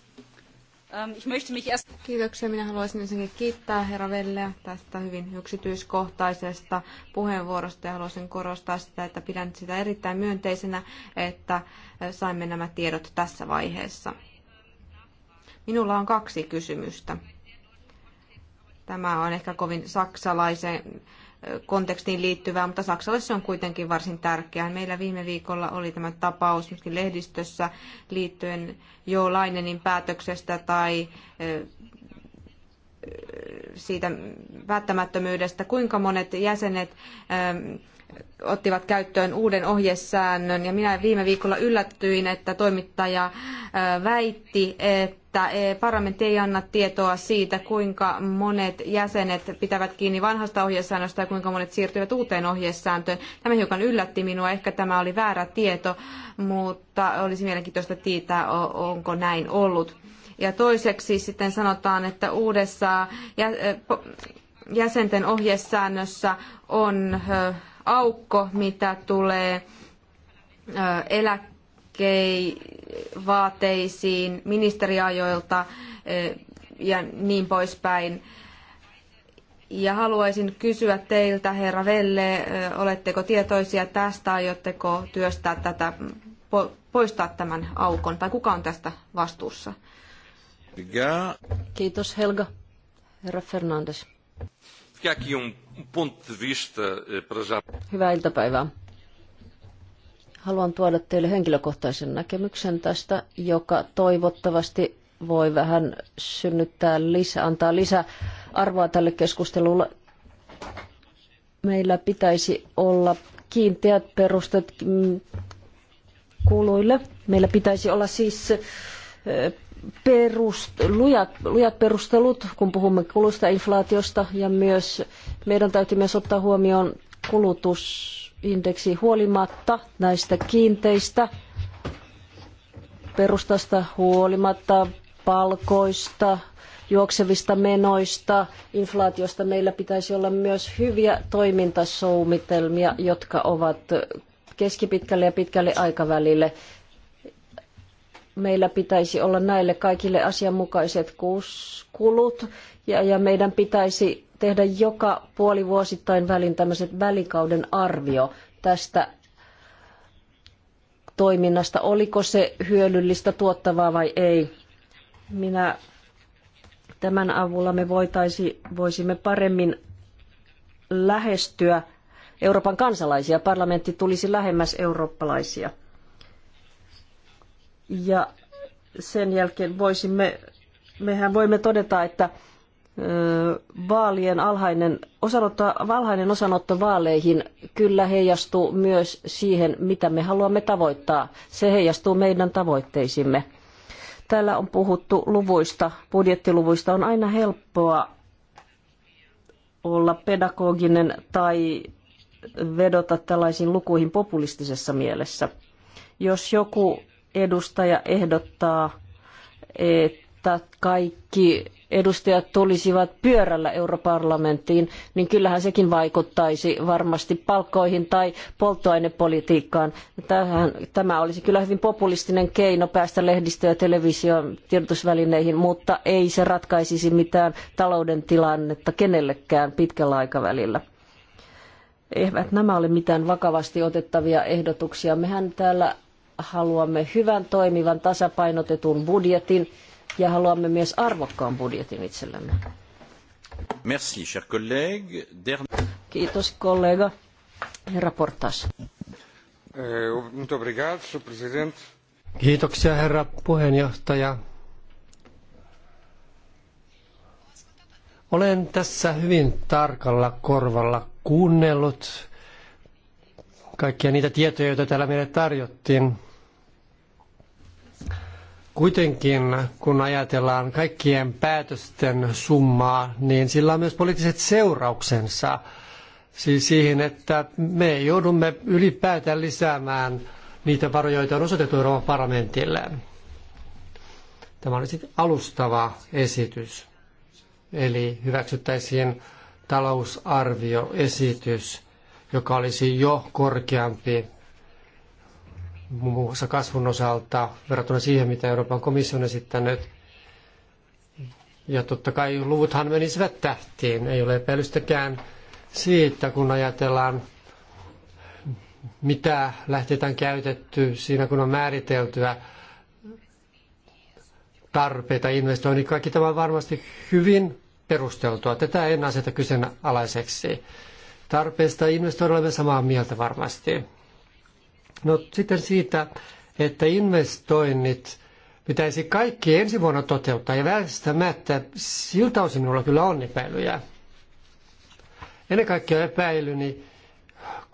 Speaker 3: Ähm, ich möchte mich erst... Kiitoksia. Minä haluaisin ensinnäkin kiittää herra Velleä tästä hyvin yksityiskohtaisesta puheenvuorosta ja haluaisin korostaa sitä, että pidän sitä erittäin myönteisenä, että äh, saimme nämä tiedot tässä vaiheessa. Minulla on kaksi kysymystä. Tämä on ehkä kovin saksalaisen kontekstiin liittyvää, mutta Saksalle se on kuitenkin varsin tärkeää. Meillä viime viikolla oli tämä tapaus myöskin lehdistössä liittyen Jo Lainenin päätöksestä tai siitä päättämättömyydestä, kuinka monet jäsenet ottivat käyttöön uuden ohjesäännön. Ja minä viime viikolla yllättyin, että toimittaja väitti, että että e, parlamentti ei anna tietoa siitä, kuinka monet jäsenet pitävät kiinni vanhasta ohjesäännöstä ja kuinka monet siirtyvät uuteen ohjesääntöön. Tämä hiukan yllätti minua, ehkä tämä oli väärä tieto, mutta olisi mielenkiintoista tietää, onko näin ollut. Ja toiseksi sitten sanotaan, että uudessa e, jäsenten ohjesäännössä on aukko, mitä tulee eläkkeeseen vaateisiin ministeriajoilta eh, ja niin poispäin. Ja haluaisin kysyä teiltä, herra Velle, eh, oletteko tietoisia tästä, aiotteko työstää tätä, poistaa tämän aukon, tai kuka on tästä vastuussa?
Speaker 1: Kiitos Helga. Herra Fernandes. Um, um eh, Hyvää iltapäivää. Haluan tuoda teille henkilökohtaisen näkemyksen tästä, joka toivottavasti voi vähän synnyttää lisää, antaa lisää arvoa tälle keskustelulle. Meillä pitäisi olla kiinteät perustet mm, kuluille. Meillä pitäisi olla siis perust, lujat, lujat perustelut, kun puhumme kulusta inflaatiosta, ja myös meidän täytyy myös ottaa huomioon kulutus indeksi huolimatta näistä kiinteistä perustasta huolimatta palkoista, juoksevista menoista, inflaatiosta meillä pitäisi olla myös hyviä toimintasuunnitelmia, jotka ovat keskipitkälle ja pitkälle aikavälille. Meillä pitäisi olla näille kaikille asianmukaiset kulut ja, ja meidän pitäisi tehdä joka puoli vuosittain välin tämmöiset välikauden arvio tästä toiminnasta, oliko se hyödyllistä, tuottavaa vai ei. Minä tämän avulla me voitaisi, voisimme paremmin lähestyä Euroopan kansalaisia. Parlamentti tulisi lähemmäs eurooppalaisia. Ja sen jälkeen voisimme, mehän voimme todeta, että vaalien alhainen osanotto, valhainen osanotto vaaleihin kyllä heijastuu myös siihen, mitä me haluamme tavoittaa. Se heijastuu meidän tavoitteisimme. Täällä on puhuttu luvuista, budjettiluvuista. On aina helppoa olla pedagoginen tai vedota tällaisiin lukuihin populistisessa mielessä. Jos joku edustaja ehdottaa, että kaikki edustajat tulisivat pyörällä europarlamenttiin, niin kyllähän sekin vaikuttaisi varmasti palkkoihin tai polttoainepolitiikkaan. tämä olisi kyllä hyvin populistinen keino päästä lehdistö- ja television tiedotusvälineihin, mutta ei se ratkaisisi mitään talouden tilannetta kenellekään pitkällä aikavälillä. Eivät nämä ole mitään vakavasti otettavia ehdotuksia. Mehän täällä haluamme hyvän, toimivan, tasapainotetun budjetin, ja haluamme myös arvokkaan budjetin itsellemme.
Speaker 2: Merci, cher collègue. Dernier... Kiitos kollega. Herra Portas. Eh, Kiitoksia herra puheenjohtaja. Olen tässä hyvin tarkalla korvalla kuunnellut kaikkia niitä tietoja, joita täällä meille tarjottiin. Kuitenkin, kun ajatellaan kaikkien päätösten summaa, niin sillä on myös poliittiset seurauksensa. Siis siihen, että me joudumme ylipäätään lisäämään niitä varoja, joita on osoitettu Euroopan parlamentille. Tämä olisi sitten alustava esitys. Eli hyväksyttäisiin talousarvioesitys, joka olisi jo korkeampi muun muassa kasvun osalta verrattuna siihen, mitä Euroopan komissio on esittänyt. Ja totta kai luvuthan menisivät tähtiin, ei ole epäilystäkään siitä, kun ajatellaan, mitä lähtetään käytetty siinä, kun on määriteltyä tarpeita investoinnit. Kaikki tämä on varmasti hyvin perusteltua. Tätä en aseta kyseenalaiseksi. Tarpeesta investoida olemme samaa mieltä varmasti. No sitten siitä, että investoinnit pitäisi kaikki ensi vuonna toteuttaa ja väistämättä siltä osin minulla kyllä on epäilyjä. Ennen kaikkea epäilyni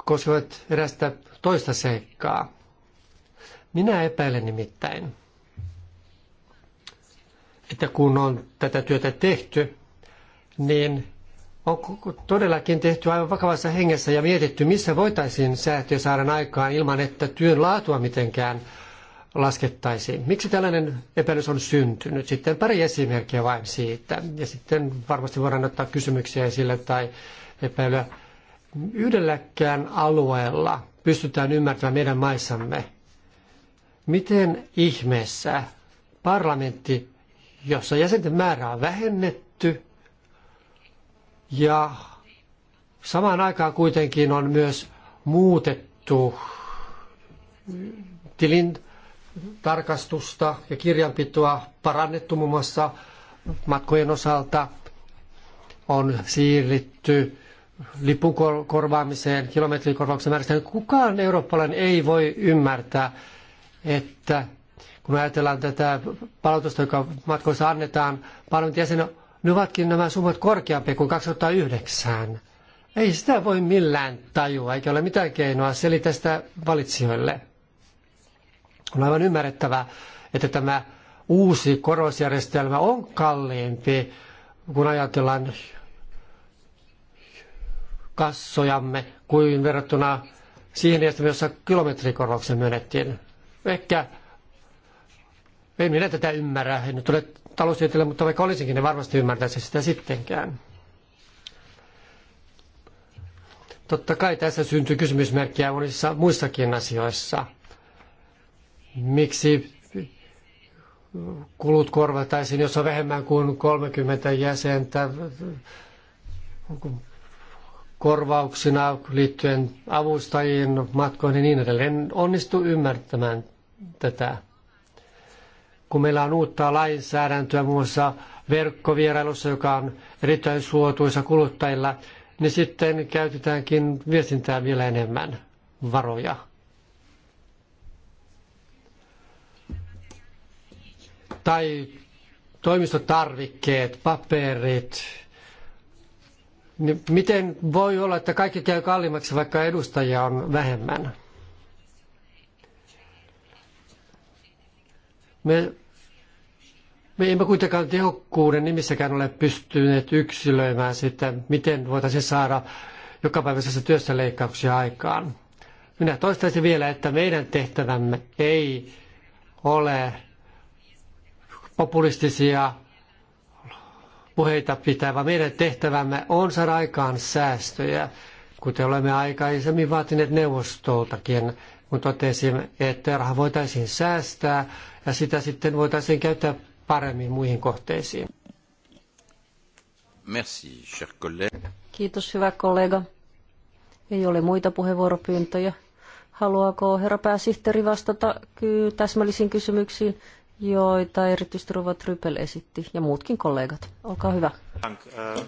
Speaker 2: koskevat erästä toista seikkaa. Minä epäilen nimittäin, että kun on tätä työtä tehty, niin on todellakin tehty aivan vakavassa hengessä ja mietitty, missä voitaisiin säätiö saada aikaan ilman, että työn laatua mitenkään laskettaisiin. Miksi tällainen epäilys on syntynyt? Sitten pari esimerkkiä vain siitä. Ja sitten varmasti voidaan ottaa kysymyksiä esille tai epäilyä. Yhdelläkään alueella pystytään ymmärtämään meidän maissamme, miten ihmeessä parlamentti, jossa jäsenten määrää on vähennetty, ja samaan aikaan kuitenkin on myös muutettu tilin tarkastusta ja kirjanpitoa parannettu muun muassa matkojen osalta. On siirrytty lipukorvaamiseen, kilometrikorvauksen määrästä. Kukaan eurooppalainen ei voi ymmärtää, että kun ajatellaan tätä palautusta, joka matkoissa annetaan, parlamentin jäsenen ne ovatkin nämä summat korkeampia kuin 2009. Ei sitä voi millään tajua, eikä ole mitään keinoa selittää sitä valitsijoille. On aivan ymmärrettävää, että tämä uusi korosjärjestelmä on kalliimpi, kun ajatellaan kassojamme, kuin verrattuna siihen järjestelmään, jossa kilometrikorvauksen myönnettiin. Ehkä en minä tätä ymmärrä, en nyt ole taloustieteilijä, mutta vaikka olisinkin, ne varmasti ymmärtäisi sitä sittenkään. Totta kai tässä syntyy kysymysmerkkiä monissa muissakin asioissa. Miksi kulut korvataisiin, jos on vähemmän kuin 30 jäsentä korvauksina liittyen avustajiin, matkoihin ja niin edelleen. En onnistu ymmärtämään tätä kun meillä on uutta lainsäädäntöä muun muassa verkkovierailussa, joka on erittäin suotuisa kuluttajilla, niin sitten käytetäänkin viestintää vielä enemmän varoja. Tai toimistotarvikkeet, paperit. Niin miten voi olla, että kaikki käy kalliimmaksi, vaikka edustajia on vähemmän? Me me emme kuitenkaan tehokkuuden nimissäkään ole pystyneet yksilöimään sitä, miten voitaisiin saada jokapäiväisessä työssä leikkauksia aikaan. Minä toistaisin vielä, että meidän tehtävämme ei ole populistisia puheita pitää, vaan meidän tehtävämme on saada aikaan säästöjä, kuten olemme aikaisemmin vaatineet neuvostoltakin, kun totesimme, että raha voitaisiin säästää ja sitä sitten voitaisiin käyttää paremmin muihin kohteisiin. Merci, cher
Speaker 1: Kiitos, hyvä kollega. Ei ole muita puheenvuoropyyntöjä. Haluaako herra pääsihteeri vastata täsmällisiin kysymyksiin, joita erityisesti Rova Trypel esitti ja muutkin kollegat? Olkaa hyvä.
Speaker 2: Äh.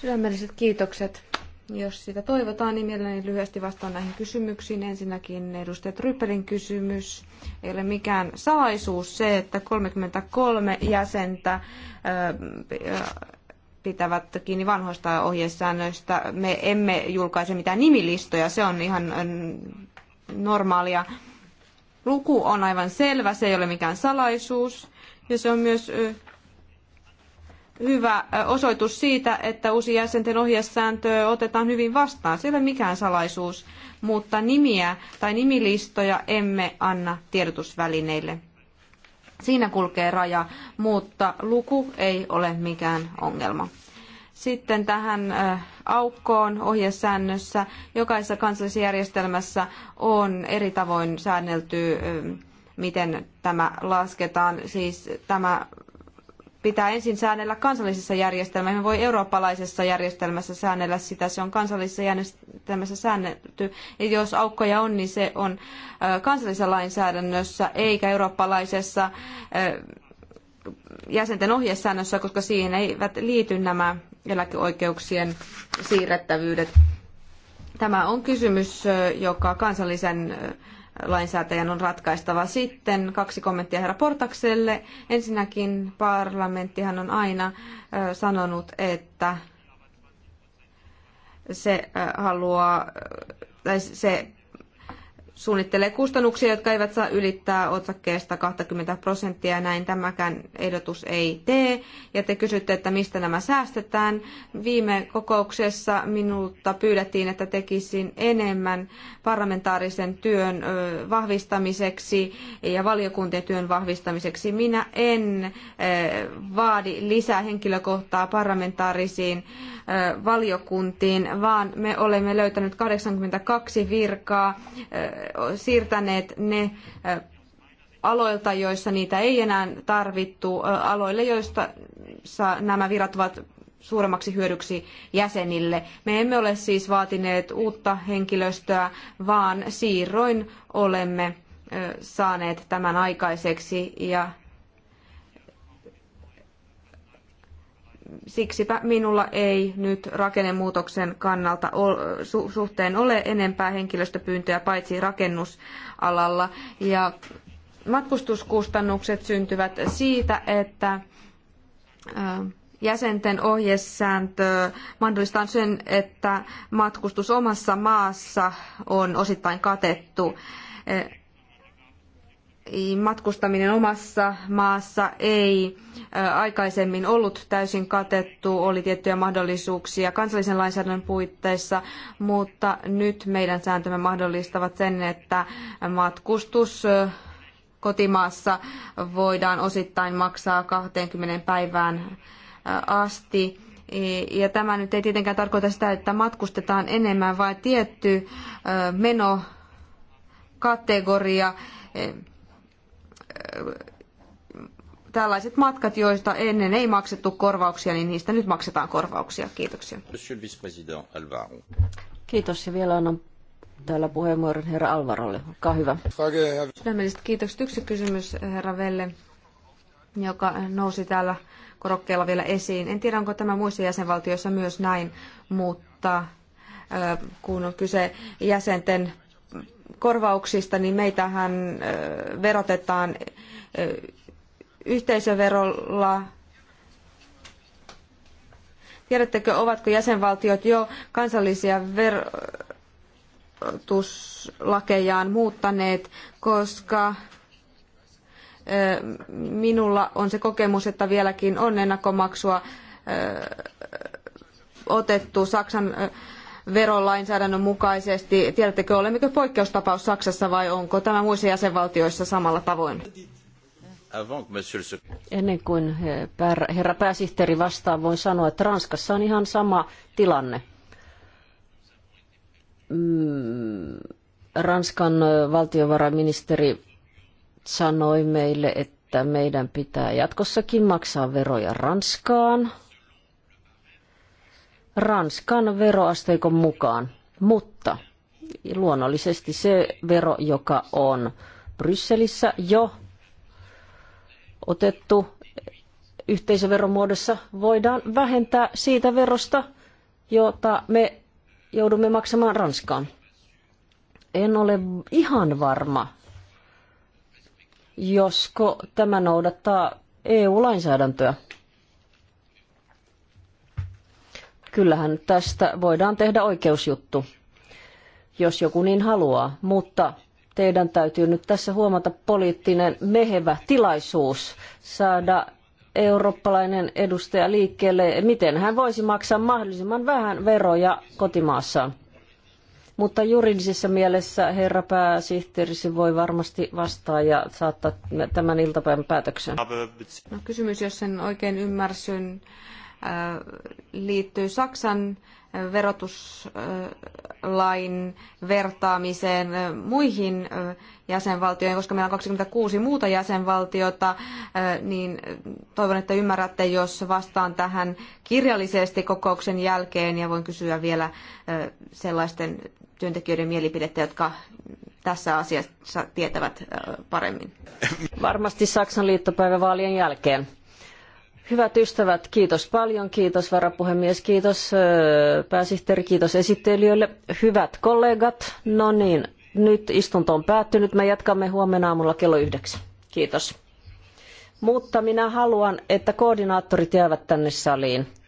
Speaker 1: Sydämelliset
Speaker 3: kiitokset jos sitä toivotaan, niin mielelläni lyhyesti vastaan näihin kysymyksiin. Ensinnäkin edustaja Tryppelin kysymys. Ei ole mikään salaisuus se, että 33 jäsentä pitävät kiinni vanhoista ohjesäännöistä. Me emme julkaise mitään nimilistoja, se on ihan normaalia. Luku on aivan selvä, se ei ole mikään salaisuus. Ja se on myös hyvä osoitus siitä, että uusi jäsenten ohjesääntö otetaan hyvin vastaan. Se ei ole mikään salaisuus, mutta nimiä tai nimilistoja emme anna tiedotusvälineille. Siinä kulkee raja, mutta luku ei ole mikään ongelma. Sitten tähän aukkoon ohjesäännössä. Jokaisessa kansallisessa järjestelmässä on eri tavoin säännelty miten tämä lasketaan. Siis tämä pitää ensin säännellä kansallisessa järjestelmässä. Me voi eurooppalaisessa järjestelmässä säännellä sitä, se on kansallisessa järjestelmässä säännelty. Ja jos aukkoja on, niin se on kansallisessa lainsäädännössä eikä eurooppalaisessa jäsenten ohjesäännössä, koska siihen eivät liity nämä eläkeoikeuksien siirrettävyydet. Tämä on kysymys, joka kansallisen lainsäätäjän on ratkaistava. Sitten kaksi kommenttia herra Portakselle. Ensinnäkin parlamenttihan on aina sanonut, että se haluaa, tai se suunnittelee kustannuksia, jotka eivät saa ylittää otsakkeesta 20 prosenttia, ja näin tämäkään ehdotus ei tee. Ja te kysytte, että mistä nämä säästetään. Viime kokouksessa minulta pyydettiin, että tekisin enemmän parlamentaarisen työn vahvistamiseksi ja valiokuntien työn vahvistamiseksi. Minä en vaadi lisää henkilökohtaa parlamentaarisiin valiokuntiin, vaan me olemme löytäneet 82 virkaa siirtäneet ne aloilta, joissa niitä ei enää tarvittu, aloille, joista nämä virat ovat suuremmaksi hyödyksi jäsenille. Me emme ole siis vaatineet uutta henkilöstöä, vaan siirroin olemme saaneet tämän aikaiseksi ja siksipä minulla ei nyt rakennemuutoksen kannalta suhteen ole enempää henkilöstöpyyntöjä paitsi rakennusalalla. Ja matkustuskustannukset syntyvät siitä, että jäsenten ohjesääntö mahdollistaa sen, että matkustus omassa maassa on osittain katettu matkustaminen omassa maassa ei aikaisemmin ollut täysin katettu, oli tiettyjä mahdollisuuksia kansallisen lainsäädännön puitteissa, mutta nyt meidän sääntömme mahdollistavat sen, että matkustus kotimaassa voidaan osittain maksaa 20 päivään asti. E, ja tämä nyt ei tietenkään tarkoita sitä, että matkustetaan enemmän, vaan tietty menokategoria e, tällaiset matkat, joista ennen ei maksettu korvauksia, niin niistä nyt maksetaan korvauksia. Kiitoksia.
Speaker 1: Kiitos ja vielä annan täällä puheenvuoron herra Alvarolle. Olkaa hyvä. Sydämelliset kiitokset. Yksi kysymys herra Velle,
Speaker 3: joka nousi täällä korokkeella vielä esiin. En tiedä, onko tämä muissa jäsenvaltioissa myös näin, mutta kun on kyse jäsenten korvauksista, niin meitähän verotetaan yhteisöverolla. Tiedättekö, ovatko jäsenvaltiot jo kansallisia verotuslakejaan muuttaneet, koska minulla on se kokemus, että vieläkin on ennakkomaksua otettu Saksan verolainsäädännön mukaisesti. Tiedättekö, olemmeko poikkeustapaus Saksassa
Speaker 1: vai onko tämä muissa jäsenvaltioissa samalla tavoin? Ennen kuin eh, herra pääsihteeri vastaa, voin sanoa, että Ranskassa on ihan sama tilanne. Mm, Ranskan eh, valtiovarainministeri sanoi meille, että meidän pitää jatkossakin maksaa veroja Ranskaan – Ranskan veroasteikon mukaan, mutta luonnollisesti se vero, joka on Brysselissä jo otettu yhteisöveromuodossa, voidaan vähentää siitä verosta, jota me joudumme maksamaan Ranskaan. En ole ihan varma, josko tämä noudattaa EU-lainsäädäntöä. Kyllähän tästä voidaan tehdä oikeusjuttu, jos joku niin haluaa, mutta teidän täytyy nyt tässä huomata poliittinen mehevä tilaisuus saada eurooppalainen edustaja liikkeelle, miten hän voisi maksaa mahdollisimman vähän veroja kotimaassaan. Mutta juridisessa mielessä herra pääsihteerisi voi varmasti vastaa ja saattaa tämän iltapäivän päätöksen.
Speaker 3: No, kysymys, jos sen oikein ymmärsin, liittyy Saksan verotuslain vertaamiseen muihin jäsenvaltioihin, koska meillä on 26 muuta jäsenvaltiota, niin toivon, että ymmärrätte, jos vastaan tähän kirjallisesti kokouksen jälkeen ja voin kysyä vielä sellaisten työntekijöiden mielipidettä, jotka tässä
Speaker 1: asiassa tietävät paremmin. Varmasti Saksan liittopäivävaalien jälkeen. Hyvät ystävät, kiitos paljon, kiitos varapuhemies, kiitos pääsihteeri, kiitos esittelijöille. Hyvät kollegat, no niin, nyt istunto on päättynyt. Me jatkamme huomenna aamulla kello yhdeksän. Kiitos. Mutta minä haluan, että koordinaattorit jäävät tänne saliin.